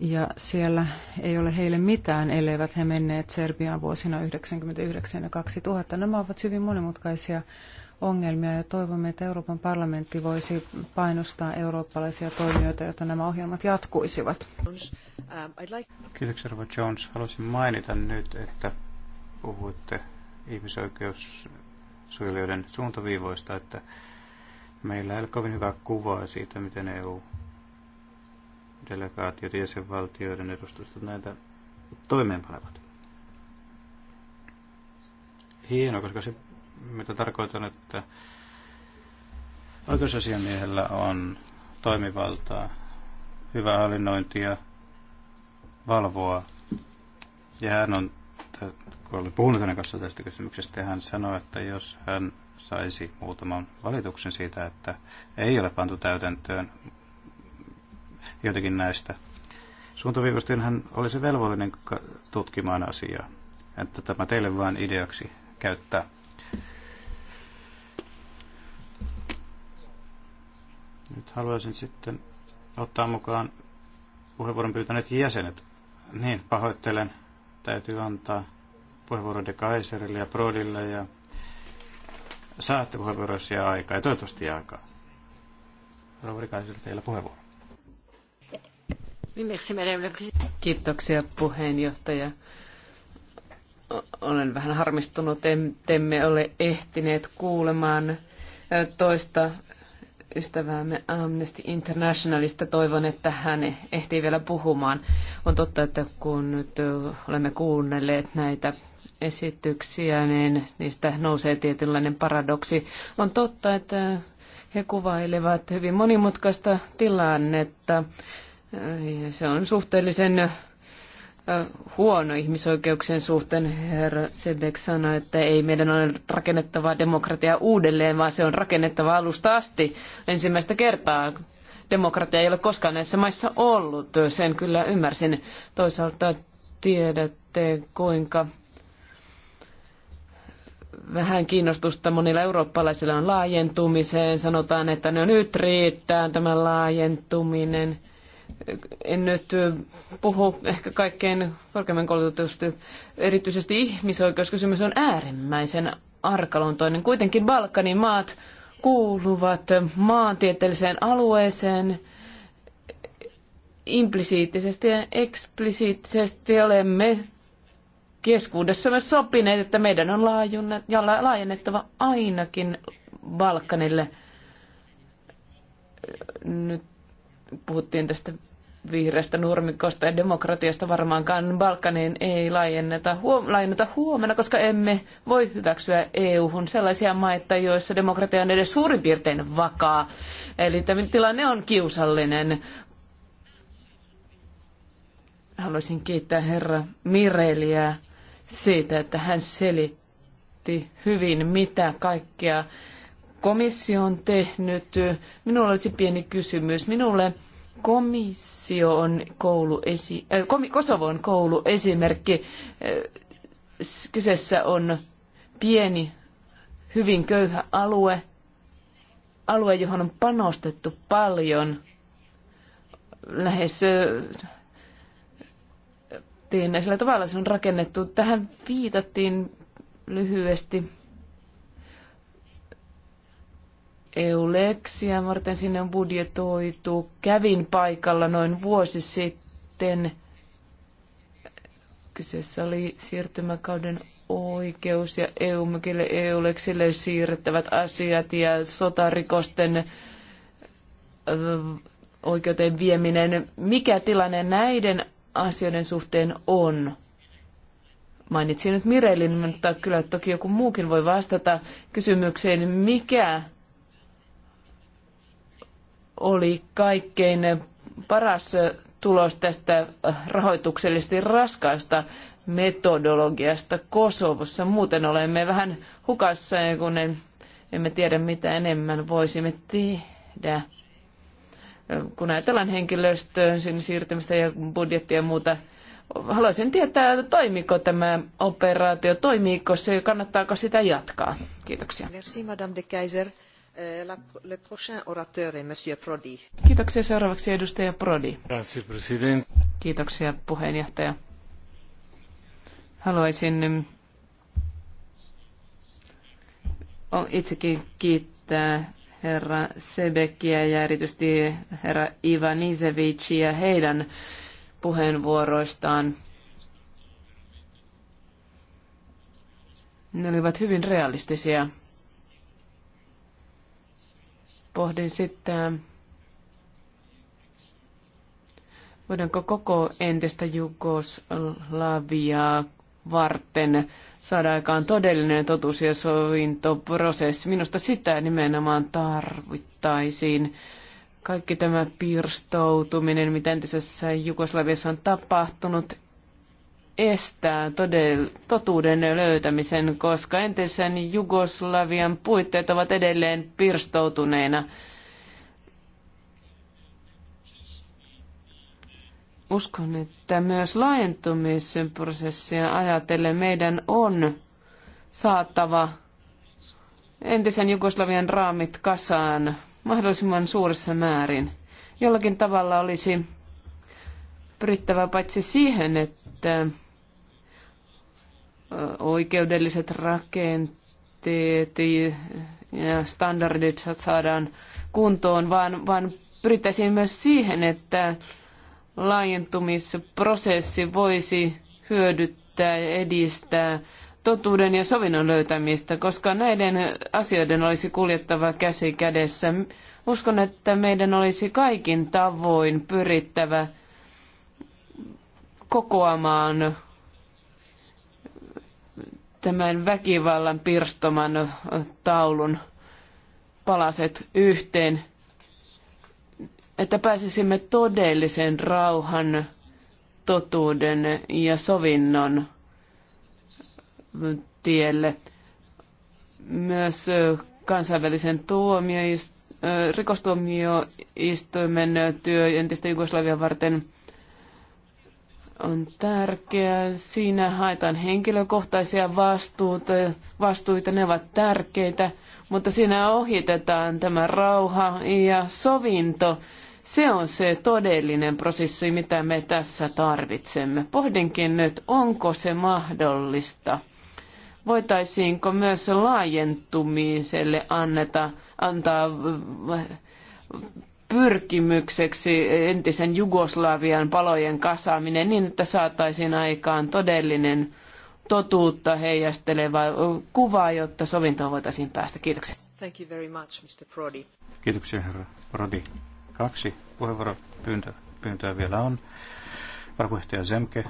ja siellä ei ole heille mitään, elleivät he menneet Serbiaan vuosina 1999 ja 2000. Nämä ovat hyvin monimutkaisia ongelmia ja toivomme, että Euroopan parlamentti voisi painostaa eurooppalaisia toimijoita, jotta nämä ohjelmat jatkuisivat. Kiitoksia, Rova Jones. Haluaisin mainita nyt, että puhuitte ihmisoikeussuojelijoiden suuntaviivoista, että Meillä ei ole kovin hyvää kuvaa siitä, miten EU-delegaatiot ja jäsenvaltioiden edustustot näitä toimeenpanevat. Hieno, koska se, mitä tarkoitan, että oikeusasiamiehellä on toimivaltaa, hyvää hallinnointia, valvoa. Ja hän on, kun olin puhunut hänen kanssa tästä kysymyksestä, hän sanoi, että jos hän saisi muutaman valituksen siitä, että ei ole pantu täytäntöön jotenkin näistä suuntaviivoista, hän olisi velvollinen tutkimaan asiaa. Että tämä teille vain ideaksi käyttää. Nyt haluaisin sitten ottaa mukaan puheenvuoron pyytäneet jäsenet. Niin, pahoittelen. Täytyy antaa puheenvuoro De Kaiserille ja Prodille ja saatte puheenvuoroissa aikaa, ja toivottavasti aikaa. Roveri teillä puheenvuoro. Kiitoksia puheenjohtaja. Olen vähän harmistunut, emme ole ehtineet kuulemaan toista ystäväämme Amnesty Internationalista. Toivon, että hän ehtii vielä puhumaan. On totta, että kun nyt olemme kuunnelleet näitä esityksiä, niin niistä nousee tietynlainen paradoksi. On totta, että he kuvailevat hyvin monimutkaista tilannetta. Se on suhteellisen huono ihmisoikeuksien suhteen. Herra Sebek sanoi, että ei meidän ole rakennettava demokratia uudelleen, vaan se on rakennettava alusta asti ensimmäistä kertaa. Demokratia ei ole koskaan näissä maissa ollut, sen kyllä ymmärsin. Toisaalta tiedätte, kuinka vähän kiinnostusta monilla eurooppalaisilla on laajentumiseen. Sanotaan, että no nyt riittää tämä laajentuminen. En nyt puhu ehkä kaikkein korkeimman koulutusta. Erityisesti ihmisoikeuskysymys on äärimmäisen arkaluontoinen. Kuitenkin Balkanin maat kuuluvat maantieteelliseen alueeseen implisiittisesti ja eksplisiittisesti olemme keskuudessamme sopineet, että meidän on laajennettava ainakin Balkanille. Nyt puhuttiin tästä vihreästä nurmikosta ja demokratiasta varmaankaan Balkaniin ei laajenneta, huom- laajenneta huomenna, koska emme voi hyväksyä EU-hun sellaisia maita, joissa demokratia on edes suurin piirtein vakaa. Eli tämä tilanne on kiusallinen. Haluaisin kiittää herra Mireliä siitä, että hän selitti hyvin, mitä kaikkea komissio on tehnyt. Minulla olisi pieni kysymys. Minulle komissio on koulu esi- äh, Kosovo on esimerkki, äh, Kyseessä on pieni, hyvin köyhä alue, alue, johon on panostettu paljon, lähes äh, ja sillä tavalla se on rakennettu. Tähän viitattiin lyhyesti. Euleksia varten sinne on budjetoitu. Kävin paikalla noin vuosi sitten. Kyseessä oli siirtymäkauden oikeus ja eu EUleksille siirrettävät asiat ja sotarikosten oikeuteen vieminen. Mikä tilanne näiden asioiden suhteen on. Mainitsin nyt Mirelin, mutta kyllä toki joku muukin voi vastata kysymykseen, mikä oli kaikkein paras tulos tästä äh, rahoituksellisesti raskaasta metodologiasta Kosovossa. Muuten olemme vähän hukassa, kun emme tiedä mitä enemmän voisimme tehdä kun ajatellaan henkilöstöön, sen siirtymistä ja budjettia ja muuta. Haluaisin tietää, toimiko tämä operaatio, toimiiko se, kannattaako sitä jatkaa. Kiitoksia. Merci, Madame de Kaiser. Euh, la, le prochain orateur est Monsieur Prodi. Kiitoksia seuraavaksi edustaja Prodi. Grazie, Kiitoksia puheenjohtaja. Haluaisin mm, itsekin kiittää herra Sebekiä ja erityisesti herra Ivanisevicia heidän puheenvuoroistaan. Ne olivat hyvin realistisia. Pohdin sitten, voidaanko koko entistä Jugoslaviaa varten saada aikaan todellinen totuus- ja sovintoprosessi. Minusta sitä nimenomaan tarvittaisiin. Kaikki tämä pirstoutuminen, mitä entisessä Jugoslaviassa on tapahtunut, estää todell- totuuden löytämisen, koska entisen Jugoslavian puitteet ovat edelleen pirstoutuneina. Uskon, että myös laajentumisen prosessia ajatellen meidän on saattava entisen Jugoslavian raamit kasaan mahdollisimman suuressa määrin. Jollakin tavalla olisi pyrittävä paitsi siihen, että oikeudelliset rakenteet ja standardit saadaan kuntoon, vaan, vaan pyrittäisiin myös siihen, että laajentumisprosessi voisi hyödyttää ja edistää totuuden ja sovinnon löytämistä, koska näiden asioiden olisi kuljettava käsi kädessä. Uskon, että meidän olisi kaikin tavoin pyrittävä kokoamaan tämän väkivallan pirstoman taulun palaset yhteen että pääsisimme todellisen rauhan, totuuden ja sovinnon tielle. Myös kansainvälisen tuomioistuimen rikostuomioistuimen työ entistä Jugoslavia varten on tärkeää. Siinä haetaan henkilökohtaisia vastuuta, vastuita, ne ovat tärkeitä, mutta siinä ohitetaan tämä rauha ja sovinto se on se todellinen prosessi, mitä me tässä tarvitsemme. Pohdinkin nyt, onko se mahdollista. Voitaisiinko myös laajentumiselle anneta, antaa pyrkimykseksi entisen Jugoslavian palojen kasaaminen niin, että saataisiin aikaan todellinen totuutta heijasteleva kuva, jotta sovintoon voitaisiin päästä. Kiitoksia. Thank you very much, Mr. Prodi. Kiitoksia, herra Prodi. Kaksi puheenvuoropyyntöä vielä on. Varapuheenjohtaja Zemke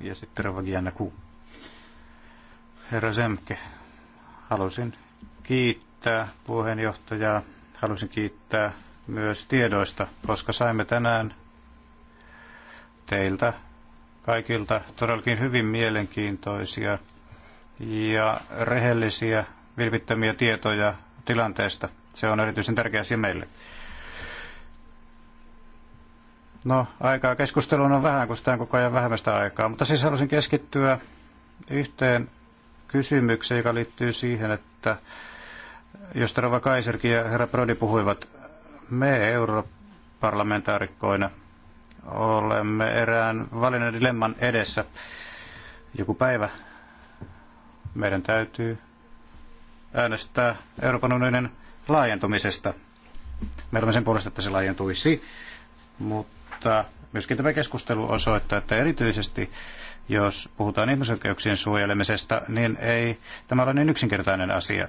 ja sitten Ravagiana Ku. Herra Zemke, halusin kiittää puheenjohtajaa, halusin kiittää myös tiedoista, koska saimme tänään teiltä kaikilta todellakin hyvin mielenkiintoisia ja rehellisiä, vilpittömiä tietoja tilanteesta. Se on erityisen tärkeää meille. No, aikaa keskusteluun on vähän, kun sitä on koko ajan vähemmästä aikaa. Mutta siis halusin keskittyä yhteen kysymykseen, joka liittyy siihen, että josta Rova Kaiserkin ja herra Brody puhuivat, me europarlamentaarikkoina olemme erään valinnan dilemman edessä. Joku päivä meidän täytyy äänestää Euroopan unionin laajentumisesta. Me olemme sen puolesta, että se laajentuisi, mutta mutta myöskin tämä keskustelu osoittaa, että erityisesti jos puhutaan ihmisoikeuksien suojelemisesta, niin ei tämä ole niin yksinkertainen asia.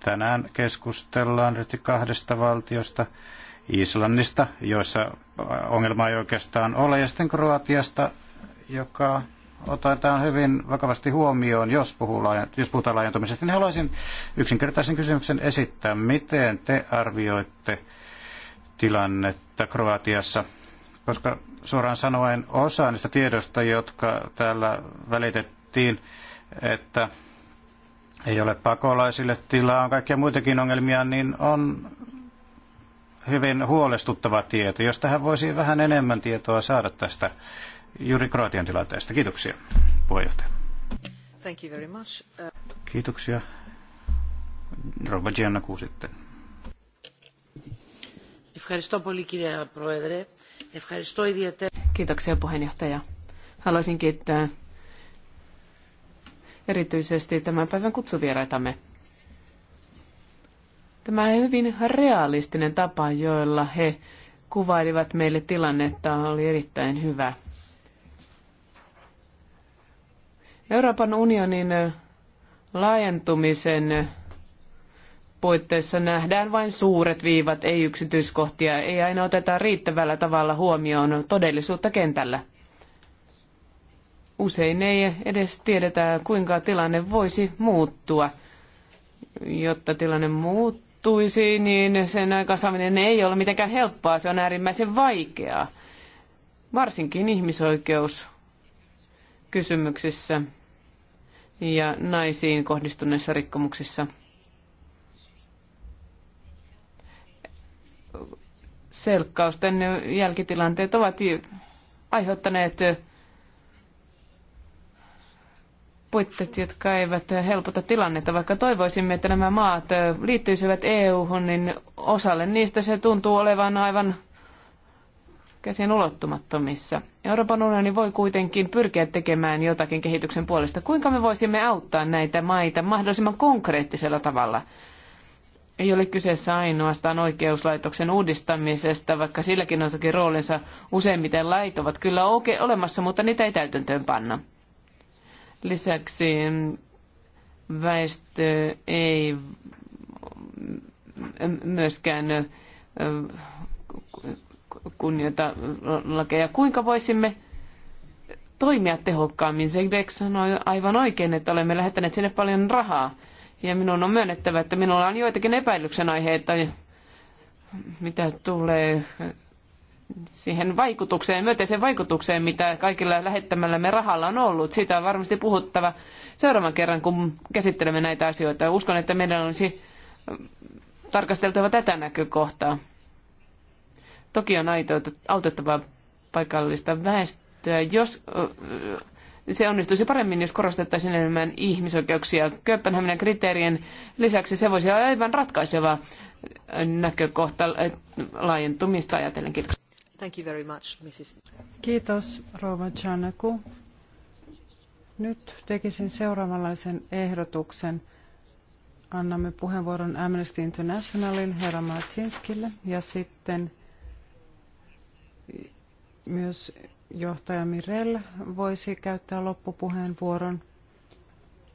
Tänään keskustellaan nyt kahdesta valtiosta, Islannista, joissa ongelma ei oikeastaan ole, ja sitten Kroatiasta, joka otetaan hyvin vakavasti huomioon, jos, puhuu, jos puhutaan laajentumisesta, niin haluaisin yksinkertaisen kysymyksen esittää. Miten te arvioitte tilannetta Kroatiassa koska suoraan sanoen osa niistä tiedoista, jotka täällä välitettiin, että ei ole pakolaisille tilaa, on kaikkia muitakin ongelmia, niin on hyvin huolestuttava tieto. Jos tähän voisi vähän enemmän tietoa saada tästä juuri Kroatian tilanteesta. Kiitoksia, puheenjohtaja. Thank you very much. Kiitoksia. Rouva Giannaku sitten. Ευχαριστώ πολύ Πρόεδρε. Kiitoksia puheenjohtaja. Haluaisin kiittää erityisesti tämän päivän kutsuvieraitamme. Tämä hyvin realistinen tapa, joilla he kuvailivat meille tilannetta, oli erittäin hyvä. Euroopan unionin laajentumisen puitteissa nähdään vain suuret viivat, ei yksityiskohtia, ei aina oteta riittävällä tavalla huomioon todellisuutta kentällä. Usein ei edes tiedetä, kuinka tilanne voisi muuttua. Jotta tilanne muuttuisi, niin sen aikaansaaminen ei ole mitenkään helppoa, se on äärimmäisen vaikeaa. Varsinkin ihmisoikeuskysymyksissä ja naisiin kohdistuneissa rikkomuksissa – selkkausten jälkitilanteet ovat aiheuttaneet puitteet, jotka eivät helpota tilannetta. Vaikka toivoisimme, että nämä maat liittyisivät EU-hun, niin osalle niistä se tuntuu olevan aivan käsien ulottumattomissa. Euroopan unioni voi kuitenkin pyrkiä tekemään jotakin kehityksen puolesta. Kuinka me voisimme auttaa näitä maita mahdollisimman konkreettisella tavalla? ei ole kyseessä ainoastaan oikeuslaitoksen uudistamisesta, vaikka silläkin on toki roolinsa. Useimmiten lait ovat kyllä olemassa, mutta niitä ei täytäntöön panna. Lisäksi väestö ei myöskään kunnioita lakeja. Kuinka voisimme toimia tehokkaammin? Zegbeck sanoi aivan oikein, että olemme lähettäneet sinne paljon rahaa. Ja minun on myönnettävä, että minulla on joitakin epäilyksen aiheita, mitä tulee siihen vaikutukseen, myöteiseen vaikutukseen, mitä kaikilla lähettämällämme rahalla on ollut. Siitä on varmasti puhuttava seuraavan kerran, kun käsittelemme näitä asioita. Uskon, että meidän olisi tarkasteltava tätä näkökohtaa. Toki on autettava paikallista väestöä. Jos se onnistuisi paremmin, jos korostettaisiin enemmän ihmisoikeuksia. Kööpenhaminan kriteerien lisäksi se voisi olla aivan ratkaiseva näkökohta eh, laajentumista ajatellen. Kiitos. Thank you very much, Mrs. Kiitos, Rova Chanaku. Nyt tekisin seuraavanlaisen ehdotuksen. Annamme puheenvuoron Amnesty Internationalin herra Martinskille ja sitten myös johtaja Mirel voisi käyttää loppupuheenvuoron.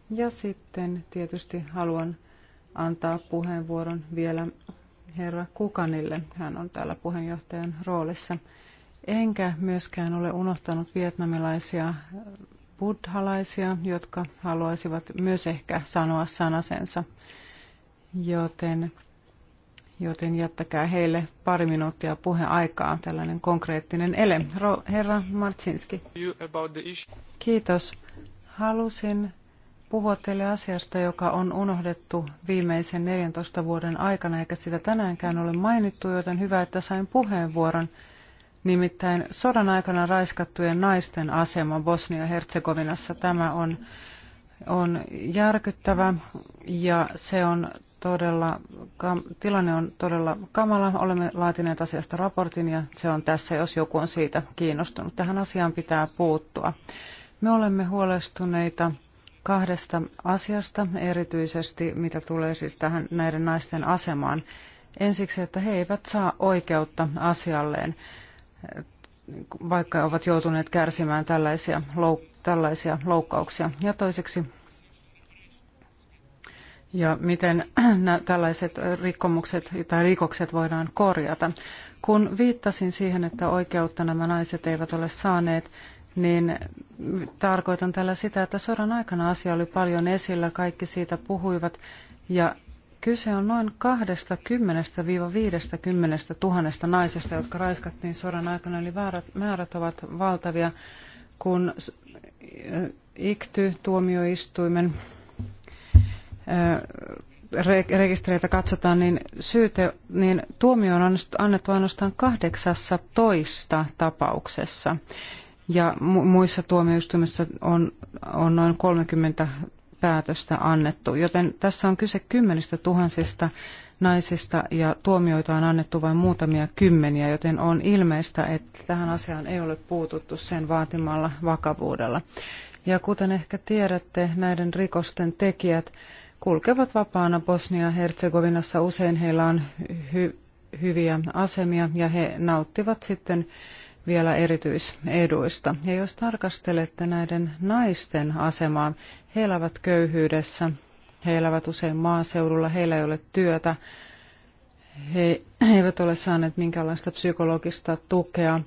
Ja sitten tietysti haluan antaa puheenvuoron vielä herra Kukanille. Hän on täällä puheenjohtajan roolissa. Enkä myöskään ole unohtanut vietnamilaisia buddhalaisia, jotka haluaisivat myös ehkä sanoa sanasensa. Joten joten jättäkää heille pari minuuttia puheaikaa, tällainen konkreettinen ele. Herra Martsinski. Kiitos. Halusin puhua teille asiasta, joka on unohdettu viimeisen 14 vuoden aikana, eikä sitä tänäänkään ole mainittu, joten hyvä, että sain puheenvuoron. Nimittäin sodan aikana raiskattujen naisten asema Bosnia-Herzegovinassa tämä on, on järkyttävä ja se on todella, kam, tilanne on todella kamala. Olemme laatineet asiasta raportin ja se on tässä, jos joku on siitä kiinnostunut. Tähän asiaan pitää puuttua. Me olemme huolestuneita kahdesta asiasta, erityisesti mitä tulee siis tähän näiden naisten asemaan. Ensiksi, että he eivät saa oikeutta asialleen, vaikka ovat joutuneet kärsimään tällaisia, louk- tällaisia loukkauksia. Ja toiseksi ja miten tällaiset rikkomukset tai rikokset voidaan korjata. Kun viittasin siihen, että oikeutta nämä naiset eivät ole saaneet, niin tarkoitan tällä sitä, että sodan aikana asia oli paljon esillä, kaikki siitä puhuivat, ja kyse on noin 20-50 tuhannesta naisesta, jotka raiskattiin sodan aikana, eli määrät ovat valtavia, kun IKTY-tuomioistuimen rekistereitä katsotaan, niin, syyte, niin tuomio on annettu ainoastaan 18 tapauksessa. Ja muissa tuomioistuimissa on, on noin 30 päätöstä annettu, joten tässä on kyse kymmenistä tuhansista naisista ja tuomioita on annettu vain muutamia kymmeniä, joten on ilmeistä, että tähän asiaan ei ole puututtu sen vaatimalla vakavuudella. Ja kuten ehkä tiedätte, näiden rikosten tekijät kulkevat vapaana Bosnia-Herzegovinassa. Usein heillä on hy- hyviä asemia ja he nauttivat sitten vielä erityiseduista. Ja jos tarkastelette näiden naisten asemaa, he elävät köyhyydessä, he elävät usein maaseudulla, heillä ei ole työtä, he eivät ole saaneet minkäänlaista psykologista tukea,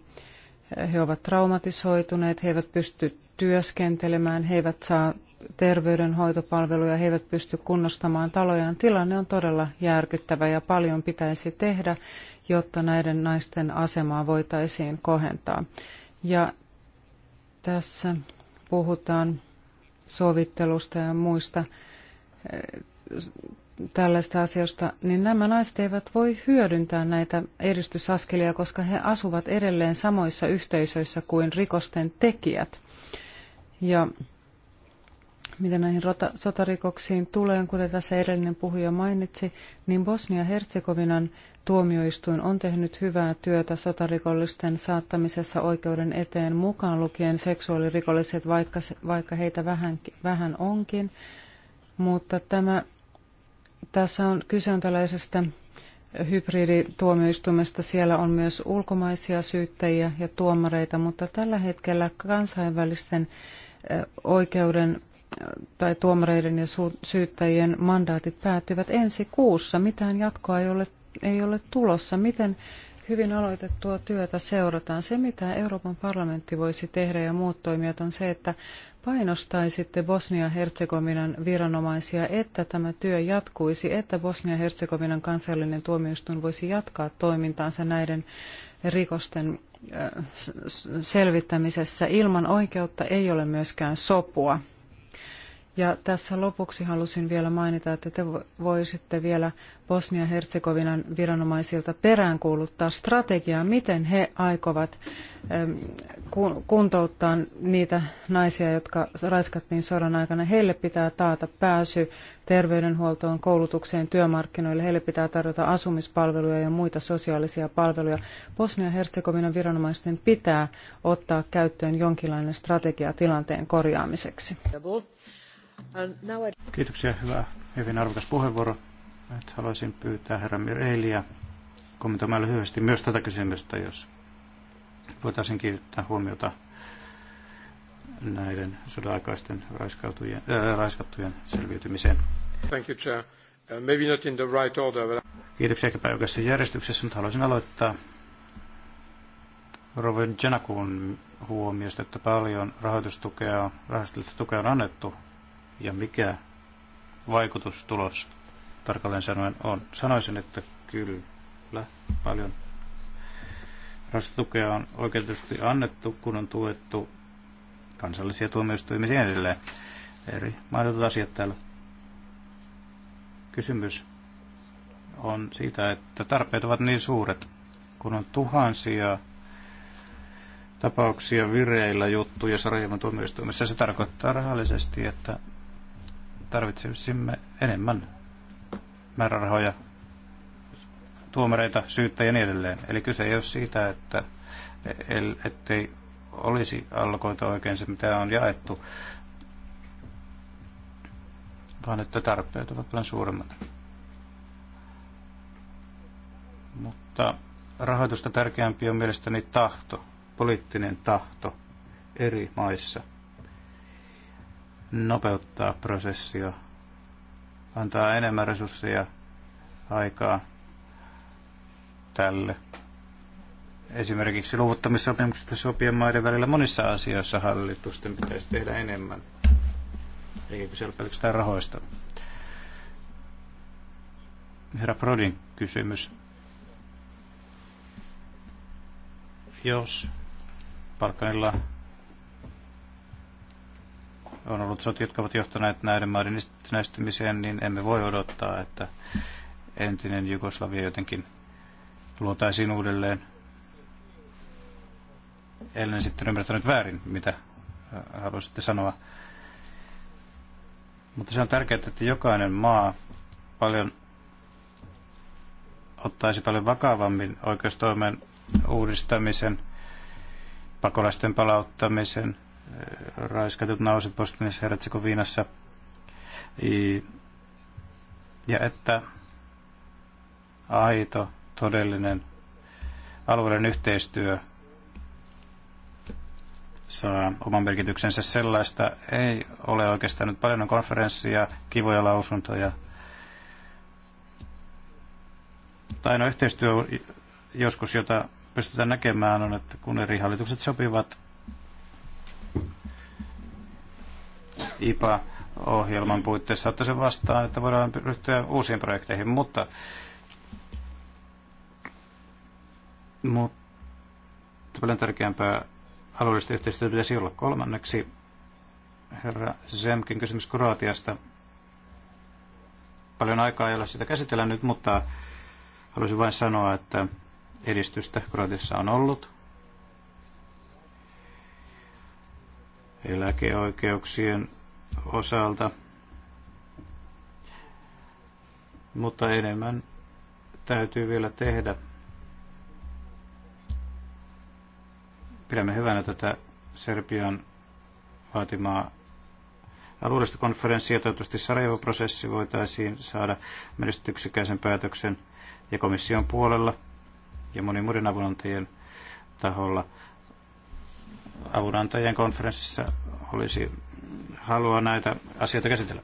he ovat traumatisoituneet, he eivät pysty työskentelemään, he eivät saa terveydenhoitopalveluja, he eivät pysty kunnostamaan talojaan. Tilanne on todella järkyttävä ja paljon pitäisi tehdä, jotta näiden naisten asemaa voitaisiin kohentaa. Ja tässä puhutaan sovittelusta ja muista eh, tällaista asioista, niin nämä naiset eivät voi hyödyntää näitä edistysaskelia, koska he asuvat edelleen samoissa yhteisöissä kuin rikosten tekijät. Ja mitä näihin rota- sotarikoksiin tulee, kuten tässä edellinen puhuja mainitsi, niin Bosnia-Herzegovinan tuomioistuin on tehnyt hyvää työtä sotarikollisten saattamisessa oikeuden eteen mukaan lukien seksuaalirikolliset, vaikka, vaikka heitä vähän, vähän onkin. Mutta tämä, tässä on kyse on tällaisesta hybridituomioistuimesta. Siellä on myös ulkomaisia syyttäjiä ja tuomareita, mutta tällä hetkellä kansainvälisten oikeuden tai tuomareiden ja syyttäjien mandaatit päättyvät ensi kuussa. Mitään jatkoa ei ole, ei ole tulossa. Miten hyvin aloitettua työtä seurataan? Se, mitä Euroopan parlamentti voisi tehdä ja muut toimijat on se, että painostaisitte Bosnia-Herzegovinan viranomaisia, että tämä työ jatkuisi, että Bosnia-Herzegovinan kansallinen tuomioistuin voisi jatkaa toimintaansa näiden rikosten äh, selvittämisessä. Ilman oikeutta ei ole myöskään sopua. Ja tässä lopuksi halusin vielä mainita, että te voisitte vielä Bosnia-Herzegovinan viranomaisilta peräänkuuluttaa strategiaa, miten he aikovat kuntouttaa niitä naisia, jotka raiskattiin sodan aikana. Heille pitää taata pääsy terveydenhuoltoon, koulutukseen, työmarkkinoille. Heille pitää tarjota asumispalveluja ja muita sosiaalisia palveluja. Bosnia-Herzegovinan viranomaisten pitää ottaa käyttöön jonkinlainen strategia tilanteen korjaamiseksi. Kiitoksia, hyvä, hyvin arvokas puheenvuoro. haluaisin pyytää herra Mireiliä kommentoimaan lyhyesti myös tätä kysymystä, jos voitaisiin kiinnittää huomiota näiden sodan-aikaisten raiskattujen, äh, raiskattujen selviytymiseen. Thank you, Chair. Uh, maybe not in the right order, but... Kiitoksia ehkäpä oikeassa järjestyksessä, mutta haluaisin aloittaa Robert Jenakun huomiosta, että paljon rahoitustukea, rahoitustukea on annettu ja mikä vaikutustulos tarkalleen sanoen on. Sanoisin, että kyllä paljon rastukea on oikeutusti annettu, kun on tuettu kansallisia tuomioistuimia niin edelleen. Eri mahdotut asiat täällä. Kysymys on siitä, että tarpeet ovat niin suuret, kun on tuhansia tapauksia vireillä juttuja sarjavan tuomioistuimessa. Se tarkoittaa rahallisesti, että tarvitsisimme enemmän määrärahoja, tuomareita, syyttäjiä ja niin edelleen. Eli kyse ei ole siitä, että ei olisi alkoita oikein se, mitä on jaettu, vaan että tarpeet ovat paljon suuremmat. Mutta rahoitusta tärkeämpi on mielestäni tahto, poliittinen tahto eri maissa – nopeuttaa prosessia, antaa enemmän resursseja, aikaa tälle. Esimerkiksi luovuttamissopimuksista sopien maiden välillä monissa asioissa hallitusten pitäisi tehdä enemmän, eikä kyse ole pelkästään rahoista. Herra Prodin kysymys. Jos Balkanilla on ollut sotia, jotka ovat johtaneet näiden maiden itsenäistymiseen, niin emme voi odottaa, että entinen Jugoslavia jotenkin luotaisiin uudelleen. Ellen sitten ymmärtänyt väärin, mitä äh, halusitte sanoa. Mutta se on tärkeää, että jokainen maa paljon ottaisi paljon vakavammin oikeustoimen uudistamisen, pakolaisten palauttamisen – raiskatut nauset Bosniassa Herzegovinassa. Ja että aito, todellinen alueellinen yhteistyö saa oman merkityksensä sellaista. Ei ole oikeastaan nyt paljon konferenssia, kivoja lausuntoja. Tai no yhteistyö joskus, jota pystytään näkemään, on, että kun eri hallitukset sopivat IPA-ohjelman puitteissa ottaisi vastaan, että voidaan ryhtyä uusiin projekteihin, mutta, mutta paljon tärkeämpää alueellista yhteistyötä pitäisi olla. Kolmanneksi herra Zemkin kysymys Kroatiasta. Paljon aikaa ei ole sitä käsitellä nyt, mutta haluaisin vain sanoa, että edistystä Kroatiassa on ollut. Eläkeoikeuksien osalta, mutta enemmän täytyy vielä tehdä. Pidämme hyvänä tätä Serbian vaatimaa alueellista konferenssia. Toivottavasti Sarajevo-prosessi voitaisiin saada menestyksekäisen päätöksen ja komission puolella ja monin muiden avunantajien taholla. Avunantajien konferenssissa olisi haluaa näitä asioita käsitellä.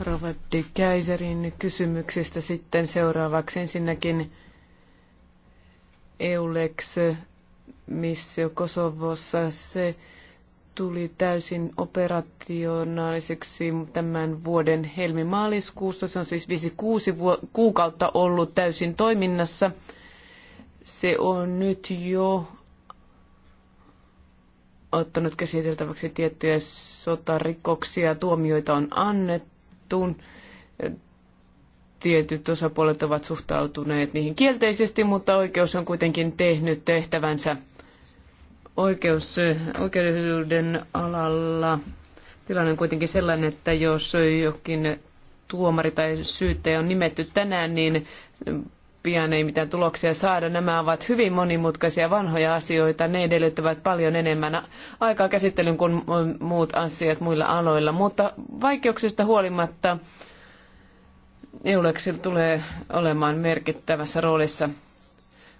Robert de Kaiserin kysymyksestä sitten seuraavaksi ensinnäkin EULEX missio Kosovossa. Se tuli täysin operationaaliseksi tämän vuoden helmimaaliskuussa. Se on siis 5-6 kuukautta ollut täysin toiminnassa. Se on nyt jo ottanut käsiteltäväksi tiettyjä sotarikoksia. Tuomioita on annettu. Tietyt osapuolet ovat suhtautuneet niihin kielteisesti, mutta oikeus on kuitenkin tehnyt tehtävänsä oikeus, oikeuden alalla. Tilanne on kuitenkin sellainen, että jos jokin tuomari tai syyttäjä on nimetty tänään, niin pian ei mitään tuloksia saada. Nämä ovat hyvin monimutkaisia vanhoja asioita. Ne edellyttävät paljon enemmän aikaa käsittelyyn kuin muut asiat muilla aloilla. Mutta vaikeuksista huolimatta Eulexil tulee olemaan merkittävässä roolissa.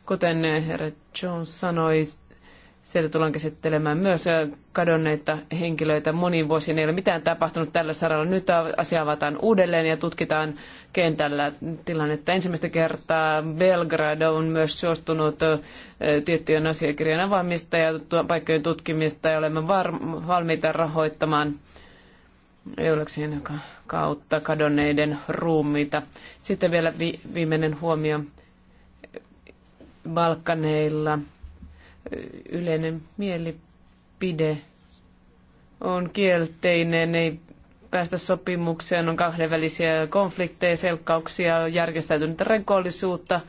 Kuten herra Jones sanoi, Sieltä tullaan käsittelemään myös kadonneita henkilöitä moniin vuosiin. Ei ole mitään tapahtunut tällä saralla. Nyt asia avataan uudelleen ja tutkitaan kentällä tilannetta. Ensimmäistä kertaa Belgrado on myös suostunut tiettyjen asiakirjojen avaamista ja paikkojen tutkimista ja olemme valmiita rahoittamaan Euleksien kautta kadonneiden ruumiita. Sitten vielä vi- viimeinen huomio Balkaneilla – yleinen mielipide on kielteinen, ei päästä sopimukseen, on kahdenvälisiä konflikteja, selkkauksia, järjestäytynyttä rikollisuutta –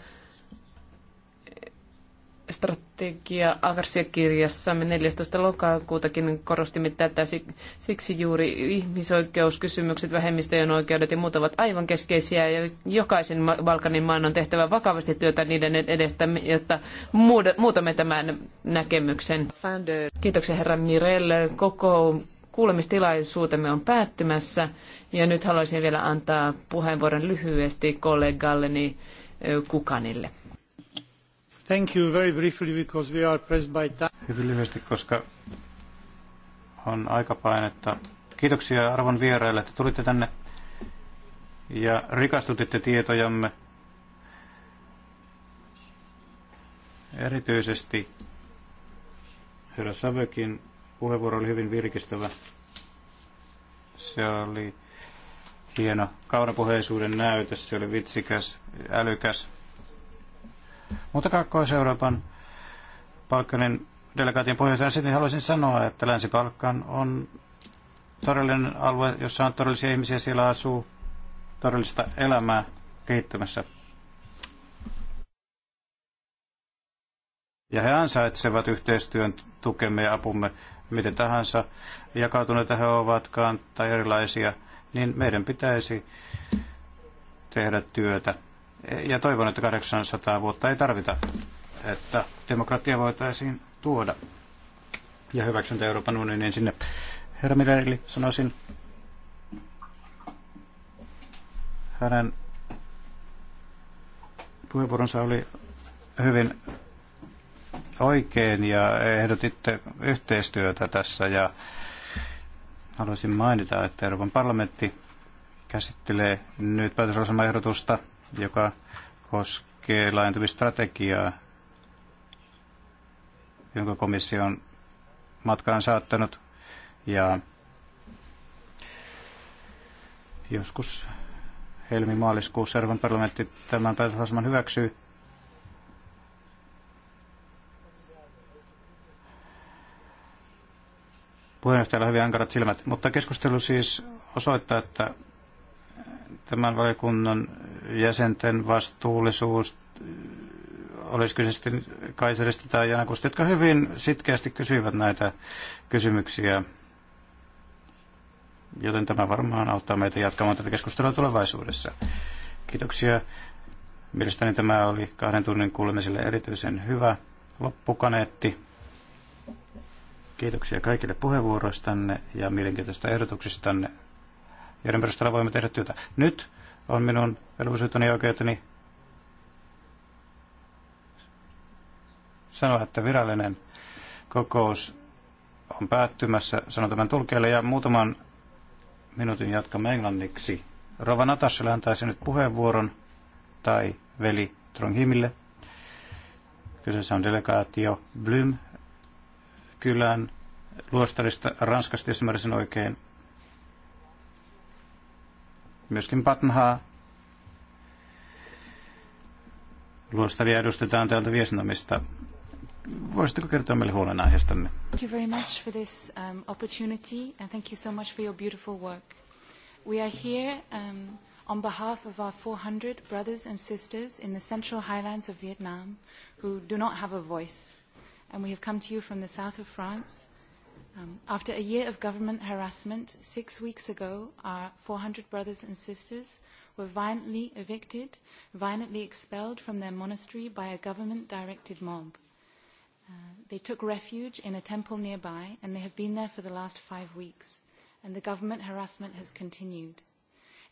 strategia asiakirjassamme 14. lokakuutakin korostimme tätä. Siksi juuri ihmisoikeuskysymykset, vähemmistöjen oikeudet ja muut ovat aivan keskeisiä ja jokaisen Balkanin maan on tehtävä vakavasti työtä niiden edestä, jotta muutamme tämän näkemyksen. Kiitoksia herra Mirel. Koko kuulemistilaisuutemme on päättymässä ja nyt haluaisin vielä antaa puheenvuoron lyhyesti kollegalleni Kukanille. Thank you very briefly because we are pressed by time. Hyvin lyhyesti, koska on aikapainetta. Kiitoksia arvon vieraille, että tulitte tänne ja rikastutitte tietojamme. Erityisesti herra Savökin puheenvuoro oli hyvin virkistävä. Se oli hieno kaunapuheisuuden näytös, se oli vitsikäs, älykäs, mutta Kaakkois-Euroopan Balkanin delegaatin puheenjohtajana sitten haluaisin sanoa, että Länsi-Balkan on todellinen alue, jossa on todellisia ihmisiä, siellä asuu todellista elämää kehittymässä. Ja he ansaitsevat yhteistyön tukemme ja apumme miten tahansa jakautuneita he ovatkaan tai erilaisia, niin meidän pitäisi tehdä työtä ja toivon, että 800 vuotta ei tarvita, että demokratia voitaisiin tuoda ja hyväksyntä Euroopan unioniin sinne. Herra Mirelli, sanoisin hänen puheenvuoronsa oli hyvin oikein ja ehdotitte yhteistyötä tässä ja haluaisin mainita, että Euroopan parlamentti käsittelee nyt päätöslauselmaehdotusta joka koskee laajentumistrategiaa, jonka komissio on matkaan saattanut. Ja joskus helmi-maaliskuussa Euroopan parlamentti tämän päätöslauselman hyväksyy. Puheenjohtajalla on hyvin ankarat silmät, mutta keskustelu siis osoittaa, että tämän valiokunnan jäsenten vastuullisuus, olisi kyse sitten Kaiserista tai Janakusta, jotka hyvin sitkeästi kysyivät näitä kysymyksiä. Joten tämä varmaan auttaa meitä jatkamaan tätä keskustelua tulevaisuudessa. Kiitoksia. Mielestäni tämä oli kahden tunnin kuulemiselle erityisen hyvä loppukaneetti. Kiitoksia kaikille puheenvuoroistanne ja mielenkiintoista ehdotuksistanne joiden perusteella voimme tehdä työtä. Nyt on minun velvollisuuteni ja oikeuteni sanoa, että virallinen kokous on päättymässä, sanon tämän tulkijalle, ja muutaman minuutin jatkamme englanniksi. Rova Natasselle antaisi nyt puheenvuoron, tai veli Tronghimille. Kyseessä on delegaatio Blym kylän luostarista Ranskasta, jos oikein, myöskin Patnhaa. Luostavia edustetaan täältä Vietnamista. Voisitteko kertoa meille huolenaiheestanne? Thank you very much for this um, opportunity and thank you so much for your beautiful work. We are here um, on behalf of our 400 brothers and sisters in the central highlands of Vietnam who do not have a voice. And we have come to you from the south of France Um, after a year of government harassment, six weeks ago, our 400 brothers and sisters were violently evicted, violently expelled from their monastery by a government-directed mob. Uh, they took refuge in a temple nearby, and they have been there for the last five weeks, and the government harassment has continued.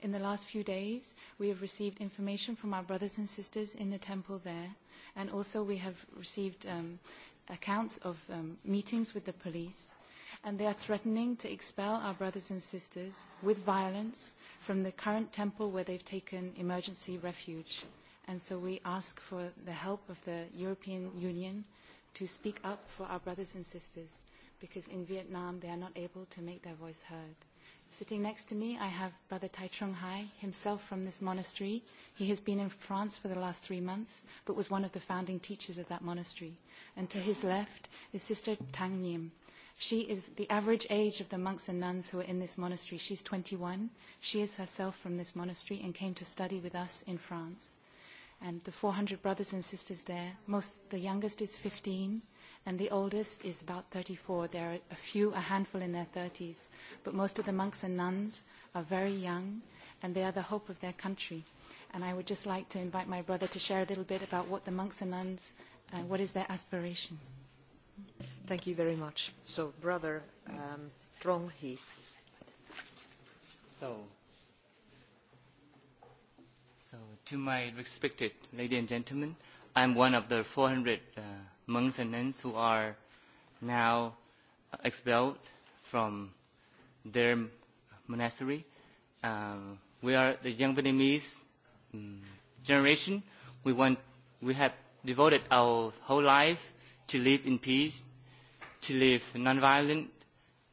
In the last few days, we have received information from our brothers and sisters in the temple there, and also we have received um, accounts of um, meetings with the police and they are threatening to expel our brothers and sisters with violence from the current temple where they've taken emergency refuge. And so we ask for the help of the European Union to speak up for our brothers and sisters because in Vietnam they are not able to make their voice heard. Sitting next to me, I have Brother Tai Trung Hai, himself from this monastery. He has been in France for the last three months, but was one of the founding teachers of that monastery. And to his left is Sister Tang Nim. She is the average age of the monks and nuns who are in this monastery. She's 21. She is herself from this monastery and came to study with us in France. And the 400 brothers and sisters there, most, the youngest is 15 and the oldest is about 34. There are a few, a handful in their 30s, but most of the monks and nuns are very young and they are the hope of their country. And I would just like to invite my brother to share a little bit about what the monks and nuns, uh, what is their aspiration. Mm-hmm. Thank you very much. So, brother um, Trong He. So, so, to my respected ladies and gentlemen, I'm one of the 400 uh, monks and nuns who are now expelled from their monastery. Um, we are the young Vietnamese um, generation. We, want, we have devoted our whole life to live in peace to live nonviolent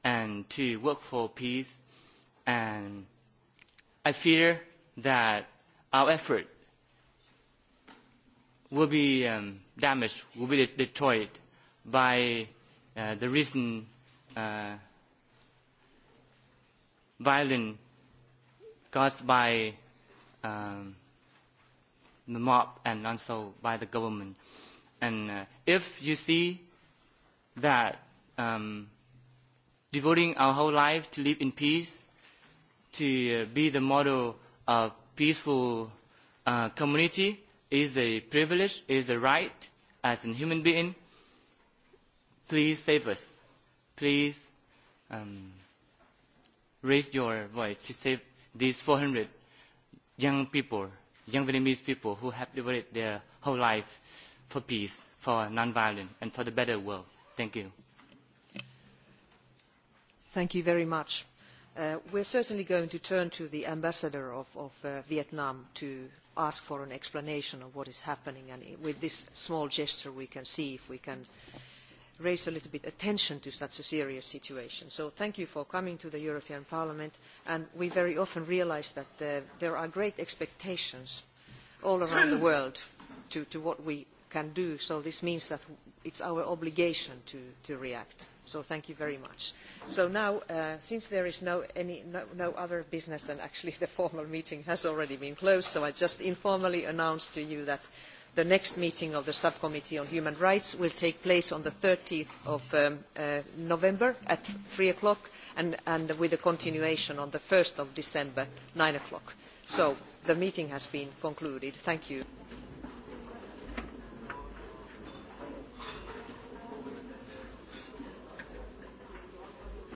and to work for peace. And I fear that our effort will be um, damaged, will be destroyed by uh, the recent uh, violence caused by um, the mob and also by the government. And uh, if you see that um, devoting our whole life to live in peace, to uh, be the model of peaceful uh, community is a privilege, is a right as a human being. Please save us. Please um, raise your voice to save these 400 young people, young Vietnamese people who have devoted their whole life for peace, for non-violence, and for the better world. Uh, we are certainly going to turn to the ambassador of, uh, Vietnam to ask for an explanation of what is happening. And with this small gesture, we can see if we can raise a little bit of attention to such a serious situation. So thank you for coming to the European Parliament. And we very often realise that uh, there are great expectations all around the world to, to what we can do. So this means that we to to it is our obligation to, to react. So thank you very much. So now, uh, since there is no, any, no, no other business, and actually the formal meeting has already been closed, so I just informally announce to you that the next meeting of the Subcommittee on Human Rights will take place on the 30th of um, uh, November at 3 o'clock and, and with a continuation on the 1st of December, 9 o'clock. So the meeting has been concluded. Thank you.